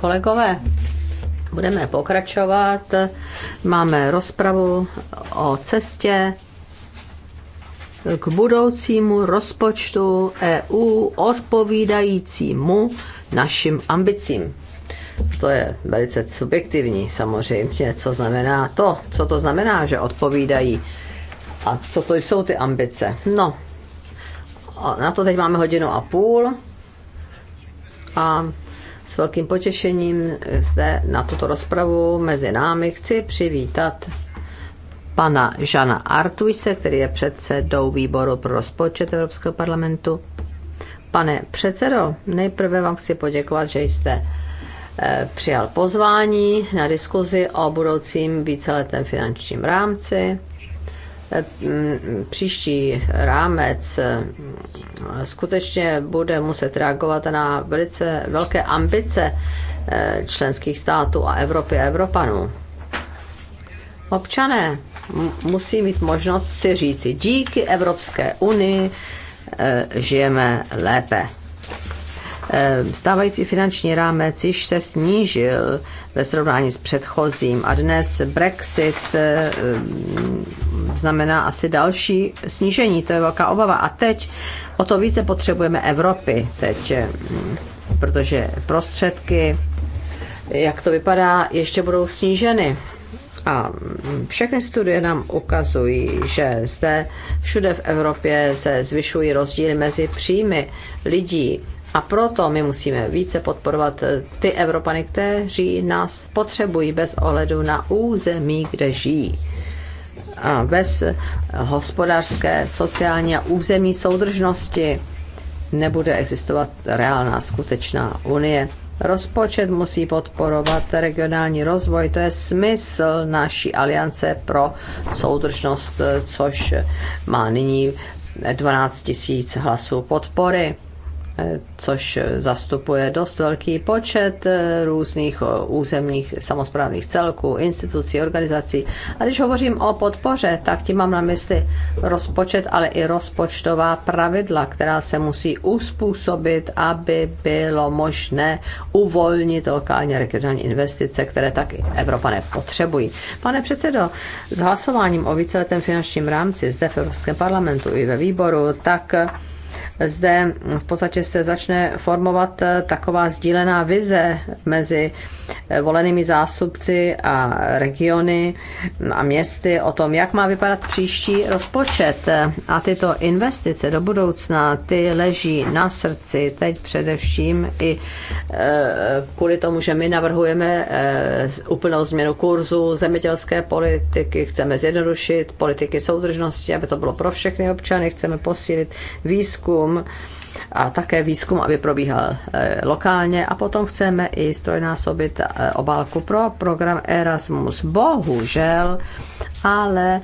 Kolegové, budeme pokračovat. Máme rozpravu o cestě k budoucímu rozpočtu EU odpovídajícímu našim ambicím. To je velice subjektivní samozřejmě, co znamená to, co to znamená, že odpovídají a co to jsou ty ambice. No, na to teď máme hodinu a půl a s velkým potěšením zde na tuto rozpravu mezi námi chci přivítat pana Žana Artuise, který je předsedou výboru pro rozpočet Evropského parlamentu. Pane předsedo, nejprve vám chci poděkovat, že jste eh, přijal pozvání na diskuzi o budoucím víceletém finančním rámci příští rámec skutečně bude muset reagovat na velice velké ambice eh, členských států a Evropy a Evropanů. Občané musí mít možnost si říci, díky Evropské unii eh, žijeme lépe. Ehm, stávající finanční rámec již se snížil ve srovnání s předchozím a dnes Brexit ehm, znamená asi další snížení, to je velká obava. A teď o to více potřebujeme Evropy teď, ehm, protože prostředky, jak to vypadá, ještě budou sníženy. A všechny studie nám ukazují, že zde všude v Evropě se zvyšují rozdíly mezi příjmy lidí a proto my musíme více podporovat eh, ty Evropany, kteří nás potřebují bez ohledu na území, kde žijí. A bez eh, hospodářské, sociální a územní soudržnosti nebude existovat reálná, skutečná unie. Rozpočet musí podporovat regionální rozvoj, to je smysl naší aliance pro soudržnost, eh, což má nyní 12 000 hlasů podpory. Eh, což zastupuje dost velký počet eh, různých eh, územních samozprávných celků, institucí, organizací. A když hovořím o podpoře, tak tím mám na mysli rozpočet, ale i rozpočtová pravidla, která se musí uspůsobit, aby bylo možné uvolnit lokálně regionální investice, které tak Evropané potřebují. Pane předsedo, s hlasováním o víceletém finančním rámci zde v Evropském parlamentu i ve výboru, tak zde v podstatě se začne formovat eh, taková sdílená vize mezi eh, volenými zástupci a regiony mm, a městy o tom, jak má vypadat příští rozpočet. Eh, a tyto investice do budoucna, ty leží na srdci teď především i kvůli tomu, že my navrhujeme úplnou změnu kurzu zemědělské politiky, chceme zjednodušit politiky soudržnosti, aby to bylo pro všechny občany, chceme posílit výzkum, výzkum a také výzkum, aby probíhal eh, lokálně a potom chceme i strojnásobit eh, obálku pro program Erasmus. Bohužel, ale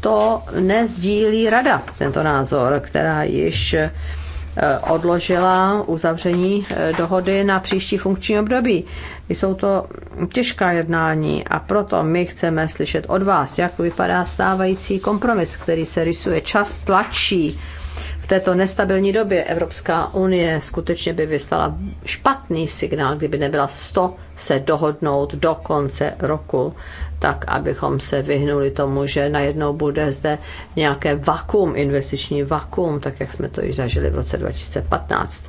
to nezdílí rada, tento názor, která již eh, odložila uzavření dohody na příští funkční období. Jsou to těžká jednání a proto my chceme slyšet od vás, jak vypadá stávající kompromis, který se rysuje. Čas tlačí této nestabilní době Evropská unie skutečně by vyslala špatný signál, kdyby nebyla 100 se dohodnout do konce roku, tak abychom se vyhnuli tomu, že najednou bude zde nějaké vakuum, investiční vakuum, tak jak jsme to již zažili v roce 2015.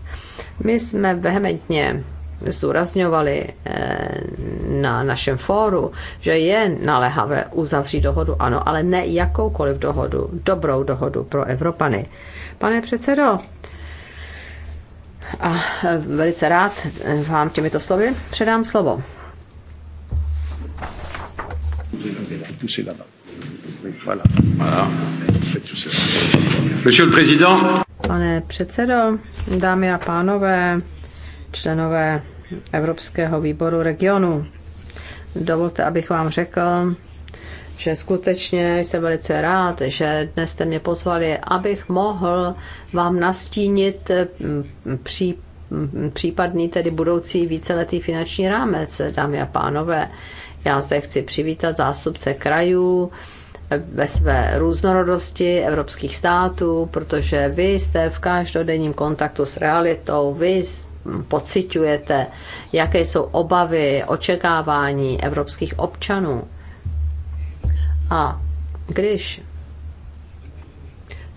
My jsme vehementně zdůrazňovali eh, na našem fóru, že je naléhavé uzavřít dohodu, ano, ale ne jakoukoliv dohodu, dobrou dohodu pro Evropany. Pane předsedo, a e, velice rád e, vám těmito slovy předám slovo. Pane předsedo, dámy a pánové, členové Evropského výboru regionu, dovolte, abych vám řekl, že skutečně jsem velice rád, že dnes jste mě pozvali, abych mohl vám nastínit mm, pří, mm, případný tedy budoucí víceletý finanční rámec, dámy a pánové. Já zde chci přivítat zástupce krajů, eh, ve své různorodosti evropských států, protože vy jste v každodenním kontaktu s realitou, vy mm, pociťujete, jaké jsou obavy, očekávání evropských občanů. A když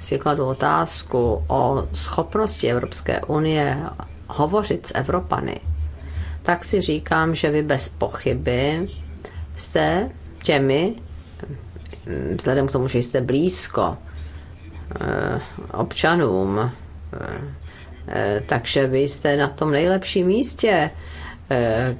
si kladu otázku o schopnosti Evropské unie hovořit s Evropany, tak si říkám, že vy bez pochyby jste těmi, vzhledem k tomu, že jste blízko eh, občanům, eh, eh, takže vy jste na tom nejlepším místě Eh,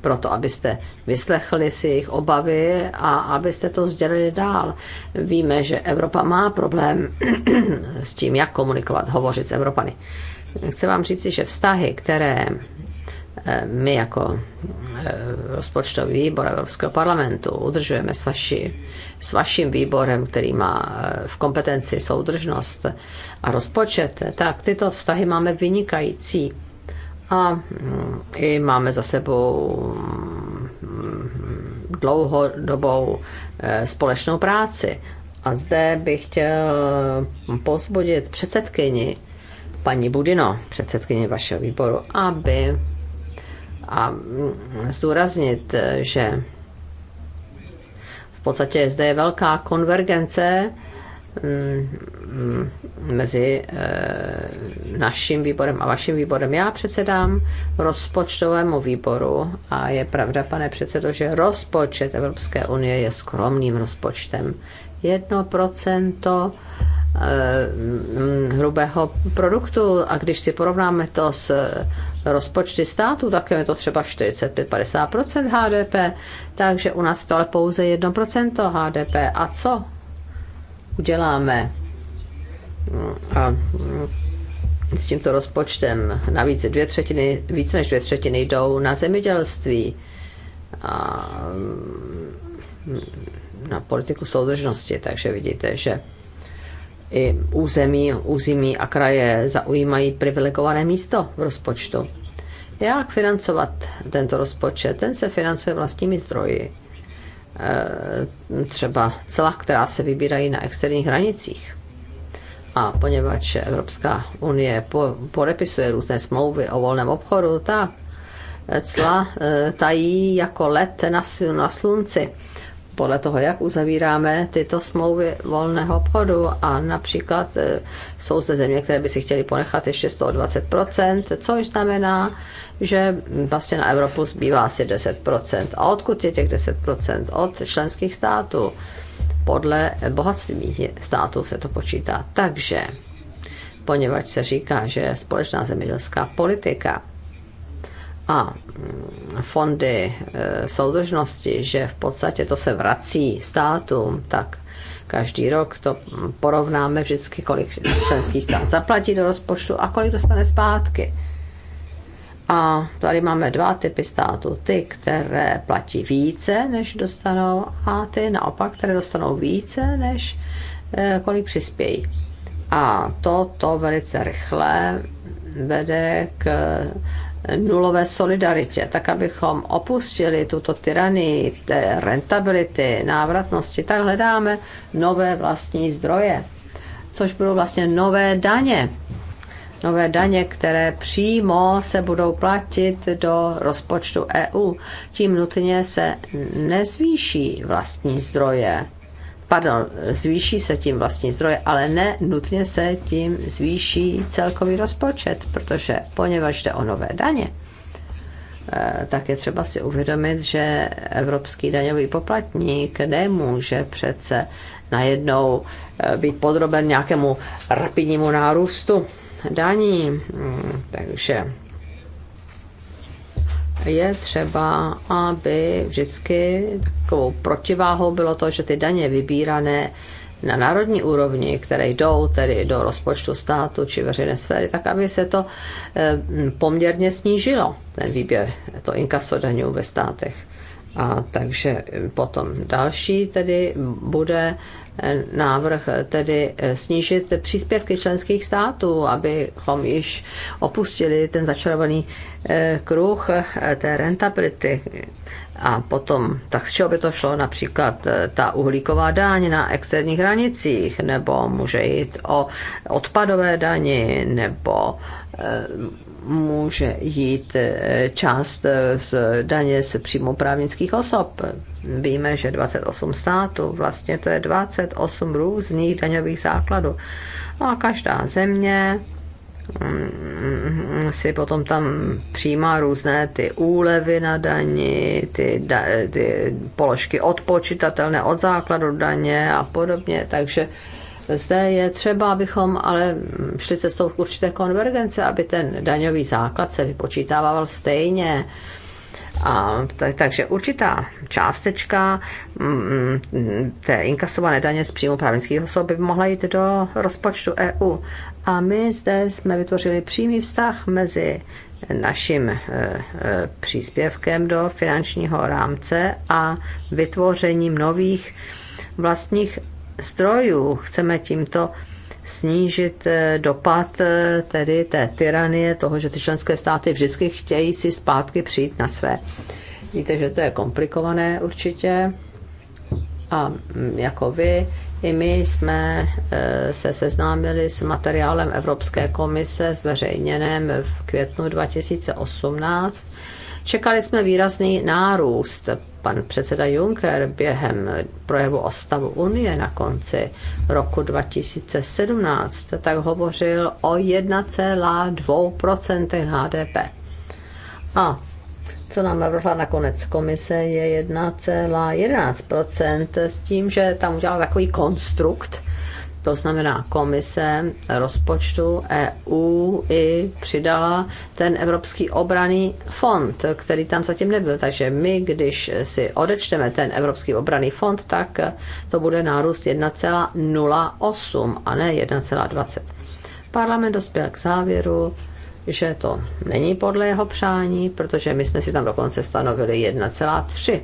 proto, abyste vyslechli si jejich obavy a abyste to sdělili dál. Víme, že Evropa má problém s tím, jak komunikovat, hovořit s Evropany. Chci vám říct, že vztahy, které eh, my jako eh, rozpočtový výbor Evropského parlamentu udržujeme s, vaši, s vaším výborem, který má v kompetenci soudržnost a rozpočet, tak tyto vztahy máme vynikající a mm, i máme za sebou mm, dlouhodobou eh, společnou práci. A zde bych chtěl pozbudit předsedkyni, paní Budino, předsedkyni vašeho výboru, aby a mm, zdůraznit, eh, že v podstatě zde je velká konvergence Mm, mezi eh, naším výborem a vaším výborem. Já předsedám rozpočtovému výboru a je pravda, pane předsedo, že rozpočet Evropské unie je skromným rozpočtem. Jedno procento eh, hrubého produktu a když si porovnáme to s eh, rozpočty států, tak je to třeba 45-50% HDP, takže u nás to ale pouze 1% HDP. A co uděláme a s tímto rozpočtem. Navíc dvě třetiny, více než dvě třetiny jdou na zemědělství a mm, na politiku soudržnosti, takže vidíte, že i území, území a kraje zaujímají privilegované místo v rozpočtu. Jak financovat tento rozpočet? Ten se financuje vlastními zdroji Eh, třeba cela, která se vybírají na externích hranicích. A poněvadž Evropská unie podepisuje různé smlouvy o volném obchodu, tak cla eh, tají jako let na, na slunci podle toho, jak uzavíráme tyto smlouvy volného obchodu a například e, jsou zde země, které by si chtěly ponechat ještě 120%, což znamená, že vlastně na Evropu zbývá asi 10%. A odkud je těch 10%? Od členských států. Podle bohatství států se to počítá. Takže, poněvadž se říká, že společná zemědělská politika a mm, fondy e, soudržnosti, že v podstatě to se vrací státům, tak každý rok to porovnáme vždycky, kolik členský stát zaplatí do rozpočtu a kolik dostane zpátky. A tady máme dva typy států. Ty, které platí více, než dostanou, a ty naopak, které dostanou více, než e, kolik přispějí. A to to velice rychle vede k nulové solidaritě, tak abychom opustili tuto tyranii té rentability, návratnosti, tak hledáme nové vlastní zdroje, což budou vlastně nové daně. Nové daně, které přímo se budou platit do rozpočtu EU. Tím nutně se nezvýší vlastní zdroje pardon, zvýší se tím vlastní zdroje, ale ne nutně se tím zvýší celkový rozpočet, protože poněvadž jde o nové daně, eh, tak je třeba si uvědomit, že evropský daňový poplatník nemůže přece najednou eh, být podroben nějakému rapidnímu nárůstu daní. Hmm, takže je třeba, aby vždycky takovou protiváhou bylo to, že ty daně vybírané na národní úrovni, které jdou tedy do rozpočtu státu či veřejné sféry, tak aby se to eh, poměrně snížilo, ten výběr, to inkaso daní ve státech. A takže potom další tedy bude návrh tedy eh, snížit příspěvky členských států, abychom již opustili ten začarovaný eh, kruh eh, té rentability. A potom, tak z čeho by to šlo, například ta uhlíková daň na externích hranicích, nebo může jít o odpadové dani, nebo může jít eh, část eh, z daně z přímo právnických osob. Víme, že 28 států, vlastně to je 28 různých daňových základů. A každá země mm, mm, si potom tam přijímá různé ty úlevy na daní, ty, da, ty položky odpočitatelné od základu daně a podobně, takže zde je třeba, abychom ale šli cestou k určité konvergence, aby ten daňový základ se vypočítával stejně. A t- takže určitá částečka mm, té inkasované daně z příjmu právnických osob by mohla jít do rozpočtu EU. A my zde jsme vytvořili přímý vztah mezi naším e, e, příspěvkem do finančního rámce a vytvořením nových vlastních Strojů Chceme tímto snížit eh, dopad eh, tedy té tyranie toho, že ty členské státy vždycky chtějí si zpátky přijít na své. Víte, že to je komplikované určitě a mm, jako vy, i my jsme eh, se seznámili s materiálem Evropské komise zveřejněném v květnu 2018. Čekali jsme výrazný nárůst pan předseda Juncker během projevu o stavu Unie na konci roku 2017, tak hovořil o 1,2% HDP. A co nám navrhla nakonec komise, je 1,11%, s tím, že tam udělal takový konstrukt, to znamená komise rozpočtu EU i přidala ten Evropský obraný fond, který tam zatím nebyl. Takže my, když si odečteme ten Evropský obraný fond, tak to bude nárůst 1,08 a ne 1,20. Parlament dospěl k závěru, že to není podle jeho přání, protože my jsme si tam dokonce stanovili 1,3.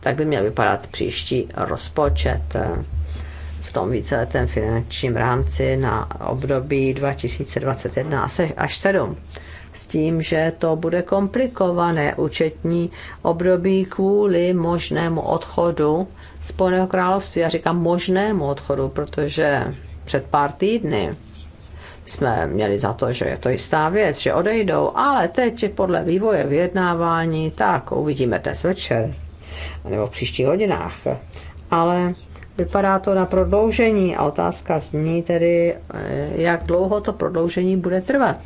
Tak by měl vypadat příští rozpočet tom víceletém finančním rámci na období 2021 až 7 s tím, že to bude komplikované účetní období kvůli možnému odchodu Spojeného království. Já říkám možnému odchodu, protože před pár týdny jsme měli za to, že je to jistá věc, že odejdou, ale teď podle vývoje vyjednávání, tak uvidíme dnes večer nebo v příštích hodinách. Ale Vypadá to na prodloužení a otázka zní tedy, eh, jak dlouho to prodloužení bude trvat.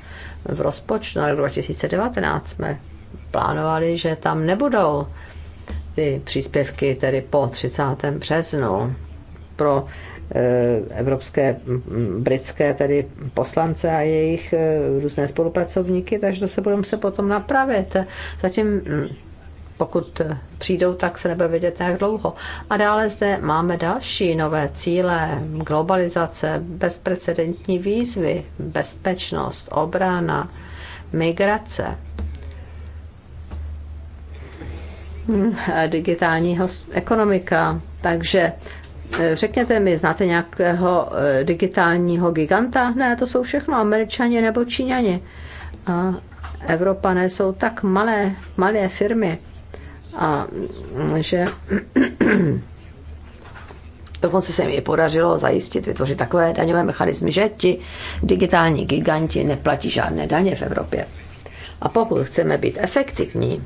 V rozpočtu na rok 2019 jsme plánovali, že tam nebudou ty příspěvky tedy po 30. březnu pro eh, evropské, britské tedy poslance a jejich eh, různé spolupracovníky, takže to se budeme se potom napravit. Zatím pokud eh, přijdou, tak se nebude vědět jak dlouho. A dále zde máme další nové cíle, globalizace, bezprecedentní výzvy, bezpečnost, obrana, migrace, hmm, eh, digitální ekonomika. Takže eh, řekněte mi, znáte nějakého digitálního giganta? Ne, to jsou všechno američani nebo číňani. A Evropané jsou tak malé, malé firmy a mm, že Dokonce se jim i podařilo zajistit, vytvořit takové daňové mechanizmy, že ti digitální giganti neplatí žádné daně v Evropě. A pokud chceme být efektivní,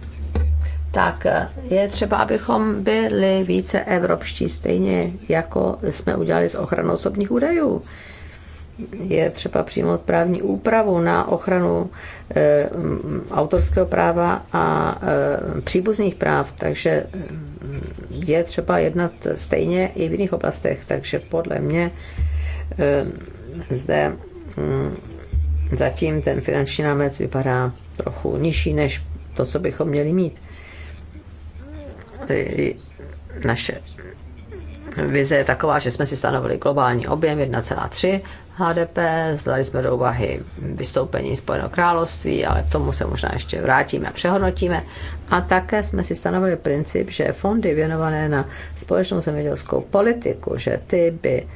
tak eh, je třeba, abychom byli více evropští, stejně jako jsme udělali s ochranou osobních údajů je třeba přijmout právní úpravu na ochranu e, autorského práva a e, příbuzných práv, takže mm, je třeba jednat stejně i v jiných oblastech. Takže podle mě e, zde m, mm, zatím ten finanční rámec vypadá trochu nižší než to, co bychom měli mít. Naše vize je taková, že jsme si stanovili globální objem 1,3 HDP, zdali jsme do úvahy vystoupení Spojeného království, ale k tomu se možná ještě vrátíme a přehodnotíme. A také jsme si stanovili princip, že fondy věnované na společnou zemědělskou politiku, že ty by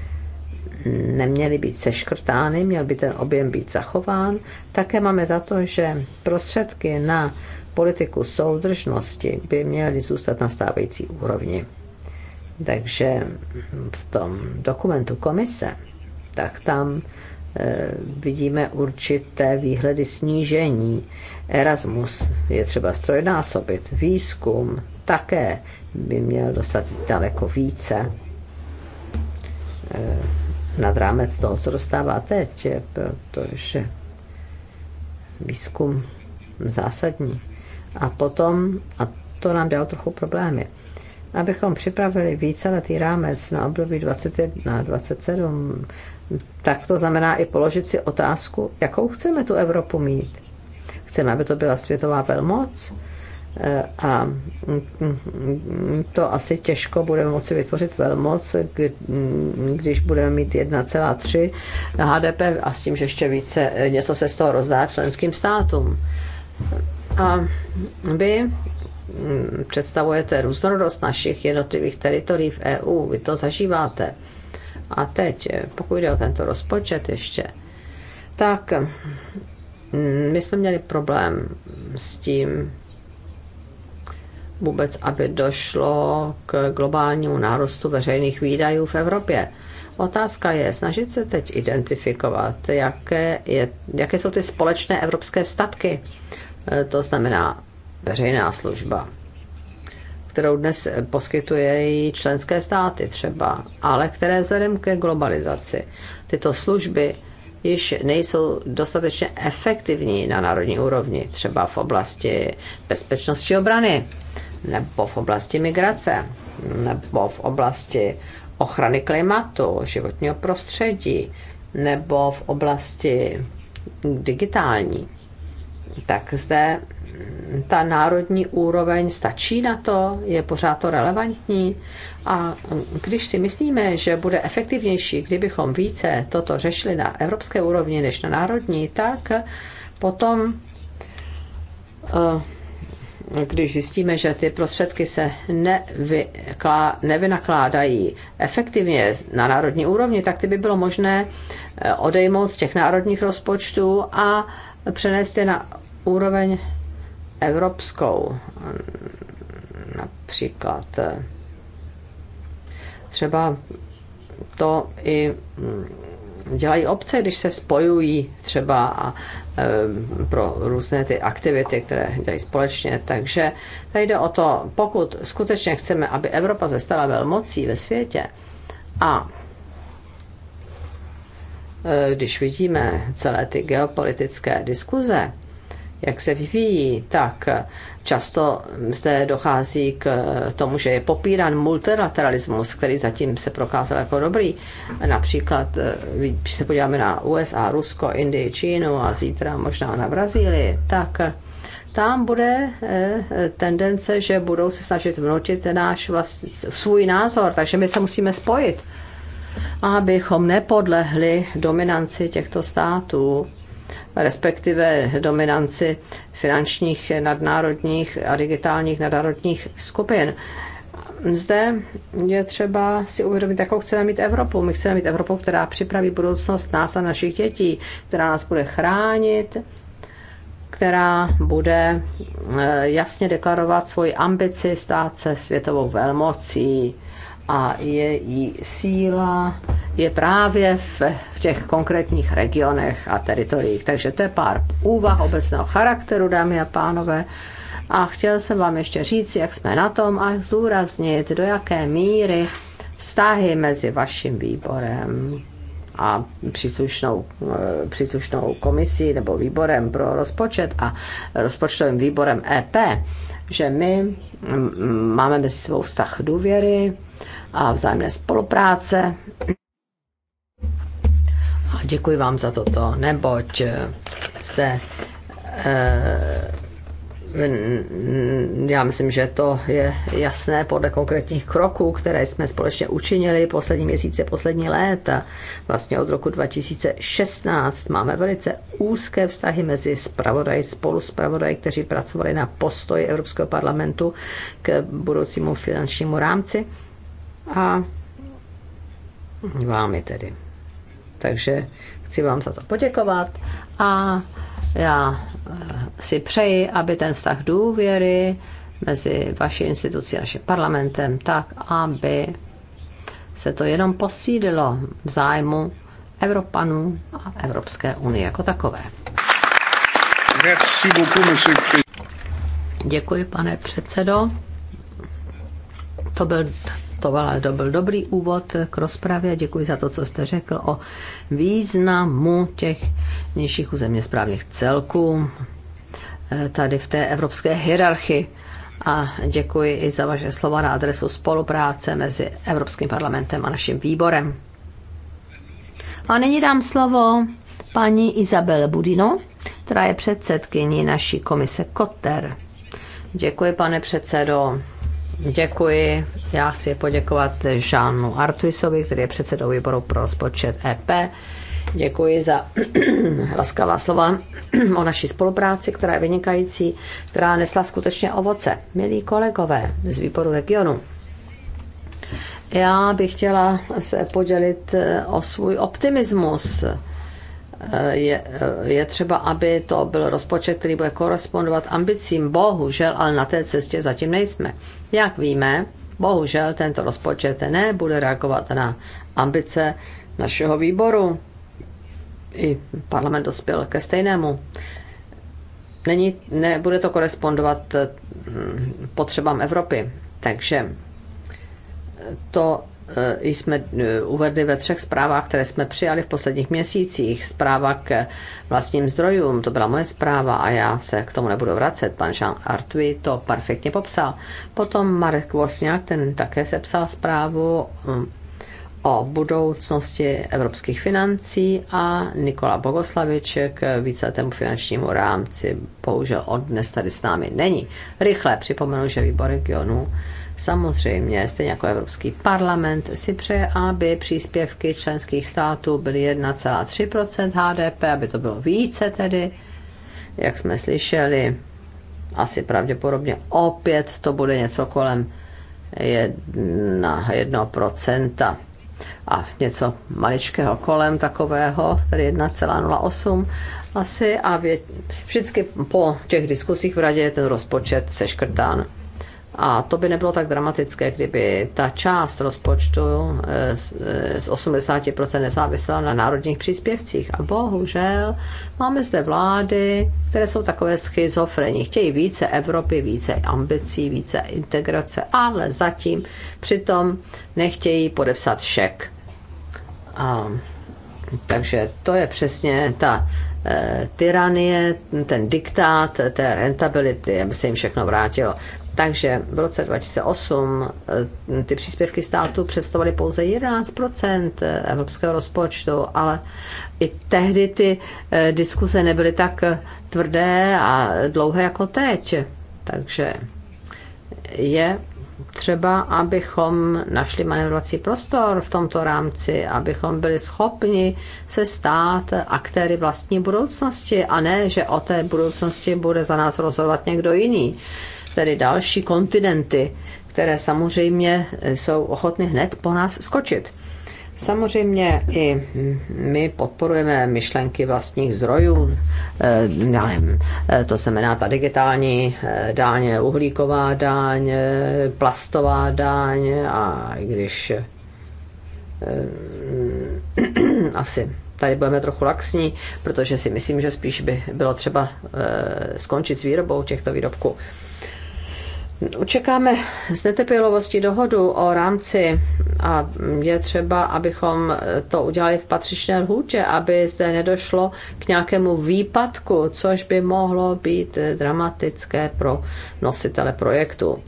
neměly být seškrtány, měl by ten objem být zachován. Také máme za to, že prostředky na politiku soudržnosti by měly zůstat na stávající úrovni. Takže v tom dokumentu komise tak tam e, vidíme určité výhledy snížení. Erasmus je třeba strojnásobit, výzkum také by měl dostat daleko více e, nad rámec toho, co dostává teď, protože výzkum zásadní. A potom, a to nám dělalo trochu problémy, abychom připravili víceletý rámec na období 21 27, tak to znamená i položit si otázku, jakou chceme tu Evropu mít. Chceme, aby to byla světová velmoc eh, a to asi těžko budeme moci vytvořit velmoc, když budeme mít 1,3 HDP a s tím, že ještě více eh, něco se z toho rozdá členským státům. A vy mm, představujete různorodost našich jednotlivých teritorií v EU, vy to zažíváte. A teď, eh, pokud jde o tento rozpočet ještě, tak mm, my jsme měli problém s tím vůbec, aby došlo k globálnímu nárostu veřejných výdajů v Evropě. Otázka je snažit se teď identifikovat, jaké, je, jaké jsou ty společné evropské statky, eh, to znamená veřejná služba, kterou dnes poskytuje i členské státy třeba, ale které vzhledem ke globalizaci tyto služby již nejsou dostatečně efektivní na národní úrovni, třeba v oblasti bezpečnosti obrany, nebo v oblasti migrace, nebo v oblasti ochrany klimatu, životního prostředí, nebo v oblasti digitální. Tak zde ta národní úroveň stačí na to, je pořád to relevantní. A když si myslíme, že bude efektivnější, kdybychom více toto řešili na evropské úrovni než na národní, tak potom, eh, když zjistíme, že ty prostředky se nevynakládají efektivně na národní úrovni, tak ty by bylo možné eh, odejmout z těch národních rozpočtů a přenést je na úroveň evropskou. Například eh, třeba to i mm, dělají obce, když se spojují třeba a eh, pro různé ty aktivity, které dělají společně. Takže tady jde o to, pokud skutečně chceme, aby Evropa se stala velmocí ve světě a eh, když vidíme celé ty geopolitické diskuze, jak se vyvíjí, tak často zde dochází k tomu, že je popíran multilateralismus, který zatím se prokázal jako dobrý. Například, eh, když se podíváme na USA, Rusko, Indii, Čínu a zítra možná na Brazílii, tak eh, tam bude eh, tendence, že budou se snažit vnutit náš vlast, svůj názor, takže my se musíme spojit, abychom nepodlehli dominanci těchto států respektive dominanci finančních nadnárodních a digitálních nadnárodních skupin. Zde je třeba si uvědomit, jakou chceme mít Evropu. My chceme mít Evropu, která připraví budoucnost nás a našich dětí, která nás bude chránit, která bude eh, jasně deklarovat svoji ambici stát se světovou velmocí a její síla je právě v, v těch konkrétních regionech a teritoriích. Takže to je pár úvah obecného charakteru, dámy a pánové. A chtěl jsem vám ještě říct, jak jsme na tom a zúraznit, do jaké míry vztahy mezi vaším výborem a příslušnou, eh, příslušnou komisí nebo výborem pro rozpočet a rozpočtovým výborem EP, že my mm, máme mezi sebou vztah důvěry, a vzájemné spolupráce. A děkuji vám za toto, neboť eh, jste eh, já myslím, že to je jasné podle konkrétních kroků, které jsme společně učinili poslední měsíce, poslední léta. Vlastně od roku 2016 máme velice úzké vztahy mezi spravodaj, spolu spravodaj, kteří pracovali na postoji Evropského parlamentu k budoucímu finančnímu rámci a vámi tedy. Takže chci vám za to poděkovat a já eh, si přeji, aby ten vztah důvěry mezi vaší institucí a naším parlamentem tak, aby se to jenom posílilo v zájmu Evropanů a Evropské unie jako takové. Děkuji, pane předsedo. To byl to byl dobrý úvod k rozpravě. Děkuji za to, co jste řekl o významu těch nižších územně správních celků eh, tady v té evropské hierarchii. A děkuji i za vaše slova na adresu spolupráce mezi Evropským parlamentem a naším výborem. A nyní dám slovo paní Izabel Budino, která je předsedkyní naší komise Kotter. Děkuji, pane předsedo. Děkuji. Já chci poděkovat Žánu Artuisovi, který je předsedou výboru pro rozpočet EP. Děkuji za laskavá slova o naší spolupráci, která je vynikající, která nesla skutečně ovoce. Milí kolegové z výboru regionu, já bych chtěla se podělit eh, o svůj optimismus. Eh, je, eh, je třeba, aby to byl rozpočet, který bude korespondovat ambicím. Bohužel, ale na té cestě zatím nejsme. Jak víme, bohužel tento rozpočet nebude reagovat na ambice našeho výboru. I parlament dospěl ke stejnému. Není, nebude to korespondovat hm, potřebám Evropy. Takže to Eh, jsme eh, uvedli ve třech zprávách, které jsme přijali v posledních měsících. Zpráva k vlastním zdrojům, to byla moje zpráva a já se k tomu nebudu vracet. Pan Jean Artui to perfektně popsal. Potom Marek Vosňák, ten také sepsal zprávu mm, o budoucnosti evropských financí a Nikola Bogoslavič k víceletému finančnímu rámci. Bohužel od dnes tady s námi není. Rychle připomenu, že výbor regionu Samozřejmě, stejně jako Evropský parlament, si přeje, aby příspěvky členských států byly 1,3 HDP, aby to bylo více tedy, jak jsme slyšeli. Asi pravděpodobně opět to bude něco kolem 1, 1% a něco maličkého kolem takového, tedy 1,08 asi a vě, vždycky po těch diskusích v radě je ten rozpočet seškrtán. A to by nebylo tak dramatické, kdyby ta část rozpočtu eh, z 80% eh, nezávisela na národních příspěvcích. A bohužel máme zde vlády, které jsou takové schizofrení. Chtějí více Evropy, více ambicí, více integrace, ale zatím přitom nechtějí podepsat šek. A, takže to je přesně ta eh, tyranie, ten diktát té rentability, aby se jim všechno vrátilo. Takže v roce 2008 eh, ty příspěvky státu představovaly pouze 11 eh, evropského rozpočtu, ale i tehdy ty eh, diskuze nebyly tak tvrdé a dlouhé jako teď. Takže je třeba, abychom našli manevrovací prostor v tomto rámci, abychom byli schopni se stát aktéry vlastní budoucnosti a ne, že o té budoucnosti bude za nás rozhodovat někdo jiný tedy další kontinenty, které samozřejmě jsou ochotny hned po nás skočit. Samozřejmě i my podporujeme myšlenky vlastních zdrojů, eh, eh, to znamená ta digitální eh, dáň, uhlíková dáň, plastová dáň a i když asi tady budeme trochu laxní, protože si myslím, že spíš by bylo třeba skončit s výrobou těchto výrobků. Čekáme s netepělovostí dohodu o rámci a je třeba, abychom to udělali v patřičné lhůtě, aby zde nedošlo k nějakému výpadku, což by mohlo být dramatické pro nositele projektu.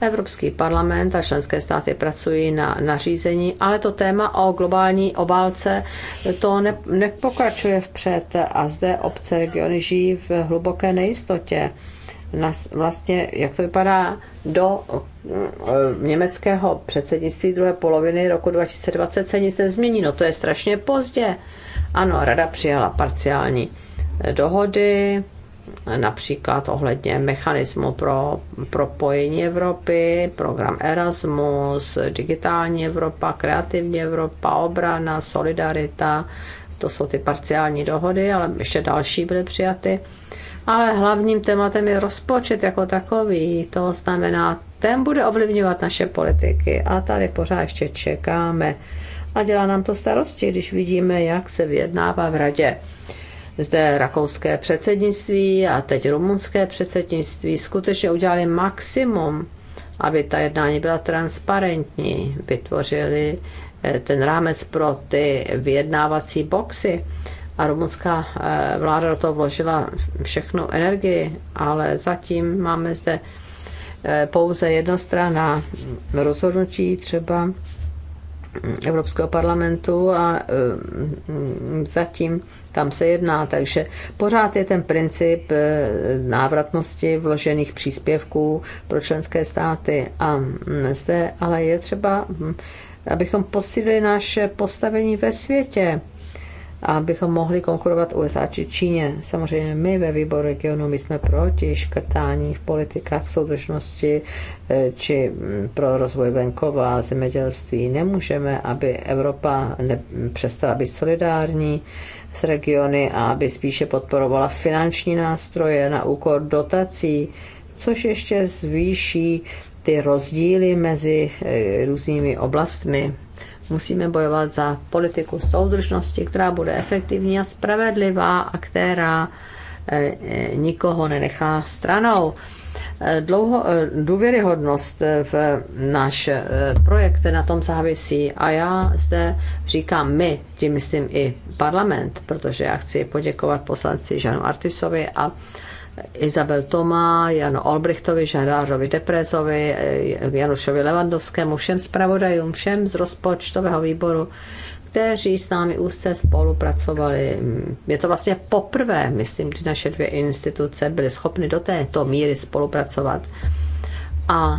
Evropský parlament a členské státy pracují na nařízení, ale to téma o globální obálce to ne, nepokračuje vpřed a zde obce regiony žijí v hluboké nejistotě vlastně, jak to vypadá, do e, německého předsednictví druhé poloviny roku 2020 se nic nezmění. No to je strašně pozdě. Ano, rada přijala parciální e, dohody, například ohledně mechanismu pro propojení Evropy, program Erasmus, digitální Evropa, kreativní Evropa, obrana, solidarita. To jsou ty parciální dohody, ale ještě další byly přijaty ale hlavním tématem je rozpočet jako takový. To znamená, ten bude ovlivňovat naše politiky a tady pořád ještě čekáme. A dělá nám to starosti, když vidíme, jak se vyjednává v radě. Zde rakouské předsednictví a teď rumunské předsednictví skutečně udělali maximum, aby ta jednání byla transparentní, vytvořili eh, ten rámec pro ty vyjednávací boxy a rumunská eh, vláda do toho vložila všechnu energii, ale zatím máme zde eh, pouze jednostranná rozhodnutí třeba Evropského parlamentu a eh, zatím tam se jedná. Takže pořád je ten princip návratnosti vložených příspěvků pro členské státy. A mm, zde ale je třeba, mm, abychom posílili naše postavení ve světě abychom mohli konkurovat USA či Číně. Samozřejmě my ve výboru regionu my jsme proti škrtání v politikách soudržnosti eh, či mm, pro rozvoj venkova a zemědělství. Nemůžeme, aby Evropa ne, přestala být solidární s regiony a aby spíše podporovala finanční nástroje na úkor dotací, což ještě zvýší ty rozdíly mezi eh, různými oblastmi Musíme bojovat za politiku soudržnosti, která bude efektivní a spravedlivá a která eh, eh, nikoho nenechá stranou. Eh, dlouho, důvěryhodnost v náš projekt na tom závisí a já zde říkám my, tím myslím i parlament, protože já chci poděkovat poslanci Žanu Artisovi a Izabel Tomá, Janu Olbrichtovi, Žadárovi Deprezovi, Janušovi Levandovskému, všem zpravodajům, všem z rozpočtového výboru, kteří s námi úzce spolupracovali. Je to vlastně poprvé, myslím, kdy naše dvě instituce byly schopny do této míry spolupracovat a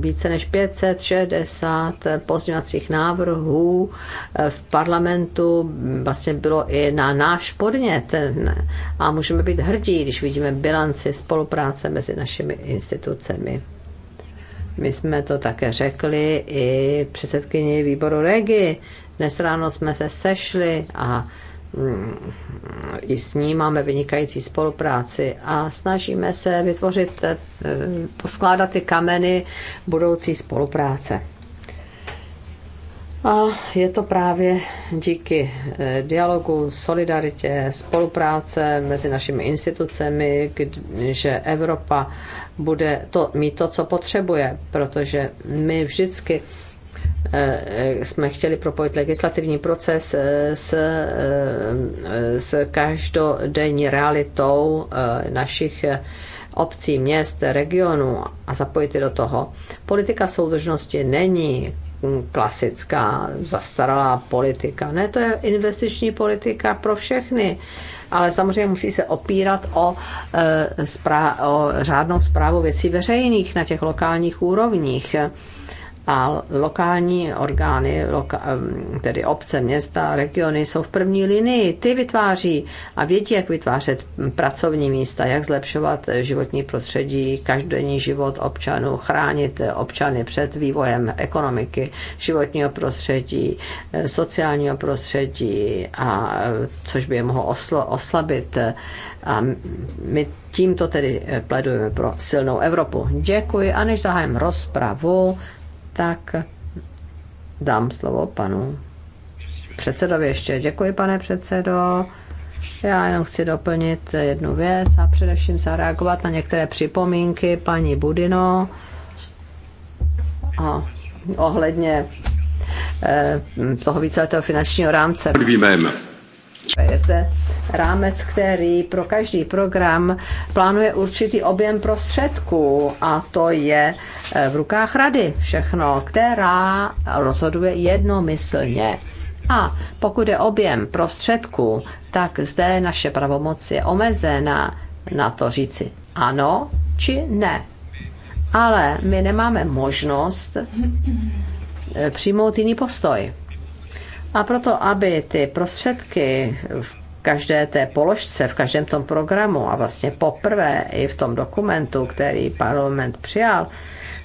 více než 560 pozměňovacích návrhů eh, v parlamentu vlastně bylo i na náš podnět a můžeme být hrdí, když vidíme bilanci spolupráce mezi našimi institucemi. My jsme to také řekli i předsedkyni výboru Regi. Dnes ráno jsme se sešli a Mm, i s ní máme vynikající spolupráci a snažíme se vytvořit, eh, poskládat ty kameny budoucí spolupráce. A je to právě díky eh, dialogu, solidaritě, spolupráce mezi našimi institucemi, že Evropa bude to, mít to, co potřebuje, protože my vždycky Eh, jsme chtěli propojit legislativní proces eh, s, eh, s každodenní realitou našich obcí, měst, regionů a zapojit je do toho. Politika soudržnosti není klasická, zastaralá politika. Ne, to je investiční politika pro všechny, ale samozřejmě musí se opírat o, o řádnou zprávu věcí veřejných na těch lokálních úrovních a lokální orgány, loka, tedy obce, města, regiony jsou v první linii. Ty vytváří a vědí, jak vytvářet pracovní místa, jak zlepšovat životní prostředí, každodenní život občanů, chránit občany před vývojem ekonomiky, životního prostředí, eh, sociálního prostředí, a eh, což by je mohlo oslo, oslabit. A my tímto tedy pledujeme pro silnou Evropu. Děkuji a než zahájím rozpravu, tak dám slovo panu předsedovi ještě. Děkuji, pane předsedo. Já jenom chci doplnit jednu věc a především zareagovat na některé připomínky paní Budino a ohledně eh, toho víceletého finančního rámce. Víme. Je zde rámec, který pro každý program plánuje určitý objem prostředků a to je eh, v rukách rady všechno, která rozhoduje jednomyslně. A pokud je objem prostředků, tak zde naše pravomoc je omezena na to říci ano či ne. Ale my nemáme možnost eh, přijmout jiný postoj. A proto, aby ty prostředky v každé té položce, v každém tom programu a vlastně poprvé i v tom dokumentu, který parlament přijal,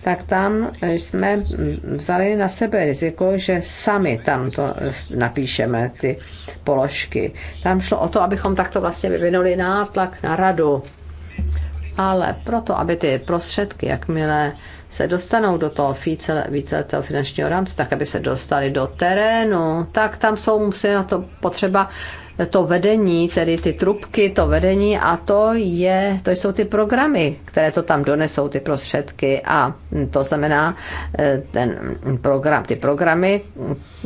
tak tam jsme vzali na sebe riziko, že sami tam to napíšeme, ty položky. Tam šlo o to, abychom takto vlastně vyvinuli nátlak na radu. Ale proto, aby ty prostředky, jakmile se dostanou do toho víceletého finančního rámce, tak aby se dostali do terénu, tak tam jsou musí na to potřeba to vedení, tedy ty trubky, to vedení a to, je, to jsou ty programy, které to tam donesou, ty prostředky a to znamená eh, ten program, ty programy,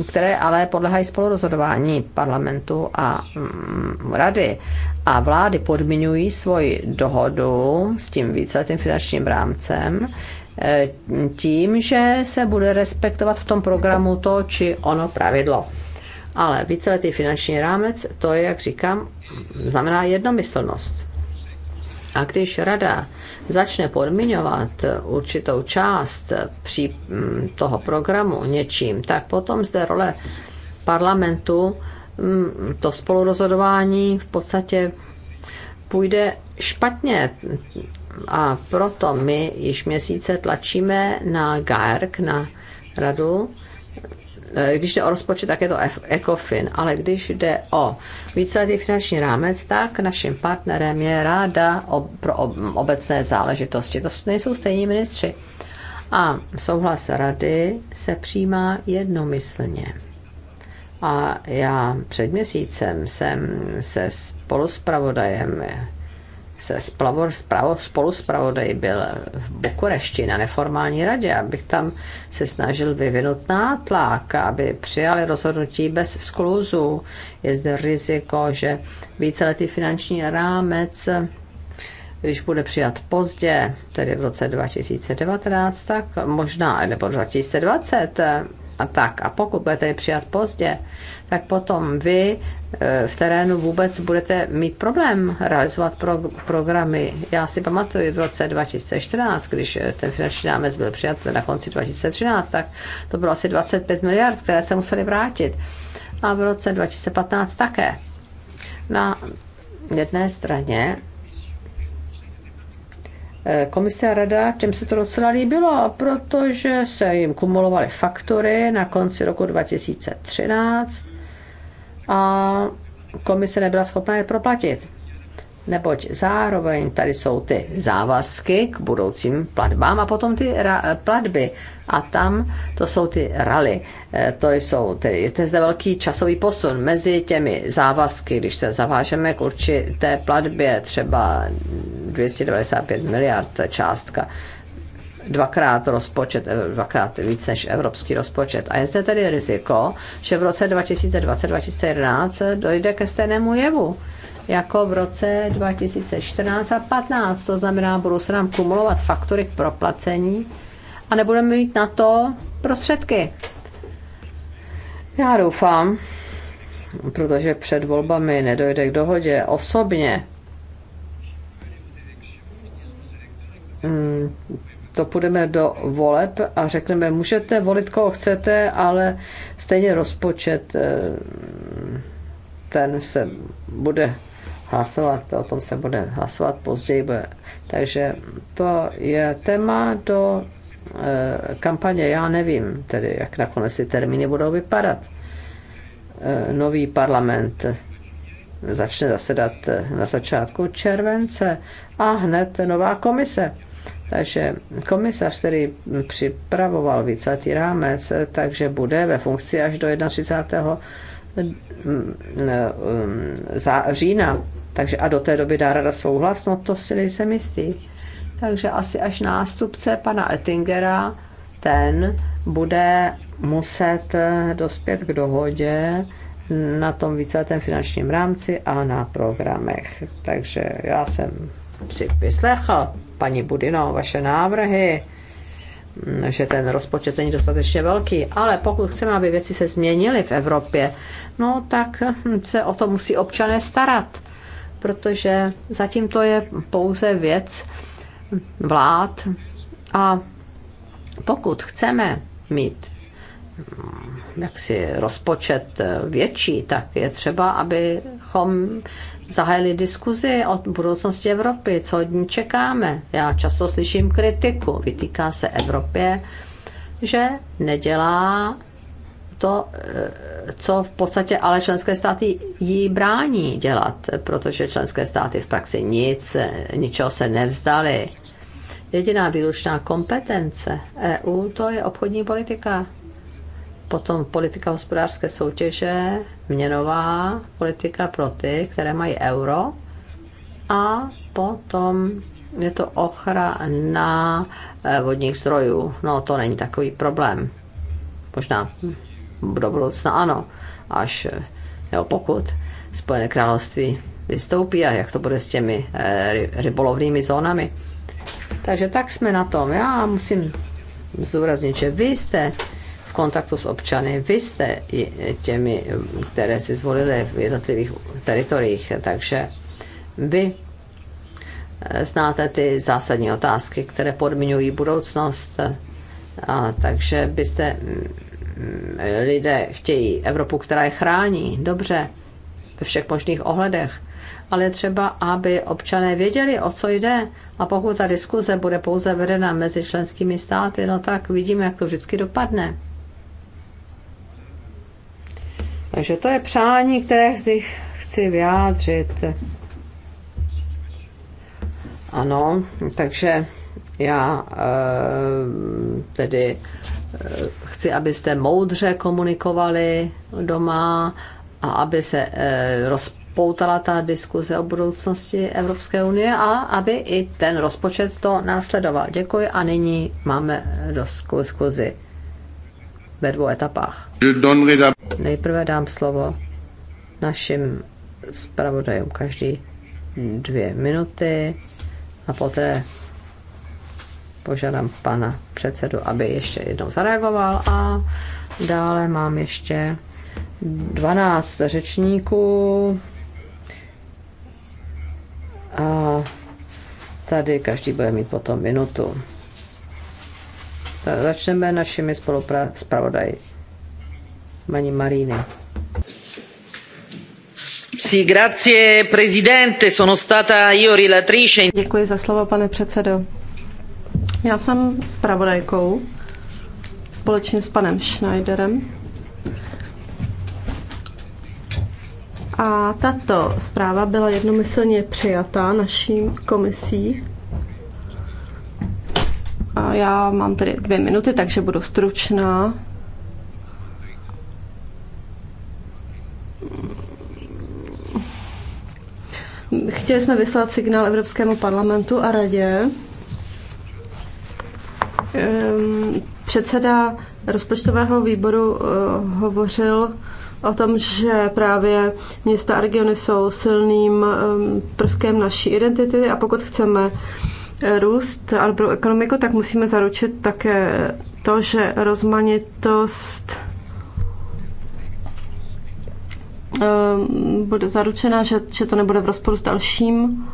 které ale podlehají spolurozhodování parlamentu a mm, rady a vlády podmiňují svoji dohodu s tím víceletým finančním rámcem E, tím, že se bude respektovat v tom programu to či ono pravidlo. Ale víceletý finanční rámec, to je, jak říkám, znamená jednomyslnost. A když rada začne podmiňovat určitou část při mm, toho programu něčím, tak potom zde role parlamentu, mm, to spolurozhodování v podstatě půjde špatně. A proto my již měsíce tlačíme na GARC, na radu, e, když jde o rozpočet, tak je to ECOFIN, ale když jde o víceletý finanční rámec, tak naším partnerem je Ráda pro obecné záležitosti. To nejsou stejní ministři. A souhlas rady se přijímá jednomyslně. A já před měsícem jsem se spoluspravodajem se splavor, spravo, spolu zpravodaj byl v Bukurešti na neformální radě, abych tam se snažil vyvinout nátlak, aby přijali rozhodnutí bez skluzu. Je zde riziko, že víceletý finanční rámec když bude přijat pozdě, tedy v roce 2019, tak možná, nebo 2020, a tak. A pokud budete přijat pozdě, tak potom vy e, v terénu vůbec budete mít problém realizovat pro, programy. Já si pamatuju v roce 2014, když e, ten finanční námec byl přijat na konci 2013, tak to bylo asi 25 miliard, které se museli vrátit. A v roce 2015 také. Na jedné straně Komise a rada, těm se to docela líbilo, protože se jim kumulovaly faktory na konci roku 2013 a komise nebyla schopná je proplatit. Neboť zároveň tady jsou ty závazky k budoucím platbám a potom ty platby. A tam to jsou ty rally. Eh, to jsou, tedy, je to zde velký časový posun mezi těmi závazky, když se zavážeme k určité platbě, třeba 295 miliard eh, částka, dvakrát rozpočet, eh, dvakrát víc než evropský rozpočet. A je zde tedy riziko, že v roce 2020-2011 dojde ke stejnému jevu jako v roce 2014 a 2015. To znamená, budou se nám kumulovat faktory k proplacení a nebudeme mít na to prostředky. Já doufám, protože před volbami nedojde k dohodě osobně, hmm, to půjdeme do voleb a řekneme, můžete volit koho chcete, ale stejně rozpočet eh, ten se bude hlasovat, o tom se bude hlasovat později. Bude. Takže to je téma do Eh, kampaně, já nevím tedy, jak nakonec ty termíny budou vypadat. Eh, nový parlament začne zasedat eh, na začátku července a hned nová komise. Takže komisař, který připravoval víceletý rámec, takže bude ve funkci až do 31. Mm, mm, října. Takže a do té doby dá rada souhlas, no to si nejsem jistý takže asi až nástupce pana Ettingera, ten bude muset eh, dospět k dohodě na tom víceletém finančním rámci a na programech. Takže já jsem si vyslechl, paní Budino, vaše návrhy, mm, že ten rozpočet není dostatečně velký, ale pokud chceme, aby věci se změnily v Evropě, no tak hm, se o to musí občané starat, protože zatím to je pouze věc, vlád. A pokud chceme mít mm, jaksi rozpočet eh, větší, tak je třeba, abychom zahájili diskuzi o budoucnosti Evropy, co od ní čekáme. Já často slyším kritiku, vytýká se Evropě, že nedělá to, eh, co v podstatě ale členské státy jí brání dělat, protože členské státy v praxi nic, eh, ničeho se nevzdali Jediná výlučná kompetence EU to je obchodní politika. Potom politika hospodářské soutěže, měnová politika pro ty, které mají euro. A potom je to ochrana eh, vodních zdrojů. No, to není takový problém. Možná do budoucna ano, až jo, eh, pokud Spojené království vystoupí a jak to bude s těmi eh, rybolovnými zónami. Takže tak jsme na tom. Já musím zúraznit, že vy jste v kontaktu s občany, vy jste těmi, které si zvolili v jednotlivých teritoriích, takže vy eh, znáte ty zásadní otázky, které podmiňují budoucnost. A takže byste mm, mm, lidé chtějí Evropu, která je chrání, dobře, ve všech možných ohledech. Ale třeba, aby občané věděli, o co jde, a pokud ta diskuze bude pouze vedena mezi členskými státy, no tak vidíme, jak to vždycky dopadne. Takže to je přání, které zde chci vyjádřit. Ano, takže já eh, tedy eh, chci, abyste moudře komunikovali doma a aby se eh, poutala ta diskuze o budoucnosti Evropské unie a aby i ten rozpočet to následoval. Děkuji a nyní máme diskuzi ve dvou etapách. Nejprve dám slovo našim zpravodajům každý dvě minuty a poté požádám pana předsedu, aby ještě jednou zareagoval a dále mám ještě 12 řečníků, a tady každý bude mít potom minutu. Začneme našimi spolupravodaji. Mani Marini. Sì, grazie presidente, sono stata io relatrice. Děkuji za slovo, pane předsedo. Já jsem zpravodajkou společně s panem Schneiderem A tato zpráva byla jednomyslně přijatá naší komisí. A já mám tedy dvě minuty, takže budu stručná. Chtěli jsme vyslat signál Evropskému parlamentu a radě. Ehm, předseda rozpočtového výboru eh, hovořil o tom, že právě města a regiony jsou silným um, prvkem naší identity a pokud chceme eh, růst a dobrou ekonomiku, tak musíme zaručit také to, že rozmanitost um, bude zaručena, že, že to nebude v rozporu s dalším.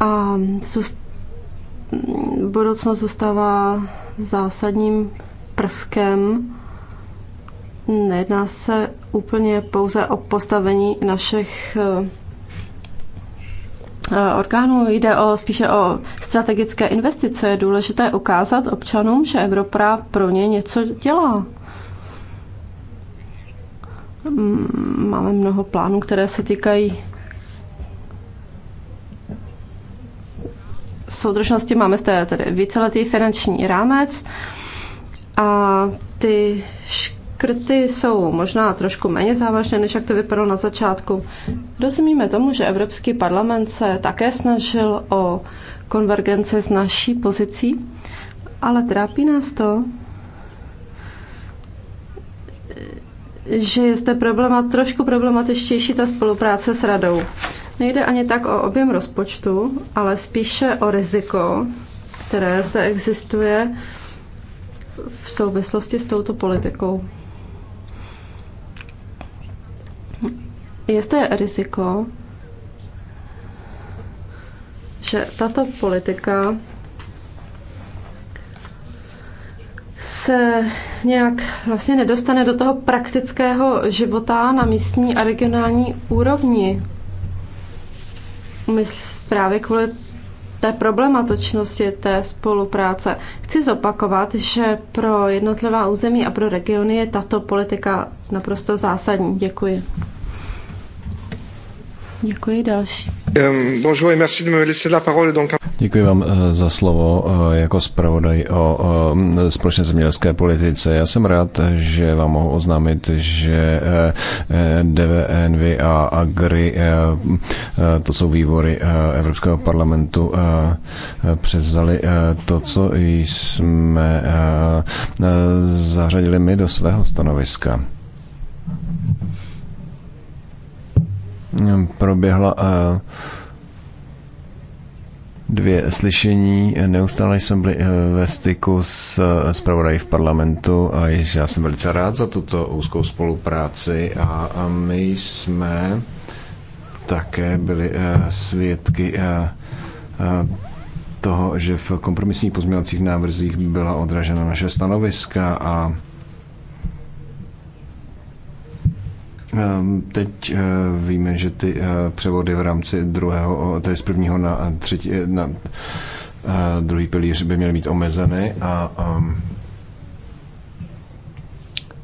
A zůst, budoucnost zůstává zásadním prvkem Nejedná se úplně pouze o postavení našich eh, eh, orgánů, jde o, spíše o strategické investice. Je důležité ukázat občanům, že Evropa pro ně něco dělá. Mm, máme mnoho plánů, které se týkají soudržnosti. Máme zde tedy víceletý finanční rámec a ty škrty jsou možná trošku méně závažné, než jak to vypadalo na začátku. Rozumíme tomu, že Evropský parlament se také snažil o konvergenci s naší pozicí, ale trápí nás to, že je zde problema, trošku problematičtější ta spolupráce s radou. Nejde ani tak o objem rozpočtu, ale spíše o riziko, které zde existuje v souvislosti s touto politikou. Je zde riziko, že tato politika se nějak vlastně nedostane do toho praktického života na místní a regionální úrovni. Mysl, právě kvůli té problematočnosti té spolupráce. Chci zopakovat, že pro jednotlivá území a pro regiony je tato politika naprosto zásadní. Děkuji. Děkuji další. Euh, Děkuji vám euh, za slovo euh, jako zpravodaj o mm, společné zemědělské politice. Já jsem rád, že vám mohu oznámit, že eh, eh, DVNV a Agri, eh, to jsou výbory Evropského parlamentu, převzali to, co jsme zařadili my do svého stanoviska. proběhla eh, dvě slyšení. Neustále jsme byli eh, ve styku s eh, zpravodají v parlamentu a já jsem velice rád za tuto úzkou spolupráci a my jsme také byli svědky toho, že v kompromisních pozměňovacích návrzích byla odražena naše stanoviska a Ehm, teď eh, víme, že ty eh, převody v rámci druhého, tedy z prvního na, eh, třetí, na druhý pilíř by měly být omezeny a ehm,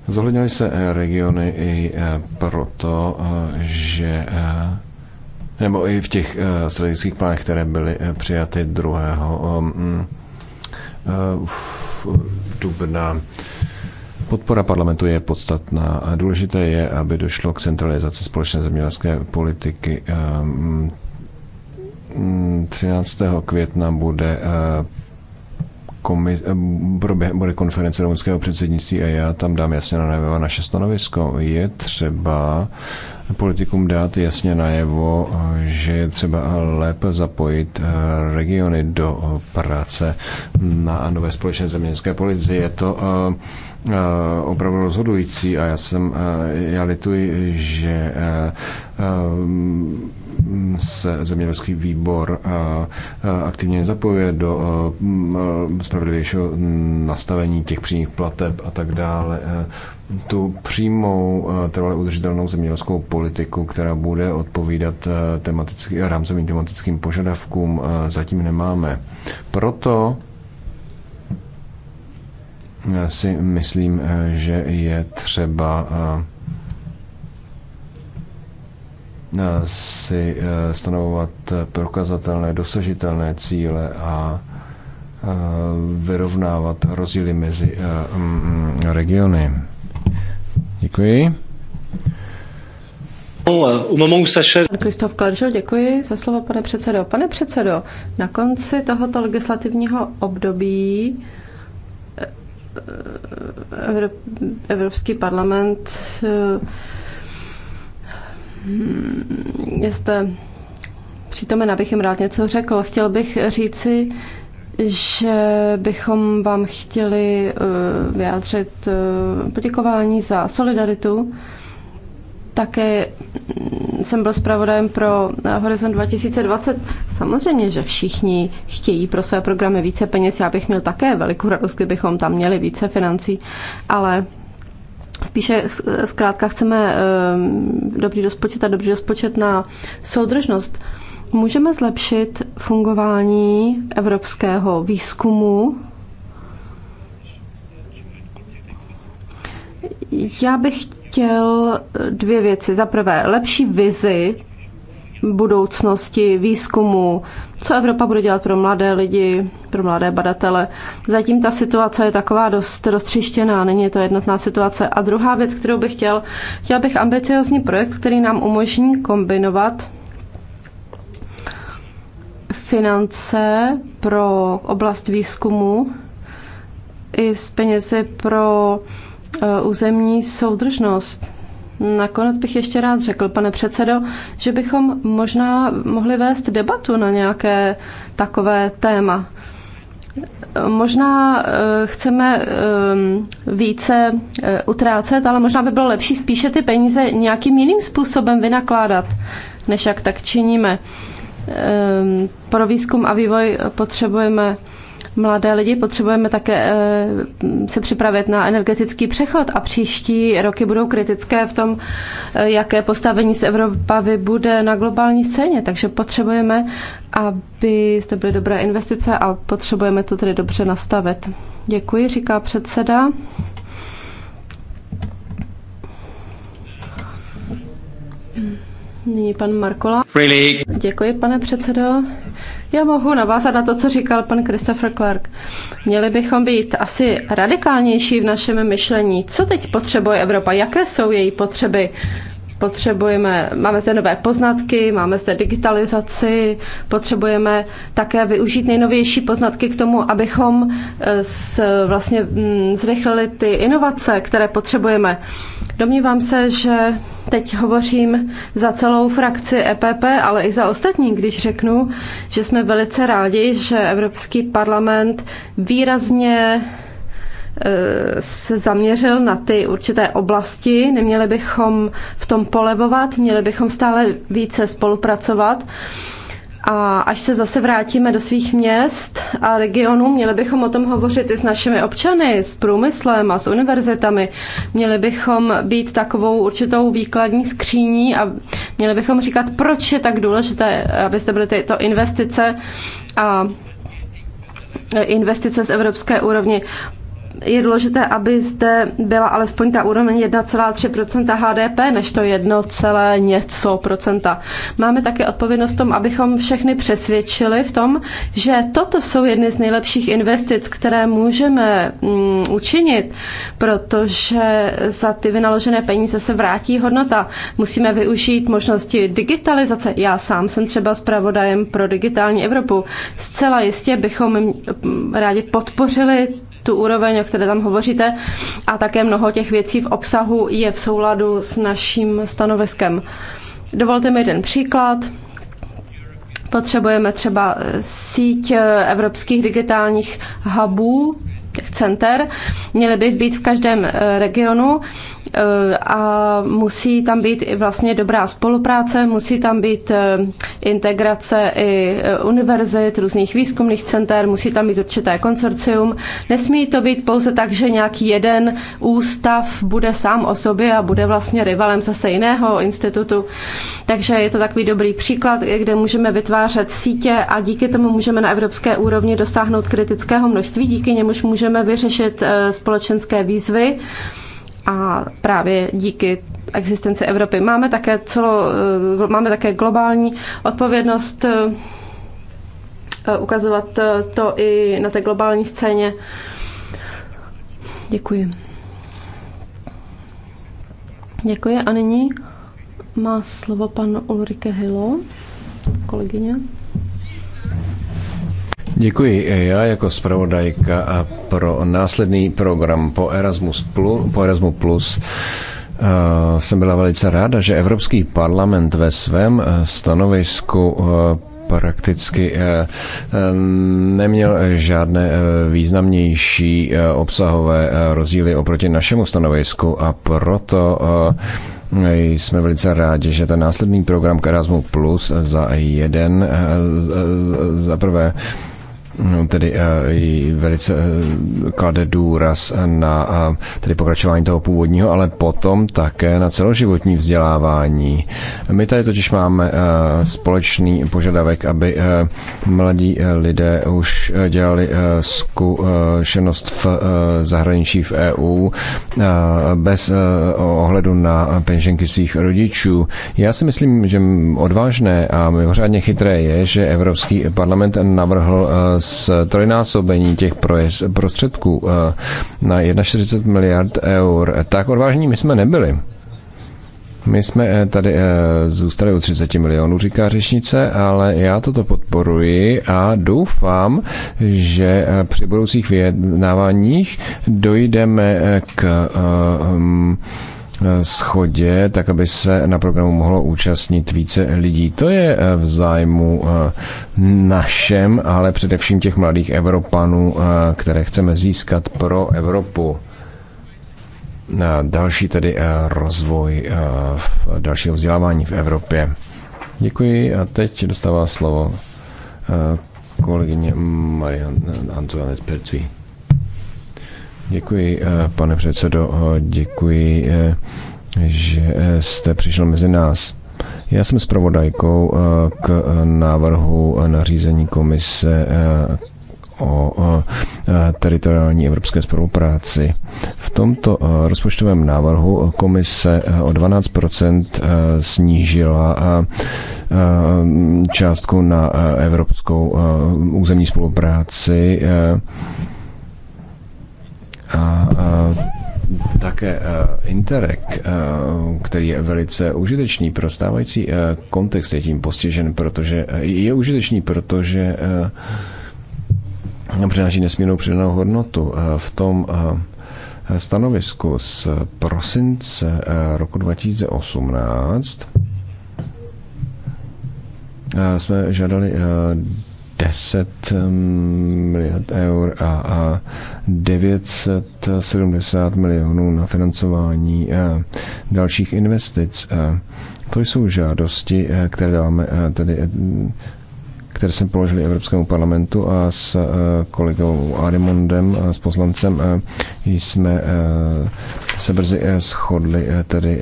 zohlednily se regiony i proto, že nebo i v těch strategických plánech, které byly přijaty druhého ehm, mm, dubna Podpora parlamentu je podstatná a důležité je, aby došlo k centralizaci společné zemědělské politiky. 13. Ehm, mm, května bude eh, komi- eh, proběh- bude konference rumunského předsednictví a já tam dám jasně na najevo naše stanovisko. Je třeba politikům dát jasně najevo, že je třeba lépe zapojit eh, regiony do práce na nové společné zeměnské politice. Je to uh, Eh, opravdu rozhodující a já jsem, eh, já lituji, že eh, se zemědělský výbor aktivně nezapojuje do spravedlivějšího nastavení těch přímých plateb a tak dále. Tu přímou trvalé udržitelnou zemědělskou politiku, která bude odpovídat tematický, rámcovým tematickým požadavkům, zatím nemáme. Proto si myslím, eh, že je třeba eh, si eh, stanovovat prokazatelné, dosažitelné cíle a vyrovnávat rozdíly mezi mm, mm, regiony. Děkuji. Kristof Kleržel, děkuji za slovo, pane předsedo. Pane předsedo, na konci tohoto legislativního období Evropský parlament eh, jste přítomen, abych jim rád něco řekl. Chtěl bych říci, že bychom vám chtěli eh, vyjádřit eh, poděkování za solidaritu, také jsem byl zpravodajem pro eh, Horizon 2020. Samozřejmě, že všichni chtějí pro své programy více peněz. Já bych měl také velikou radost, kdybychom tam měli více financí, ale Spíše eh, zkrátka chceme eh, dobrý rozpočet a dobrý rozpočet na soudržnost. Můžeme zlepšit fungování evropského výzkumu. Já bych chtěl dvě věci. Za prvé, lepší vizi budoucnosti, výzkumu, co Evropa bude dělat pro mladé lidi, pro mladé badatele. Zatím ta situace je taková dost roztřištěná, není to jednotná situace. A druhá věc, kterou bych chtěl, chtěl bych ambiciozní projekt, který nám umožní kombinovat finance pro oblast výzkumu i s penězi pro Eh, územní soudržnost. Nakonec bych ještě rád řekl, pane předsedo, že bychom možná mohli vést debatu na nějaké takové téma. Možná eh, chceme ehm, více eh, utrácet, ale možná by bylo lepší spíše ty peníze nějakým jiným způsobem vynakládat, než jak tak činíme. Ehm, pro výzkum a vývoj potřebujeme mladé lidi, potřebujeme také eh, se připravit na energetický přechod a příští roky budou kritické v tom, eh, jaké postavení se Evropa vybude na globální scéně. Takže potřebujeme, aby zde byly dobré investice a potřebujeme to tedy dobře nastavit. Děkuji, říká předseda. Nyní pan Markola. Děkuji, pane předsedo. Já mohu navázat na to, co říkal pan Christopher Clark. Měli bychom být asi radikálnější v našem myšlení. Co teď potřebuje Evropa? Jaké jsou její potřeby? potřebujeme, máme zde nové poznatky, máme zde digitalizaci, potřebujeme také využít nejnovější poznatky k tomu, abychom eh, s, vlastně mm, zrychlili ty inovace, které potřebujeme. Domnívám se, že teď hovořím za celou frakci EPP, ale i za ostatní, když řeknu, že jsme velice rádi, že Evropský parlament výrazně Eh, se zaměřil na ty určité oblasti. Neměli bychom v tom polevovat, měli bychom stále více spolupracovat. A až se zase vrátíme do svých měst a regionů, měli bychom o tom hovořit i s našimi občany, s průmyslem a s univerzitami. Měli bychom být takovou určitou výkladní skříní a měli bychom říkat, proč je tak důležité, abyste byly tyto investice a investice z evropské úrovni je důležité, aby zde byla alespoň ta úroveň 1,3 HDP, než to 1, něco procenta. Máme také odpovědnost v tom, abychom všechny přesvědčili v tom, že toto jsou jedny z nejlepších investic, které můžeme mm, učinit, protože za ty vynaložené peníze se vrátí hodnota. Musíme využít možnosti digitalizace. Já sám jsem třeba zpravodajem pro digitální Evropu. Zcela jistě bychom mm, rádi podpořili tu úroveň, o které tam hovoříte, a také mnoho těch věcí v obsahu je v souladu s naším stanoviskem. Dovolte mi jeden příklad. Potřebujeme třeba eh, síť eh, evropských digitálních hubů, těch center, měly by být v každém eh, regionu Eh, a musí tam být i vlastně dobrá spolupráce, musí tam být eh, integrace i eh, univerzit, různých výzkumných center, musí tam být určité konsorcium. Nesmí to být pouze tak, že nějaký jeden ústav bude sám o sobě a bude vlastně rivalem zase jiného institutu. Takže je to takový dobrý příklad, kde můžeme vytvářet sítě a díky tomu můžeme na evropské úrovni dosáhnout kritického množství, díky němuž můžeme vyřešit společenské výzvy a právě díky existenci Evropy. Máme také, celo, eh, máme také globální odpovědnost eh, ukazovat eh, to i na té globální scéně. Děkuji. Děkuji a nyní má slovo pan Ulrike Hilo, kolegyně. Děkuji. Já jako zpravodajka a pro následný program po Erasmus Plus, po Erasmus Plus eh, jsem byla velice ráda, že Evropský parlament ve svém eh, stanovisku eh, prakticky neměl žádné významnější obsahové rozdíly oproti našemu stanovisku a proto jsme velice rádi, že ten následný program Karazmu Plus za jeden, za prvé No, tedy eh, velice eh, klade důraz na eh, tedy pokračování toho původního, ale potom také na celoživotní vzdělávání. My tady totiž máme společný požadavek, aby mladí lidé už dělali zkušenost v zahraničí v EU bez ohledu na penženky svých rodičů. Já si myslím, že odvážné a mimořádně chytré je, že Evropský parlament navrhl z trojnásobení těch prostředků eh, na 41 miliard eur, tak odvážní my jsme nebyli. My jsme eh, tady eh, zůstali u 30 milionů, říká řešnice, ale já toto podporuji a doufám, že při budoucích vyjednáváních dojdeme k hm, schodě, tak aby se na programu mohlo účastnit více lidí. To je eh, v zájmu eh, našem, ale především těch mladých Evropanů, eh, které chceme získat pro Evropu. Další tedy rozvoj dalšího vzdělávání v Evropě. Děkuji a teď dostává slovo kolegyně Marian Antoinette Pertuis. Děkuji, eh, pane předsedo, eh, děkuji, eh, že jste přišel mezi nás. Já jsem zpravodajkou k návrhu nařízení komise o teritoriální evropské spolupráci. V tomto rozpočtovém návrhu komise o 12 snížila částku na evropskou územní spolupráci a také e, Interreg, e, který je velice užitečný pro stávající e, kontext, je tím postižen, protože je užitečný, protože přináší nesmírnou přidanou hodnotu. V tom stanovisku z prosince roku 2018 jsme žádali 10 miliard eur a, a 970 milionů na financování eh, dalších investic. Eh, to jsou žádosti, eh, které dáme tedy které jsme položili Evropskému parlamentu a s kolegou Arimondem, s poslancem, jsme se brzy shodli tedy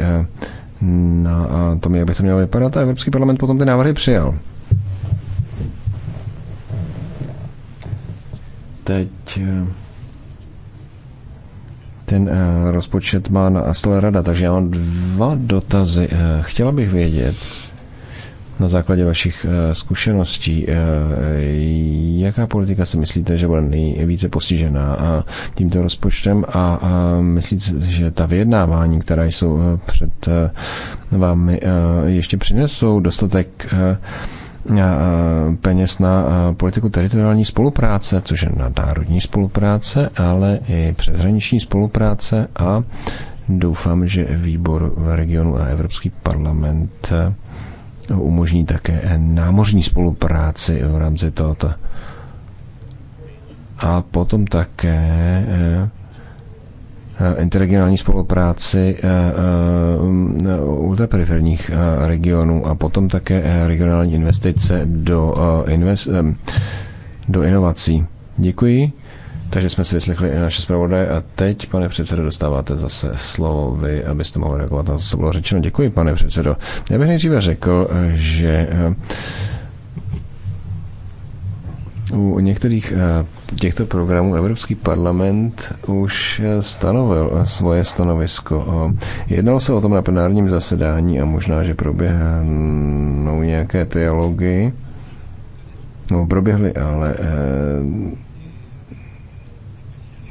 na tom, jak by to mělo vypadat a Evropský parlament potom ty návrhy přijal. teď eh, ten eh, rozpočet má na stole rada, takže já mám dva dotazy. Eh, chtěla bych vědět, na základě vašich zkušeností, jaká politika si myslíte, že bude nejvíce postižená tímto rozpočtem a myslíte, že ta vyjednávání, která jsou před vámi, ještě přinesou dostatek peněz na politiku teritoriální spolupráce, což je na národní spolupráce, ale i přeshraniční spolupráce a doufám, že výbor regionu a Evropský parlament umožní také námořní spolupráci v rámci tohoto. A potom také Eh, interregionální spolupráci eh, eh, mm, ultraperiferních regionů a potom také regionální investice do, invest, do inovací. Děkuji. Takže jsme si vyslechli i naše zpravodaje a teď, pane předsedo, dostáváte zase slovo vy, abyste mohli reagovat na to, co bylo řečeno. Děkuji, pane předsedo. Já bych nejdříve řekl, že u některých těchto programů Evropský parlament už stanovil svoje stanovisko. Jednalo se o tom na plenárním zasedání a možná, že proběhnou nějaké dialogy. No, proběhly, ale eh,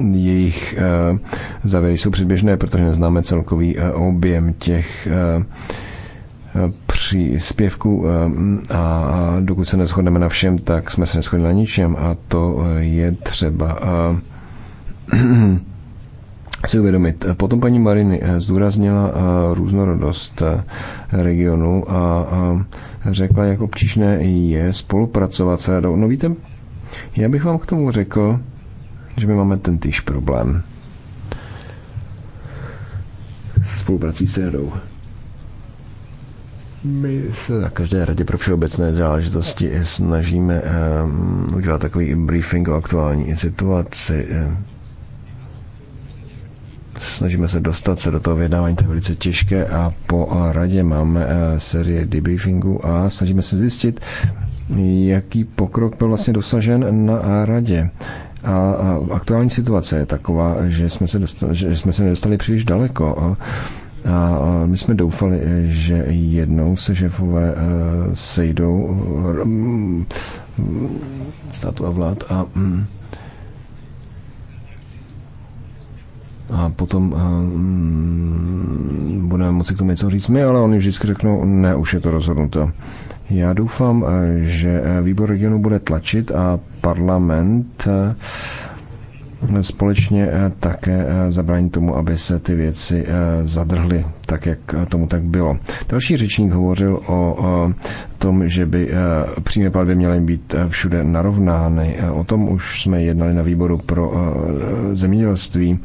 jejich eh, závěry jsou předběžné, protože neznáme celkový eh, objem těch příspěvků eh, a dokud se neschodneme na všem, tak jsme se neschodili na ničem a to eh, je třeba eh, si uvědomit. Potom paní Mariny zdůraznila různorodost regionu a řekla, jak obtížné je spolupracovat s radou. No víte, já bych vám k tomu řekl, že my máme ten týž problém spoluprací s radou. My se na každé radě pro všeobecné záležitosti snažíme um, udělat takový briefing o aktuální situaci. Ehm, snažíme se dostat se do toho vyjednávání, to je velice těžké a po radě máme uh, série debriefingu a snažíme se zjistit, jaký pokrok byl vlastně dosažen na radě. A, aktuální situace je taková, že jsme se, dostali, že jsme se nedostali příliš daleko. Uh, a my jsme doufali, že jednou se žefové eh, sejdou eh, státu a vlád a, mm, a potom eh, mm, budeme moci k tomu něco říct my, ale oni vždycky řeknou, ne, už je to rozhodnuto. Já doufám, že výbor regionu bude tlačit a parlament společně eh, také eh, zabránit tomu, aby se ty věci eh, zadrhly, tak jak tomu tak bylo. Další řečník hovořil o tom, že by přímé platby měly být všude narovnány. O tom už jsme jednali na výboru pro zemědělství.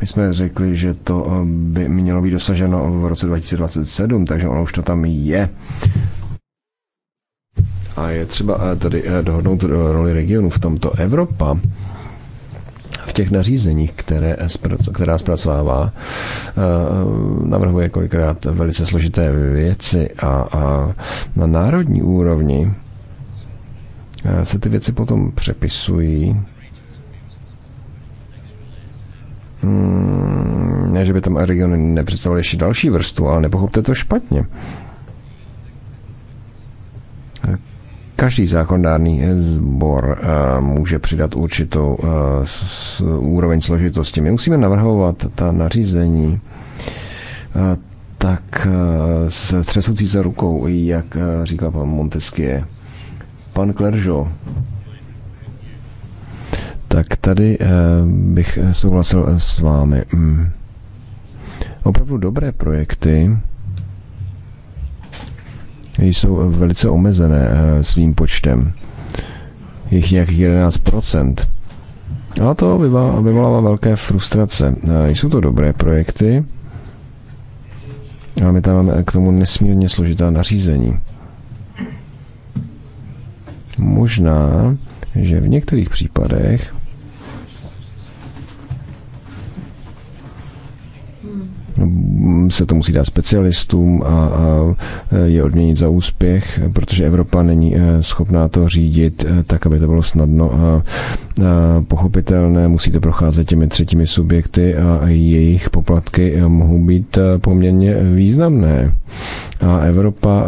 My jsme řekli, že to by mělo být dosaženo v roce 2027, takže ono už to tam je. A je třeba tady dohodnout roli regionu v tomto. Evropa v těch nařízeních, které, která zpracovává, eh, navrhuje kolikrát velice složité věci a, a na národní úrovni eh, se ty věci potom přepisují. Hmm, ne, že by tam regiony nepředstavovaly ještě další vrstvu, ale nepochopte to špatně Každý zákonodárný eh, sbor eh, může přidat určitou eh, úroveň složitosti. My musíme navrhovat ta nařízení tak se střesucí za rukou, jak říkal pan Montesquieu. Pan Kleržo, tak tady bych souhlasil s vámi. Hmm. Opravdu dobré projekty jsou velice omezené eh, svým počtem. Je jich nějakých 11%. A to vyvolává velké frustrace. Eh, jsou to dobré projekty, ale my tam máme k tomu nesmírně složitá nařízení. Možná, že v některých případech se to musí dát specialistům a, a e, je odměnit za úspěch, protože Evropa není e, schopná to řídit e, tak, aby to bylo snadno a, pochopitelné. Musí to procházet těmi třetími subjekty a jejich poplatky mohou být poměrně významné. A Evropa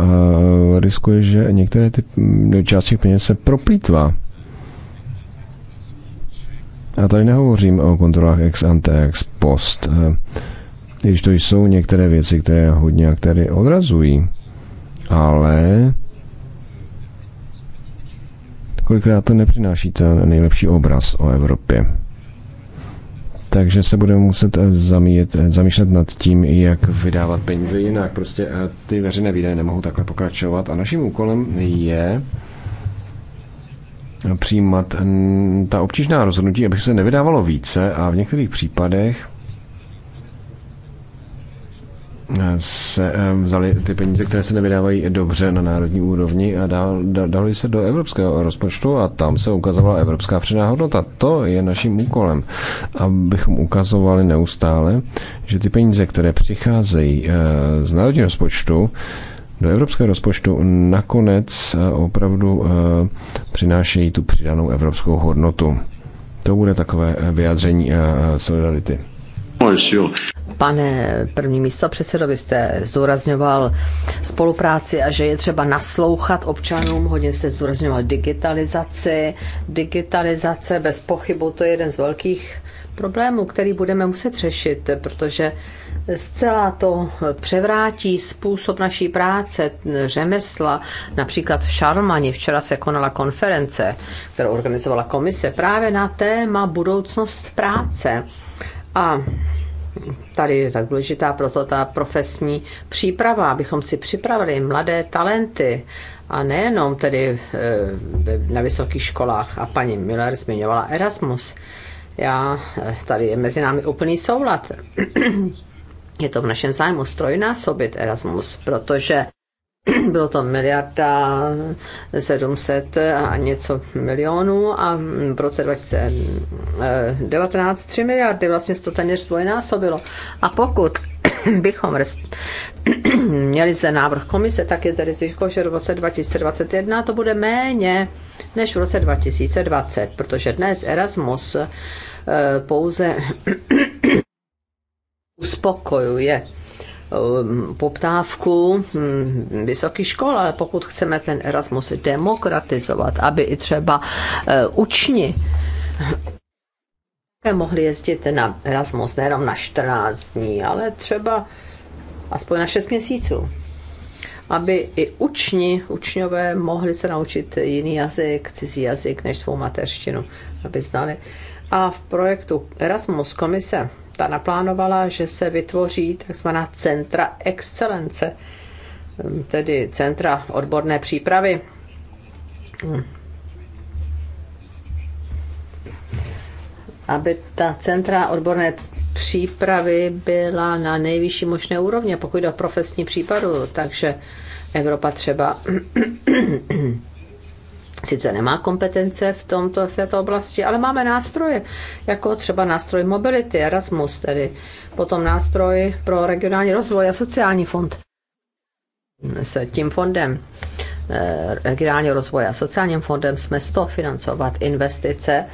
riskuje, že některé ty části peněz se proplítvá. A tady nehovořím o kontrolách ex ante, ex post když to jsou některé věci, které hodně které odrazují. Ale kolikrát to nepřináší ten nejlepší obraz o Evropě. Takže se budeme muset zamíjet, zamýšlet nad tím, jak vydávat peníze jinak. Prostě eh, ty veřejné výdaje nemohou takhle pokračovat a naším úkolem je přijímat ta obtížná rozhodnutí, aby se nevydávalo více a v některých případech se eh, vzali ty peníze, které se nevydávají dobře na národní úrovni a dal, dali se do evropského rozpočtu a tam se ukazovala evropská přidaná hodnota. To je naším úkolem, abychom ukazovali neustále, že ty peníze, které přicházejí eh, z národního rozpočtu, do evropského rozpočtu nakonec eh, opravdu přinášejí tu přidanou evropskou hodnotu. To bude takové vyjádření solidarity. Pane první místo předsedo, vy jste zdůrazňoval spolupráci a že je třeba naslouchat občanům. Hodně jste zdůrazňoval digitalizaci. Digitalizace bez pochybu to je jeden z velkých problémů, který budeme muset řešit, protože zcela to převrátí způsob naší práce, řemesla. Například v Šarmani včera se konala konference, kterou organizovala komise právě na téma budoucnost práce. A tady je tak důležitá proto ta profesní příprava, abychom si připravili mladé talenty a nejenom tedy eh, na vysokých školách. A paní Miller zmiňovala Erasmus. Já, eh, tady je mezi námi úplný soulad. je to v našem zájmu strojnásobit Erasmus, protože bylo to miliarda 700 a něco milionů a v roce 2019 3 miliardy, vlastně se to téměř zdvojnásobilo. A pokud bychom měli zde návrh komise, tak je zde riziko, že v roce 2021 to bude méně než v roce 2020, protože dnes Erasmus eh, pouze uspokojuje Um, poptávku um, vysokých škol, ale pokud chceme ten Erasmus demokratizovat, aby i třeba uh, učni mohli jezdit na Erasmus nejenom na 14 dní, ale třeba aspoň na 6 měsíců. Aby i učni, učňové mohli se naučit jiný jazyk, cizí jazyk než svou mateřštinu, aby znali. A v projektu Erasmus komise ta naplánovala, že se vytvoří takzvaná centra excelence, mm, tedy centra odborné přípravy. Aby ta centra odborné přípravy byla na nejvyšší možné úrovně, pokud jde o profesní případu, takže Evropa třeba sice nemá kompetence v, tomto, v této oblasti, ale máme nástroje, jako třeba nástroj mobility, Erasmus, tedy potom nástroj pro regionální rozvoj a sociální fond s tím fondem eh, regionálního rozvoje a sociálním fondem jsme z toho financovat investice,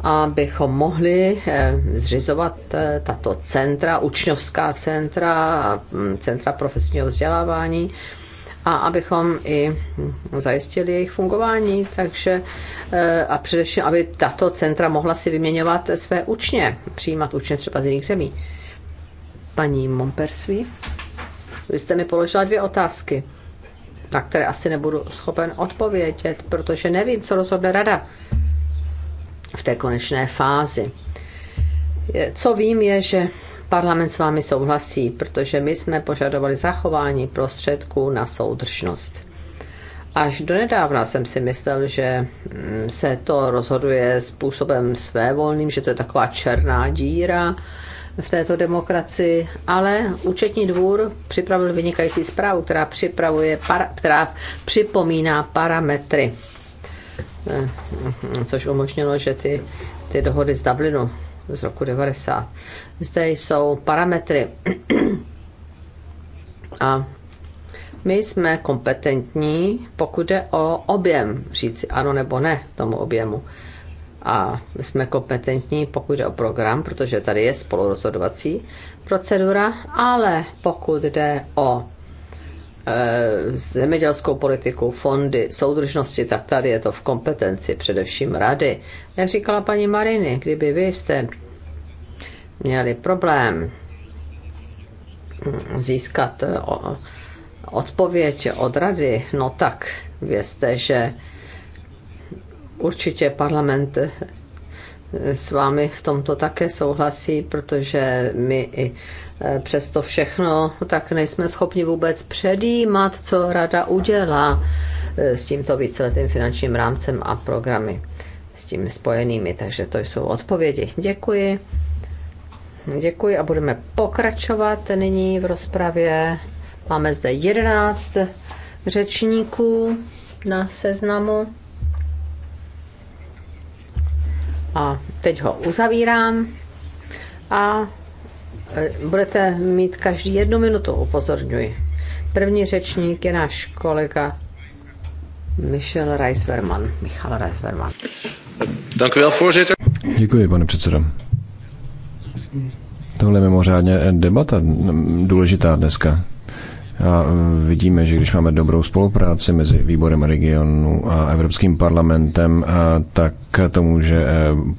abychom mohli eh, zřizovat eh, tato centra, učňovská centra, mm, centra profesního vzdělávání, a abychom i zajistili jejich fungování, takže eh, a především, aby tato centra mohla si vyměňovat své učně, přijímat učně třeba z jiných zemí. Paní Mompersví, vy jste mi položila dvě otázky, na které asi nebudu schopen odpovědět, protože nevím, co rozhodne rada v té konečné fázi. Co vím je, že Parlament s vámi souhlasí, protože my jsme požadovali zachování prostředků na soudržnost. Až do nedávna jsem si myslel, že mm, se to rozhoduje způsobem svévolným, že to je taková černá díra v této demokracii, ale účetní dvůr připravil vynikající zprávu, která, připravuje, para, která připomíná parametry, eh, mm, což umožnilo, že ty, ty dohody z Dublinu z roku 90. Zde jsou parametry a my jsme kompetentní, pokud jde o objem, říci ano nebo ne tomu objemu. A my jsme kompetentní, pokud jde o program, protože tady je spolurozhodovací procedura, ale pokud jde o Eh, zemědělskou politiku, fondy, soudržnosti, tak tady je to v kompetenci především rady. Jak říkala paní Mariny, kdyby vy jste měli problém získat eh, odpověď od rady, no tak vězte, že určitě parlament eh, s vámi v tomto také souhlasí, protože my i Eh, přesto všechno, tak nejsme schopni vůbec předjímat, co rada udělá eh, s tímto víceletým finančním rámcem a programy s tím spojenými. Takže to jsou odpovědi. Děkuji. Děkuji a budeme pokračovat nyní v rozpravě. Máme zde 11 řečníků na seznamu. A teď ho uzavírám. A Eh, budete mít každý jednu minutu, upozorňuji. První řečník je náš kolega Michel Reisverman. Michal Reisverman. Děkuji, pane předsedo. Tohle je mimořádně eh, debata mm, důležitá dneska. A eh, vidíme, že když máme dobrou spolupráci mezi výborem regionu a Evropským parlamentem, tak to může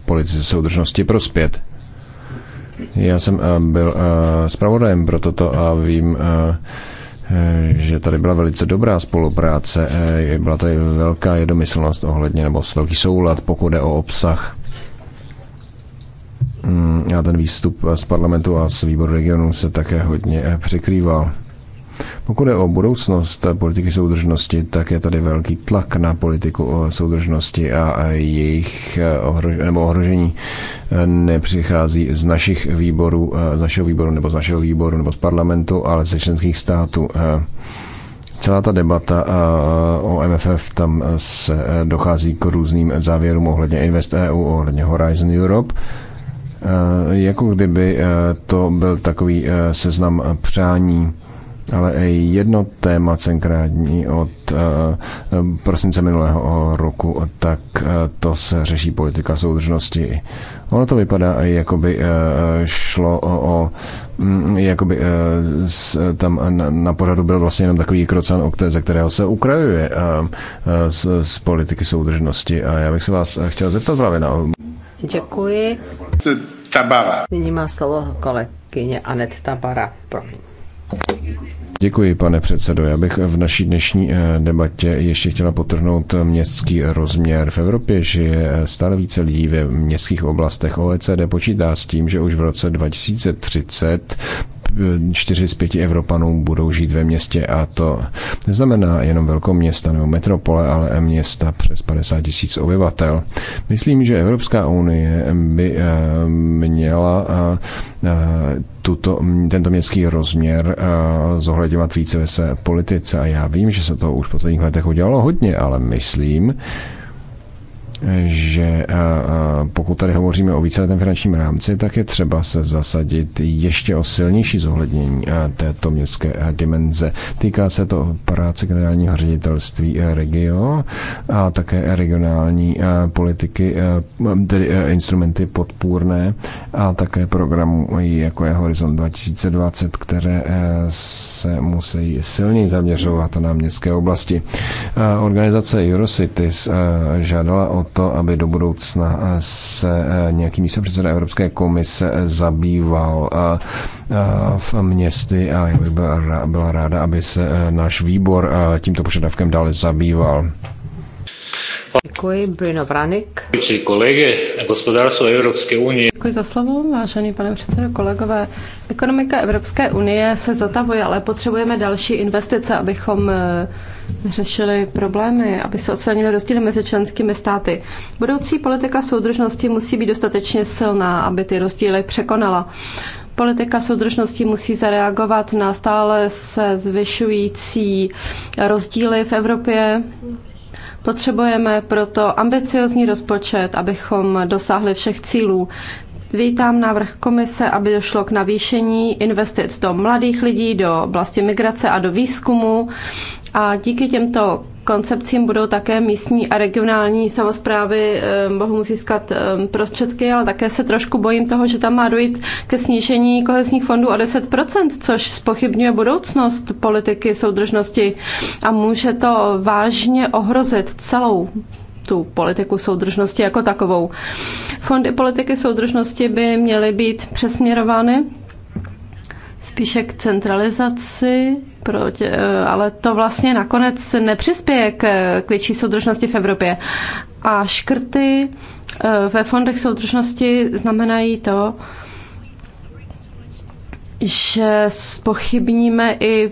politice soudržnosti prospět. Já jsem eh, byl eh, zpravodajem pro toto a vím, eh, že tady byla velice dobrá spolupráce, byla tady velká jednomyslnost ohledně, nebo velký soulad, pokud jde o obsah a mm, ten výstup z parlamentu a z výboru regionu se také hodně překrýval. Pokud je o budoucnost politiky soudržnosti, tak je tady velký tlak na politiku o soudržnosti a jejich eh, ohrožení, nebo ohrožení eh, nepřichází z našich výborů, eh, z našeho výboru nebo z našeho výboru nebo z parlamentu, ale ze členských států celá ta debata o MFF, tam se dochází k různým závěrům ohledně Invest EU, ohledně Horizon Europe. Jako kdyby to byl takový seznam přání ale i jedno téma centrální od uh, prosince minulého roku, tak uh, to se řeší politika soudržnosti. Ono to vypadá, jakoby uh, šlo o, o jako jakoby uh, tam na, na pořadu byl vlastně jenom takový krocan, ze kterého se ukrajuje z, z politiky soudržnosti. A já bych se vás chtěl zeptat právě na... Děkuji. Tabara. Nyní má slovo kolegyně Anet Tabara. Promiň. Děkuji, pane předsedo. Já bych v naší dnešní eh, debatě ještě chtěla potrhnout městský rozměr. V Evropě žije eh, stále více lidí ve městských oblastech. OECD počítá s tím, že už v roce 2030 čtyři z pěti Evropanů budou žít ve městě a to neznamená jenom velkou města nebo metropole, ale města přes 50 tisíc obyvatel. Myslím, že Evropská unie by eh, měla eh, tuto, tento městský rozměr eh, zohledňovat více ve své politice a já vím, že se to už v posledních letech udělalo hodně, ale myslím, že eh, eh, pokud tady hovoříme o víceletém finančním rámci, tak je třeba se zasadit ještě o silnější zohlednění eh, této městské dimenze. Týká se to práce generálního ředitelství regio a také regionální politiky, tedy instrumenty podpůrné a také programu jako je Horizon 2020, které se musí silněji zaměřovat na městské oblasti. Organizace Eurocities žádala o to, aby do budoucna eh, se eh, nějaký předseda Evropské komise eh, zabýval v městy a já bych byla ráda, aby se náš výbor tímto požadavkem dále zabýval. Děkuji, Bruno Vranik. Kolege, Evropské unie. Děkuji za slovo, vážený pane předsedo, kolegové. Ekonomika Evropské unie se zotavuje, ale potřebujeme další investice, abychom eh, řešili problémy, aby se odstranily rozdíly mezi členskými státy. Budoucí politika soudržnosti musí být dostatečně silná, aby ty rozdíly překonala. Politika soudržnosti musí zareagovat na stále se zvyšující rozdíly v Evropě, Potřebujeme proto ambiciozní rozpočet, abychom dosáhli všech cílů. Vítám návrh komise, aby došlo k navýšení investic do mladých lidí, do oblasti migrace a do výzkumu. A díky těmto koncepcím budou také místní a regionální samozprávy eh, mohou získat eh, prostředky, ale také se trošku bojím toho, že tam má dojít ke snížení kohezních fondů o 10%, což spochybňuje budoucnost politiky soudržnosti a může to vážně ohrozit celou tu politiku soudržnosti jako takovou. Fondy politiky soudržnosti by měly být přesměrovány spíše k centralizaci, proti, eh, ale to vlastně nakonec nepřispěje k, k větší soudržnosti v Evropě. A škrty eh, ve fondech soudržnosti znamenají to, že spochybníme i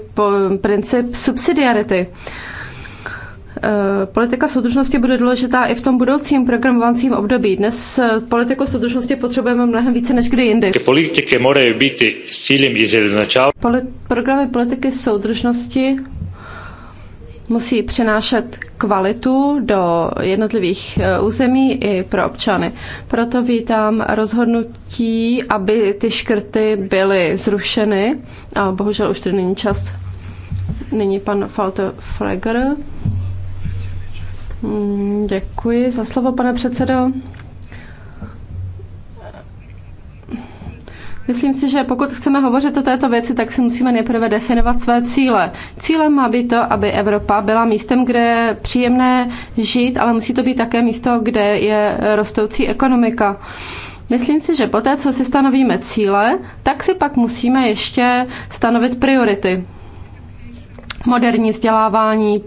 princip subsidiarity. Uh, Eh, politika soudržnosti bude důležitá i v tom budoucím programovacím období. Dnes eh, politiku soudržnosti potřebujeme mnohem více než kdy jindy. Politiky morají být cílem i začal. programy politiky soudržnosti musí přinášet kvalitu do jednotlivých eh, území i pro občany. Proto vítám rozhodnutí, aby ty škrty byly zrušeny. A bohužel už tady není čas. Nyní pan Falter Fleger. Mm, děkuji za slovo, pane předsedo. Myslím si, že pokud chceme hovořit o této věci, tak si musíme nejprve definovat své cíle. Cílem má být to, aby Evropa byla místem, kde je příjemné žít, ale musí to být také místo, kde je rostoucí ekonomika. Myslím si, že poté, co si stanovíme cíle, tak si pak musíme ještě stanovit priority. Moderní vzdělávání,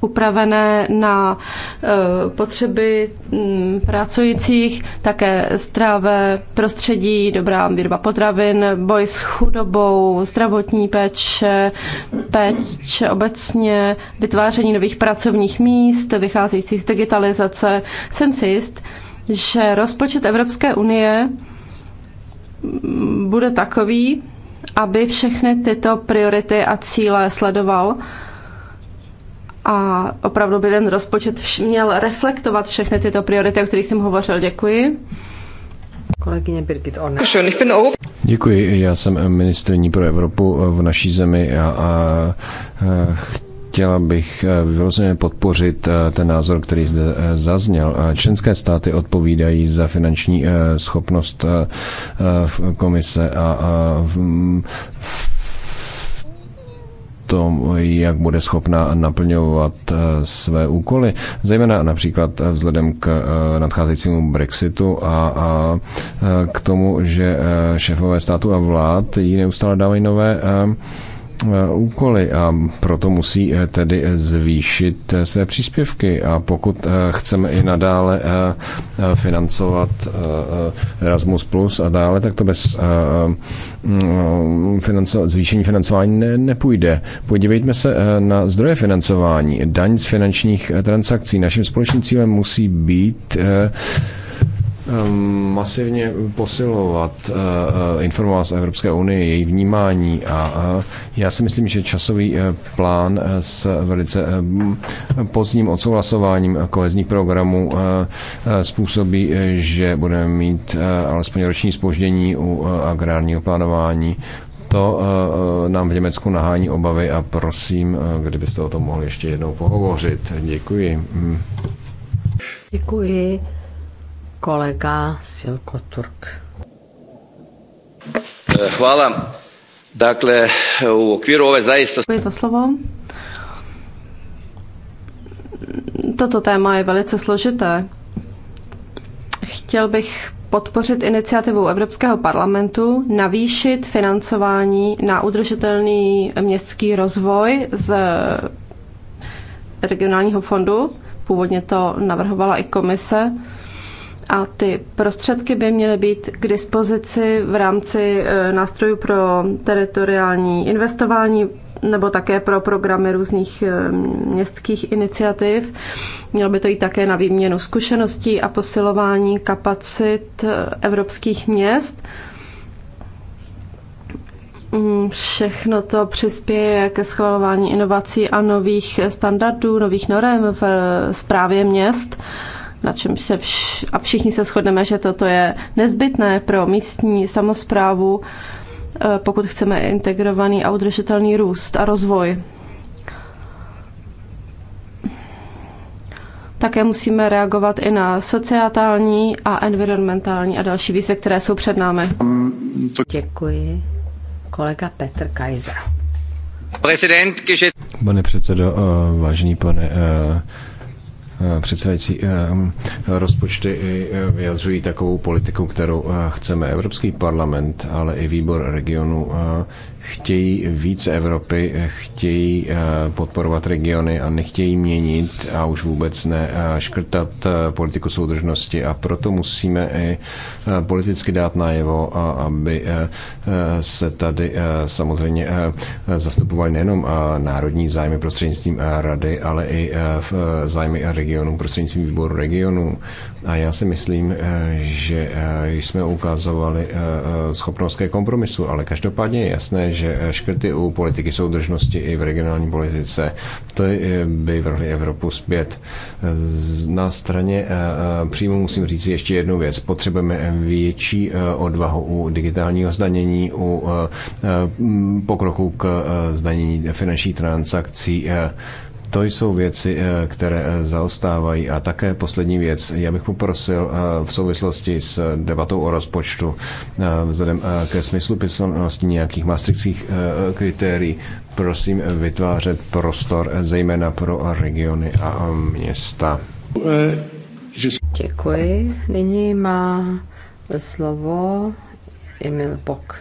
upravené na e, potřeby mm, pracujících, také zdravé prostředí, dobrá výroba potravin, boj s chudobou, zdravotní péče, péče obecně, vytváření nových pracovních míst, vycházejících z digitalizace. Jsem si jist, že rozpočet Evropské unie mm, bude takový, aby všechny tyto priority a cíle sledoval a opravdu by ten rozpočet měl reflektovat všechny tyto priority, o kterých jsem hovořil. Děkuji. Kolegyně Birgit Orne. Děkuji, já jsem ministrní pro Evropu v naší zemi a, a, a chtěla bych e, vyrozeně podpořit e, ten názor, který zde e, zazněl. Členské státy odpovídají za finanční schopnost komise a v, v tom, jak bude schopna naplňovat eh, své úkoly, zejména například eh, vzhledem k eh, nadcházejícímu Brexitu a, a k tomu, že šéfové státu a vlád jí neustále dávají nové Eh, úkoly a proto musí eh, tedy eh, zvýšit své příspěvky. A pokud chceme i nadále financovat Erasmus Plus a dále, tak to bez financo- zvýšení financování ne- nepůjde. Podívejme se na zdroje financování. Daň z finančních transakcí. Naším společným cílem musí být Ehm, masivně posilovat eh, eh, informovanost o Evropské unii, její vnímání a já si myslím, že časový eh, plán s velice ehm, pozdním odsouhlasováním kohezních programů způsobí, že budeme mít alespoň roční spoždění u agrárního plánování. To nám v Německu nahání obavy a prosím, kdybyste o tom mohli ještě jednou pohovořit. Děkuji. Hm. Děkuji kolega Silko Turk. Hvala. Dakle, u okviru ove zaista... Děkuji za slovo. Toto téma je velice složité. Chtěl bych podpořit iniciativu Evropského parlamentu navýšit financování na udržitelný městský rozvoj z regionálního fondu. Původně to navrhovala i komise a ty prostředky by měly být k dispozici v rámci e, nástrojů pro teritoriální investování nebo také pro programy různých e, městských iniciativ. Mělo by to jít také na výměnu zkušeností a posilování kapacit e, evropských měst. Mm, všechno to přispěje ke schvalování inovací a nových standardů, nových norem v správě měst na čem se vš- a všichni se shodneme, že toto je nezbytné pro místní samozprávu, eh, pokud chceme integrovaný a udržitelný růst a rozvoj. Také musíme reagovat i na sociální a environmentální a další výzvy, které jsou před námi. Děkuji. Kolega Petr Kaiser. Pane předsedo, eh, vážený pane eh, Eh, předsedající, eh, mm, rozpočty eh, vyjadřují takovou politiku, kterou chceme. Evropský parlament, ale i výbor regionu chtějí více Evropy, chtějí eh, podporovat regiony a nechtějí měnit a už vůbec ne eh, škrtat eh, politiku soudržnosti a proto musíme i politicky dát najevo, aby se tady samozřejmě zastupovali nejenom národní zájmy prostřednictvím rady, ale i zájmy regionů prostřednictvím výboru regionů. A já si myslím, eh, že eh, jsme ukázovali eh, schopnost ke kompromisu, ale každopádně je jasné, že škrty u politiky soudržnosti i v regionální politice to by vrhli Evropu zpět. Na straně přímo musím říct ještě jednu věc. Potřebujeme větší odvahu u digitálního zdanění, u pokroku k zdanění finančních transakcí, to jsou věci, eh, které eh, zaostávají. A také poslední věc. Já bych poprosil eh, v souvislosti s debatou o rozpočtu, vzhledem ke smyslu písanosti nějakých maastrichtských kritérií, prosím vytvářet prostor zejména pro regiony a města. Děkuji. Nyní má slovo Emil Bok.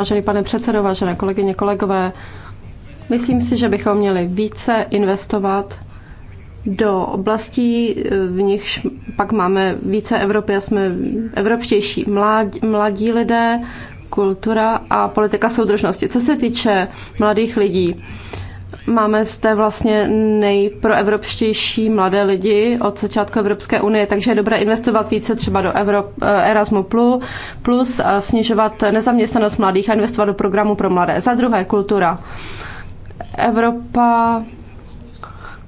Vážený pane předsedo, vážené kolegyně, kolegové, Myslím si, že bychom měli více investovat do oblastí, v nichž pak máme více Evropy a jsme evropštější. Mladí, mladí lidé, kultura a politika soudržnosti. Co se týče mladých lidí, máme zde vlastně nejproevropštější mladé lidi od začátku Evropské unie, takže je dobré investovat více třeba do Evrop, Erasmu+, plus a snižovat nezaměstnanost mladých a investovat do programu pro mladé. Za druhé, kultura. Evropa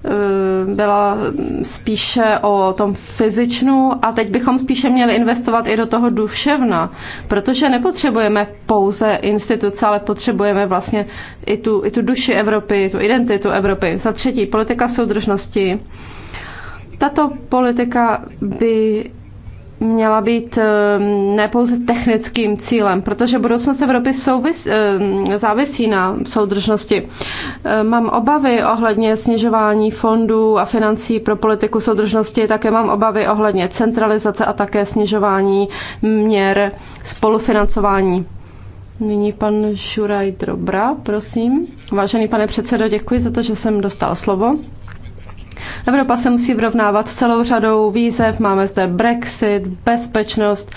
eh, byla spíše o tom fyzičnu a teď bychom spíše měli investovat i do toho duševna, protože nepotřebujeme pouze instituce, ale potřebujeme vlastně i tu, i tu duši Evropy, tu identitu Evropy. Za třetí, politika soudržnosti. Tato politika by měla být eh, ne pouze technickým cílem, protože budoucnost Evropy souvis, eh, závisí na soudržnosti. Eh, mám obavy ohledně snižování fondů a financí pro politiku soudržnosti, také mám obavy ohledně centralizace a také snižování měr spolufinancování. Nyní pan Šuraj Drobra, prosím. Vážený pane předsedo, děkuji za to, že jsem dostal slovo. Evropa se musí vrovnávat s celou řadou výzev. Máme zde Brexit, bezpečnost,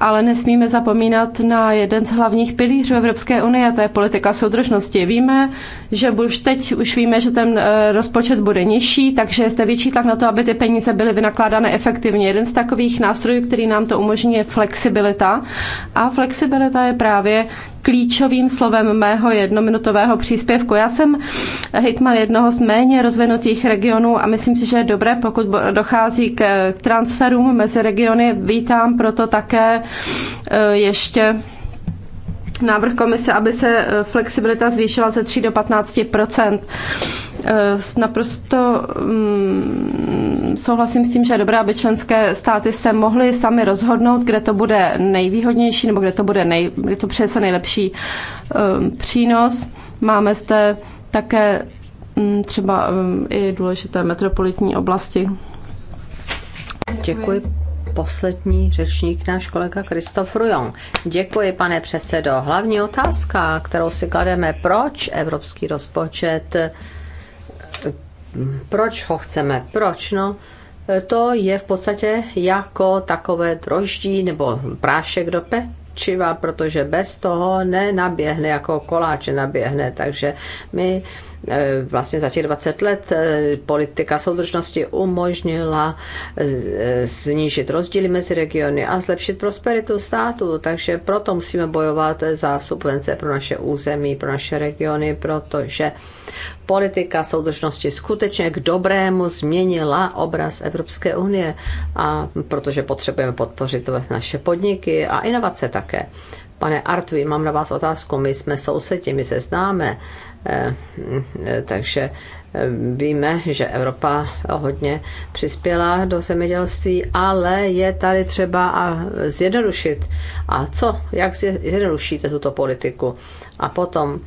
ale nesmíme zapomínat na jeden z hlavních pilířů Evropské unie, a to je politika soudržnosti. Víme, že už teď už víme, že ten eh, rozpočet bude nižší, takže je zde větší tlak na to, aby ty peníze byly vynakládány efektivně. Jeden z takových nástrojů, který nám to umožní, je flexibilita. A flexibilita je právě klíčovým slovem mého jednominutového příspěvku. Já jsem hitman jednoho z méně rozvinutých regionů a myslím si, že je dobré, pokud dochází eh, k transferům mezi regiony. Vítám proto také Eh, ještě návrh komise, aby se eh, flexibilita zvýšila ze 3 do 15 eh, Naprosto mm, souhlasím s tím, že je dobré, aby členské státy se mohly sami rozhodnout, kde to bude nejvýhodnější nebo kde to bude nej, kde to přece nejlepší přínos. Máme zde také mm, třeba i důležité metropolitní oblasti. Děkuji poslední řečník, náš kolega Kristof Rujon. Děkuji, pane předsedo. Hlavní otázka, kterou si klademe, proč evropský rozpočet, proč ho chceme, proč, no, to je v podstatě jako takové droždí nebo prášek do pečiva, protože bez toho nenaběhne jako koláče naběhne, takže my Eh, vlastně za těch 20 let eh, politika soudržnosti umožnila eh, snížit rozdíly mezi regiony a zlepšit prosperitu státu, takže proto musíme bojovat za subvence pro naše území, pro naše regiony, protože politika soudržnosti skutečně k dobrému změnila obraz Evropské unie, a protože potřebujeme podpořit naše podniky a inovace také. Pane Artvi, mám na vás otázku. My jsme sousedi, my se známe. Eh, eh, takže eh, víme, že Evropa hodně přispěla do zemědělství, ale je tady třeba a zjednodušit. A co? Jak zjednodušíte tuto politiku? A potom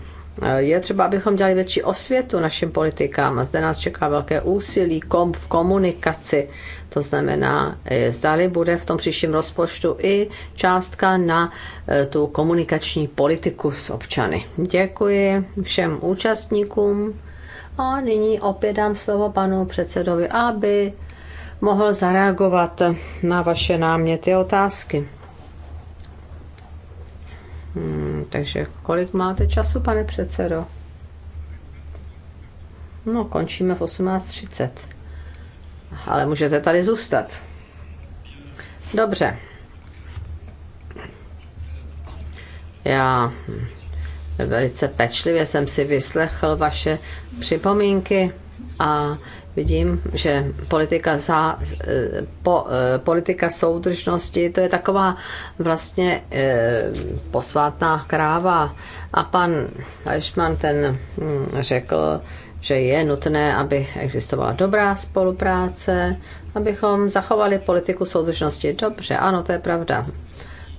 je třeba, abychom dělali větší osvětu našim politikám a zde nás čeká velké úsilí kom v komunikaci to znamená, e, zdali bude v tom příštím rozpočtu i částka na e, tu komunikační politiku s občany. Děkuji všem účastníkům a nyní opět dám slovo panu předsedovi, aby mohl zareagovat na vaše náměty a otázky. Hmm, takže kolik máte času, pane předsedo? No, končíme v 18.30 ale můžete tady zůstat. Dobře. Já velice pečlivě jsem si vyslechl vaše připomínky a vidím, že politika, za, po, politika soudržnosti to je taková vlastně eh, posvátná kráva. A pan Eichmann ten hm, řekl, že je nutné, aby existovala dobrá spolupráce, abychom zachovali politiku soudržnosti. Dobře, ano, to je pravda.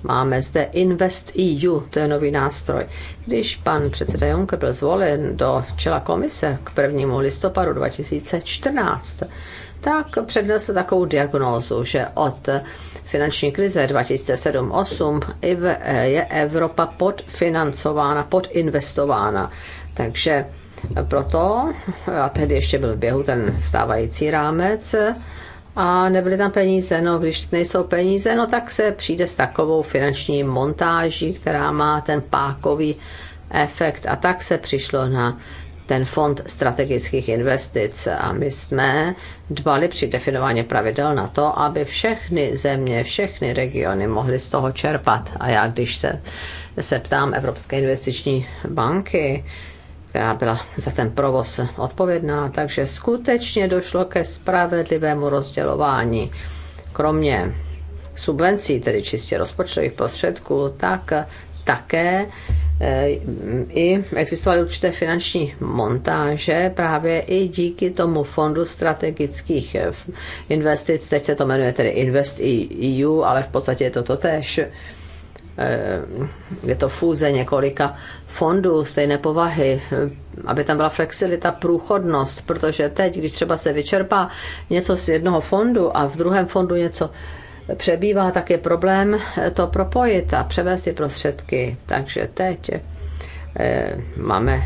Máme zde Invest EU, to je nový nástroj. Když pan předseda Juncker byl zvolen do čela komise k 1. listopadu 2014, tak přednesl takovou diagnózu, že od finanční krize 2007-2008 je Evropa podfinancována, podinvestována. Takže proto, a tehdy ještě byl v běhu ten stávající rámec, a nebyly tam peníze. No, když nejsou peníze, no tak se přijde s takovou finanční montáží, která má ten pákový efekt. A tak se přišlo na ten fond strategických investic a my jsme dbali při definování pravidel na to, aby všechny země, všechny regiony mohly z toho čerpat. A já, když se, se ptám Evropské investiční banky, která byla za ten provoz odpovědná, takže skutečně došlo ke spravedlivému rozdělování. Kromě subvencí, tedy čistě rozpočtových prostředků, tak také eh, i existovaly určité finanční montáže právě i díky tomu fondu strategických eh, investic, teď se to jmenuje tedy Invest EU, ale v podstatě je to totéž, eh, Je to fúze několika fondů stejné povahy, aby tam byla flexibilita, průchodnost, protože teď, když třeba se vyčerpá něco z jednoho fondu a v druhém fondu něco přebývá, tak je problém to propojit a převést ty prostředky. Takže teď eh, máme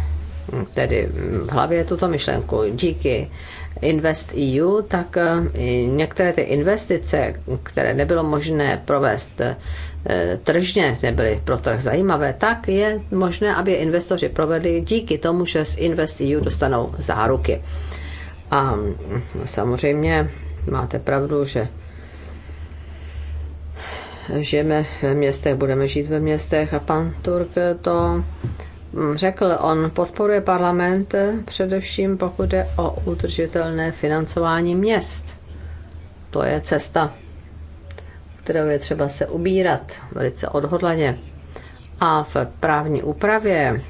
tedy v hlavě tuto myšlenku. Díky Invest EU, tak eh, některé ty investice, které nebylo možné provést eh, tržně, nebyly pro trh zajímavé, tak je možné, aby investoři provedli díky tomu, že z Invest EU dostanou záruky. A hm, samozřejmě máte pravdu, že žijeme ve městech, budeme žít ve městech a pan Turk to Mm, řekl, on podporuje parlament eh, především pokud je o udržitelné financování měst. To je cesta, kterou je třeba se ubírat velice odhodlaně. A v právní úpravě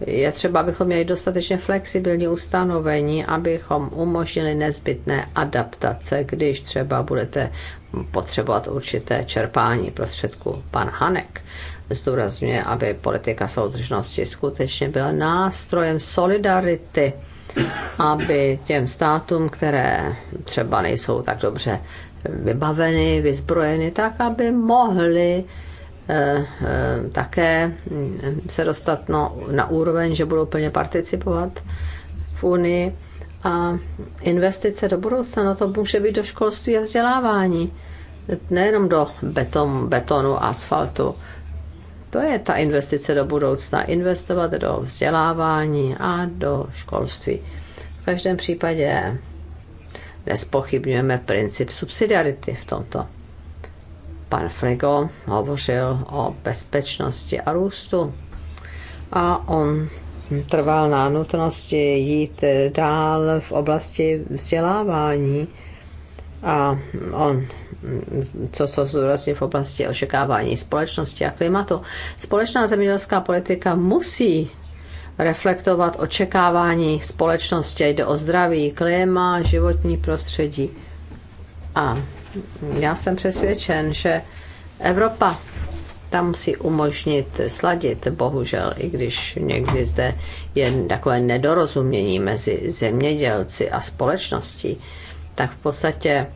je třeba, abychom měli dostatečně flexibilní ustanovení, abychom umožnili nezbytné adaptace, když třeba budete potřebovat určité čerpání prostředků. Pan Hanek zdůrazňuje, aby politika soudržnosti skutečně byla nástrojem solidarity, aby těm státům, které třeba nejsou tak dobře vybaveny, vyzbrojeny, tak aby mohly eh, eh, také hm, se dostat no, na úroveň, že budou plně participovat v Unii. A investice do budoucna, no to může být do školství a vzdělávání. Nejenom do beton, betonu, asfaltu, to je ta investice do budoucna. Investovat do vzdělávání a do školství. V každém případě nespochybňujeme princip subsidiarity v tomto. Pan Frigo hovořil o bezpečnosti a růstu a on trval na nutnosti jít dál v oblasti vzdělávání a on, co se zúrazně v oblasti očekávání společnosti a klimatu. Společná zemědělská politika musí reflektovat očekávání společnosti, jde o zdraví, klima, životní prostředí. A já jsem přesvědčen, že Evropa tam musí umožnit sladit, bohužel, i když někdy zde je takové nedorozumění mezi zemědělci a společností tak v podstatě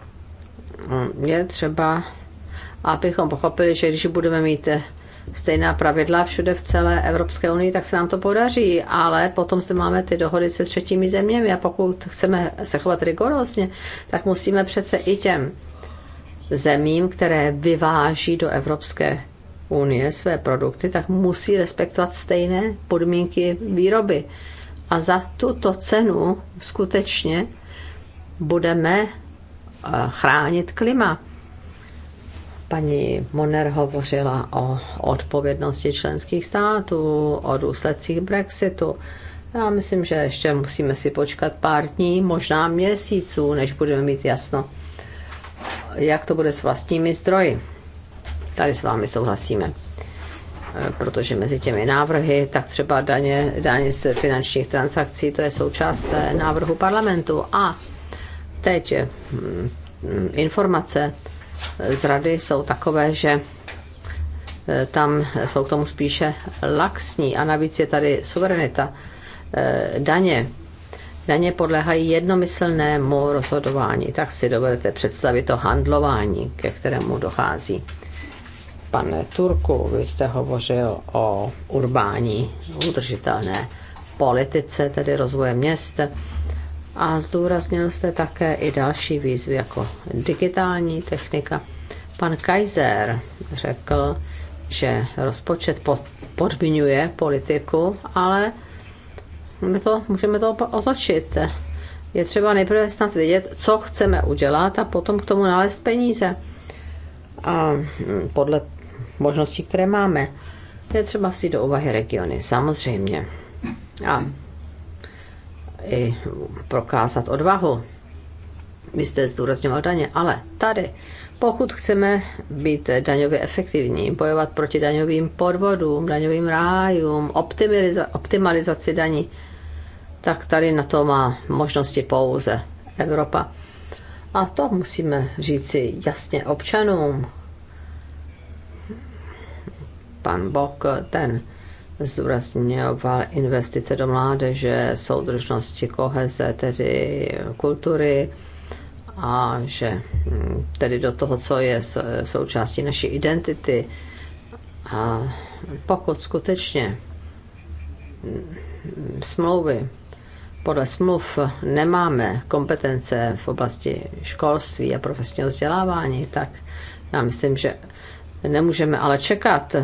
mm, je třeba, abychom pochopili, že když budeme mít stejná pravidla všude v celé Evropské unii, tak se nám to podaří, ale potom se máme ty dohody se třetími zeměmi a pokud chceme se chovat rigorózně, tak musíme přece i těm zemím, které vyváží do Evropské unie své produkty, tak musí respektovat stejné podmínky výroby. A za tuto cenu skutečně budeme eh, chránit klima. Paní Moner hovořila o odpovědnosti členských států, o důsledcích Brexitu. Já myslím, že ještě musíme si počkat pár dní, možná měsíců, než budeme mít jasno, jak to bude s vlastními zdroji. Tady s vámi souhlasíme eh, protože mezi těmi návrhy, tak třeba daně, daně z finančních transakcí, to je součást eh, návrhu parlamentu. A Teď hm, informace z rady jsou takové, že eh, tam jsou k tomu spíše laxní a navíc je tady suverenita eh, daně. Daně podléhají jednomyslnému rozhodování, tak si dovedete představit to handlování, ke kterému dochází. Pane Turku, vy jste hovořil o urbání, udržitelné politice, tedy rozvoje měst a zdůraznil jste také i další výzvy jako digitální technika. Pan Kaiser řekl, že rozpočet podmiňuje politiku, ale my to, můžeme to otočit. Je třeba nejprve snad vědět, co chceme udělat a potom k tomu nalézt peníze. A hm, podle možností, které máme, je třeba vzít do úvahy regiony, samozřejmě. A i prokázat odvahu. Vy jste zdůrazněval daně, ale tady, pokud chceme být daňově efektivní, bojovat proti daňovým podvodům, daňovým rájům, optimaliza- optimalizaci daní, tak tady na to má možnosti pouze Evropa. A to musíme říci jasně občanům. Pan Bok, ten zdůrazňoval investice do mládeže, soudržnosti, koheze, tedy kultury a že hm, tedy do toho, co je součástí naší identity. A pokud skutečně hm, smlouvy, podle smluv nemáme kompetence v oblasti školství a profesního vzdělávání, tak já myslím, že nemůžeme ale čekat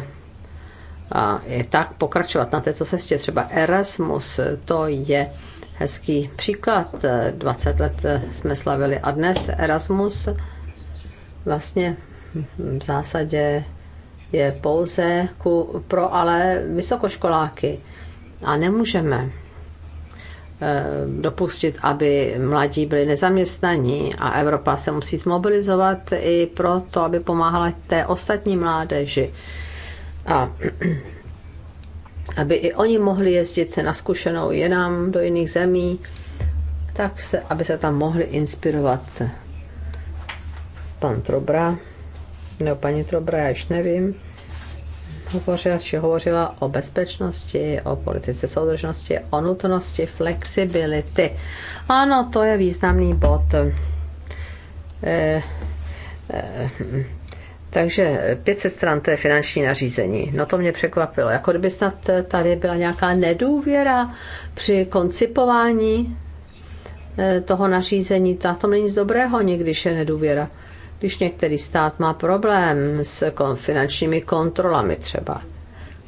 a je tak pokračovat na této cestě. Třeba Erasmus, to je hezký příklad. 20 let jsme slavili a dnes Erasmus vlastně v zásadě je pouze ku, pro ale vysokoškoláky. A nemůžeme eh, dopustit, aby mladí byli nezaměstnaní a Evropa se musí zmobilizovat i pro to, aby pomáhala té ostatní mládeži a aby i oni mohli jezdit na zkušenou jinam do jiných zemí, tak se, aby se tam mohli inspirovat pan Trobra, nebo paní Trobra, já již nevím, hovořila, že hovořila o bezpečnosti, o politice soudržnosti, o nutnosti flexibility. Ano, to je významný bod. E, e, takže 500 stran to je finanční nařízení. No to mě překvapilo. Jako kdyby snad tady byla nějaká nedůvěra při koncipování eh, toho nařízení. Na tom není nic dobrého nikdy, když je nedůvěra. Když některý stát má problém s finančními kontrolami třeba,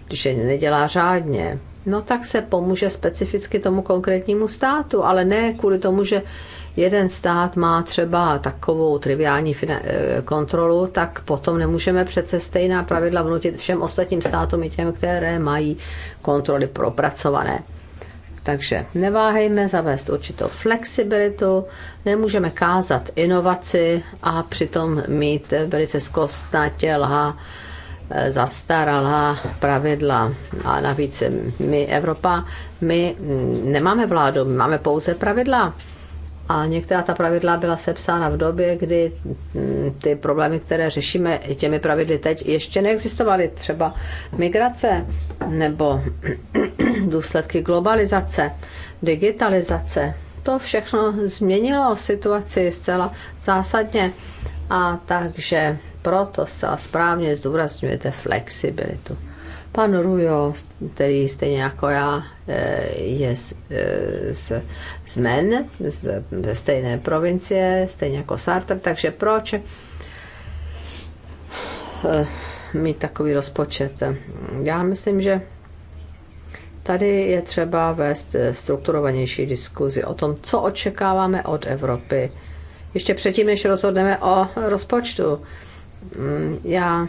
když je nedělá řádně, no tak se pomůže specificky tomu konkrétnímu státu, ale ne kvůli tomu, že jeden stát má třeba takovou triviální eh, kontrolu, tak potom nemůžeme přece stejná pravidla vnutit všem ostatním státům i těm, které mají kontroly propracované. Takže neváhejme zavést určitou flexibilitu, nemůžeme kázat inovaci a přitom mít velice těla, eh, zastaralá pravidla. A navíc my, Evropa, my mm, nemáme vládu, my máme pouze pravidla. A některá ta pravidla byla sepsána v době, kdy mm, ty problémy, které řešíme těmi pravidly teď, ještě neexistovaly. Třeba migrace nebo důsledky globalizace, digitalizace. To všechno změnilo situaci zcela zásadně. A takže proto se správně zdůrazňujete flexibilitu. Pan Rujo, který stejně jako já eh, je z, eh, z, z Men, z, ze stejné provincie, stejně jako Sartre, takže proč eh, mít takový rozpočet? Já myslím, že tady je třeba vést strukturovanější diskuzi o tom, co očekáváme od Evropy. Ještě předtím, než rozhodneme o rozpočtu, Mm, já, mm,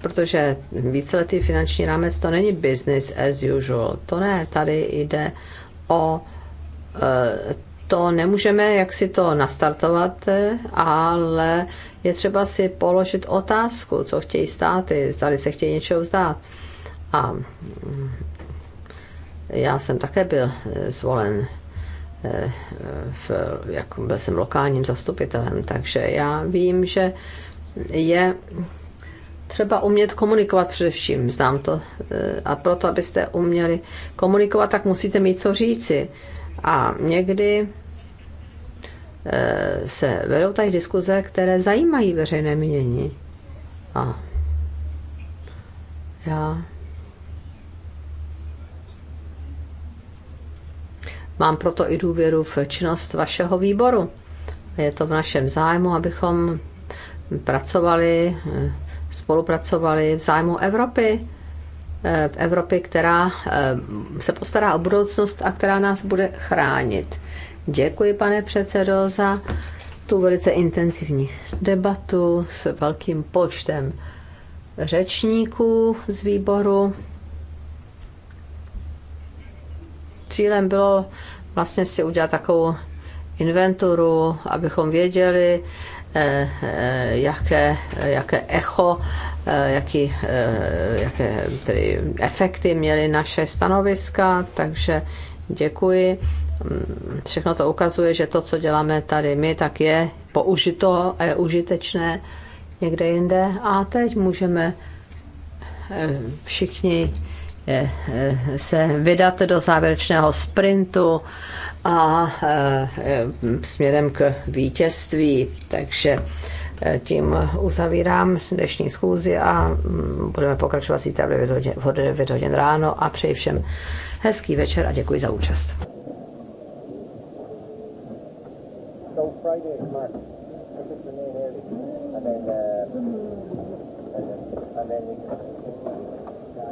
protože víceletý finanční rámec to není business as usual, to ne, tady jde o e, to nemůžeme jak si to nastartovat, ale je třeba si položit otázku, co chtějí státy, zdali se chtějí něčeho vzdát. A mm, já jsem také byl e, zvolen e, v, jak byl jsem lokálním zastupitelem, takže já vím, že je třeba umět komunikovat především, znám to. E, a proto, abyste uměli komunikovat, tak musíte mít co říci. A někdy e, se vedou tady diskuze, které zajímají veřejné mění. A já mám proto i důvěru v činnost vašeho výboru. Je to v našem zájmu, abychom pracovali, eh, spolupracovali v zájmu Evropy. V eh, Evropy, která eh, se postará o budoucnost a která nás bude chránit. Děkuji, pane předsedo, za tu velice intenzivní debatu s velkým počtem řečníků z výboru. Cílem bylo vlastně si udělat takovou inventuru, abychom věděli, Eh, eh, jaké, jaké echo, eh, jaký, jaké tedy efekty měly naše stanoviska, takže děkuji. Mm, všechno to ukazuje, že to, co děláme tady my, tak je použito a je užitečné někde jinde. A teď můžeme všichni se vydat do závěrečného sprintu a eh, směrem k vítězství. Takže eh, tím uzavírám dnešní schůzi a mm, budeme pokračovat zítra v 9 hodin ráno a přeji všem hezký večer a děkuji za účast. So Friday,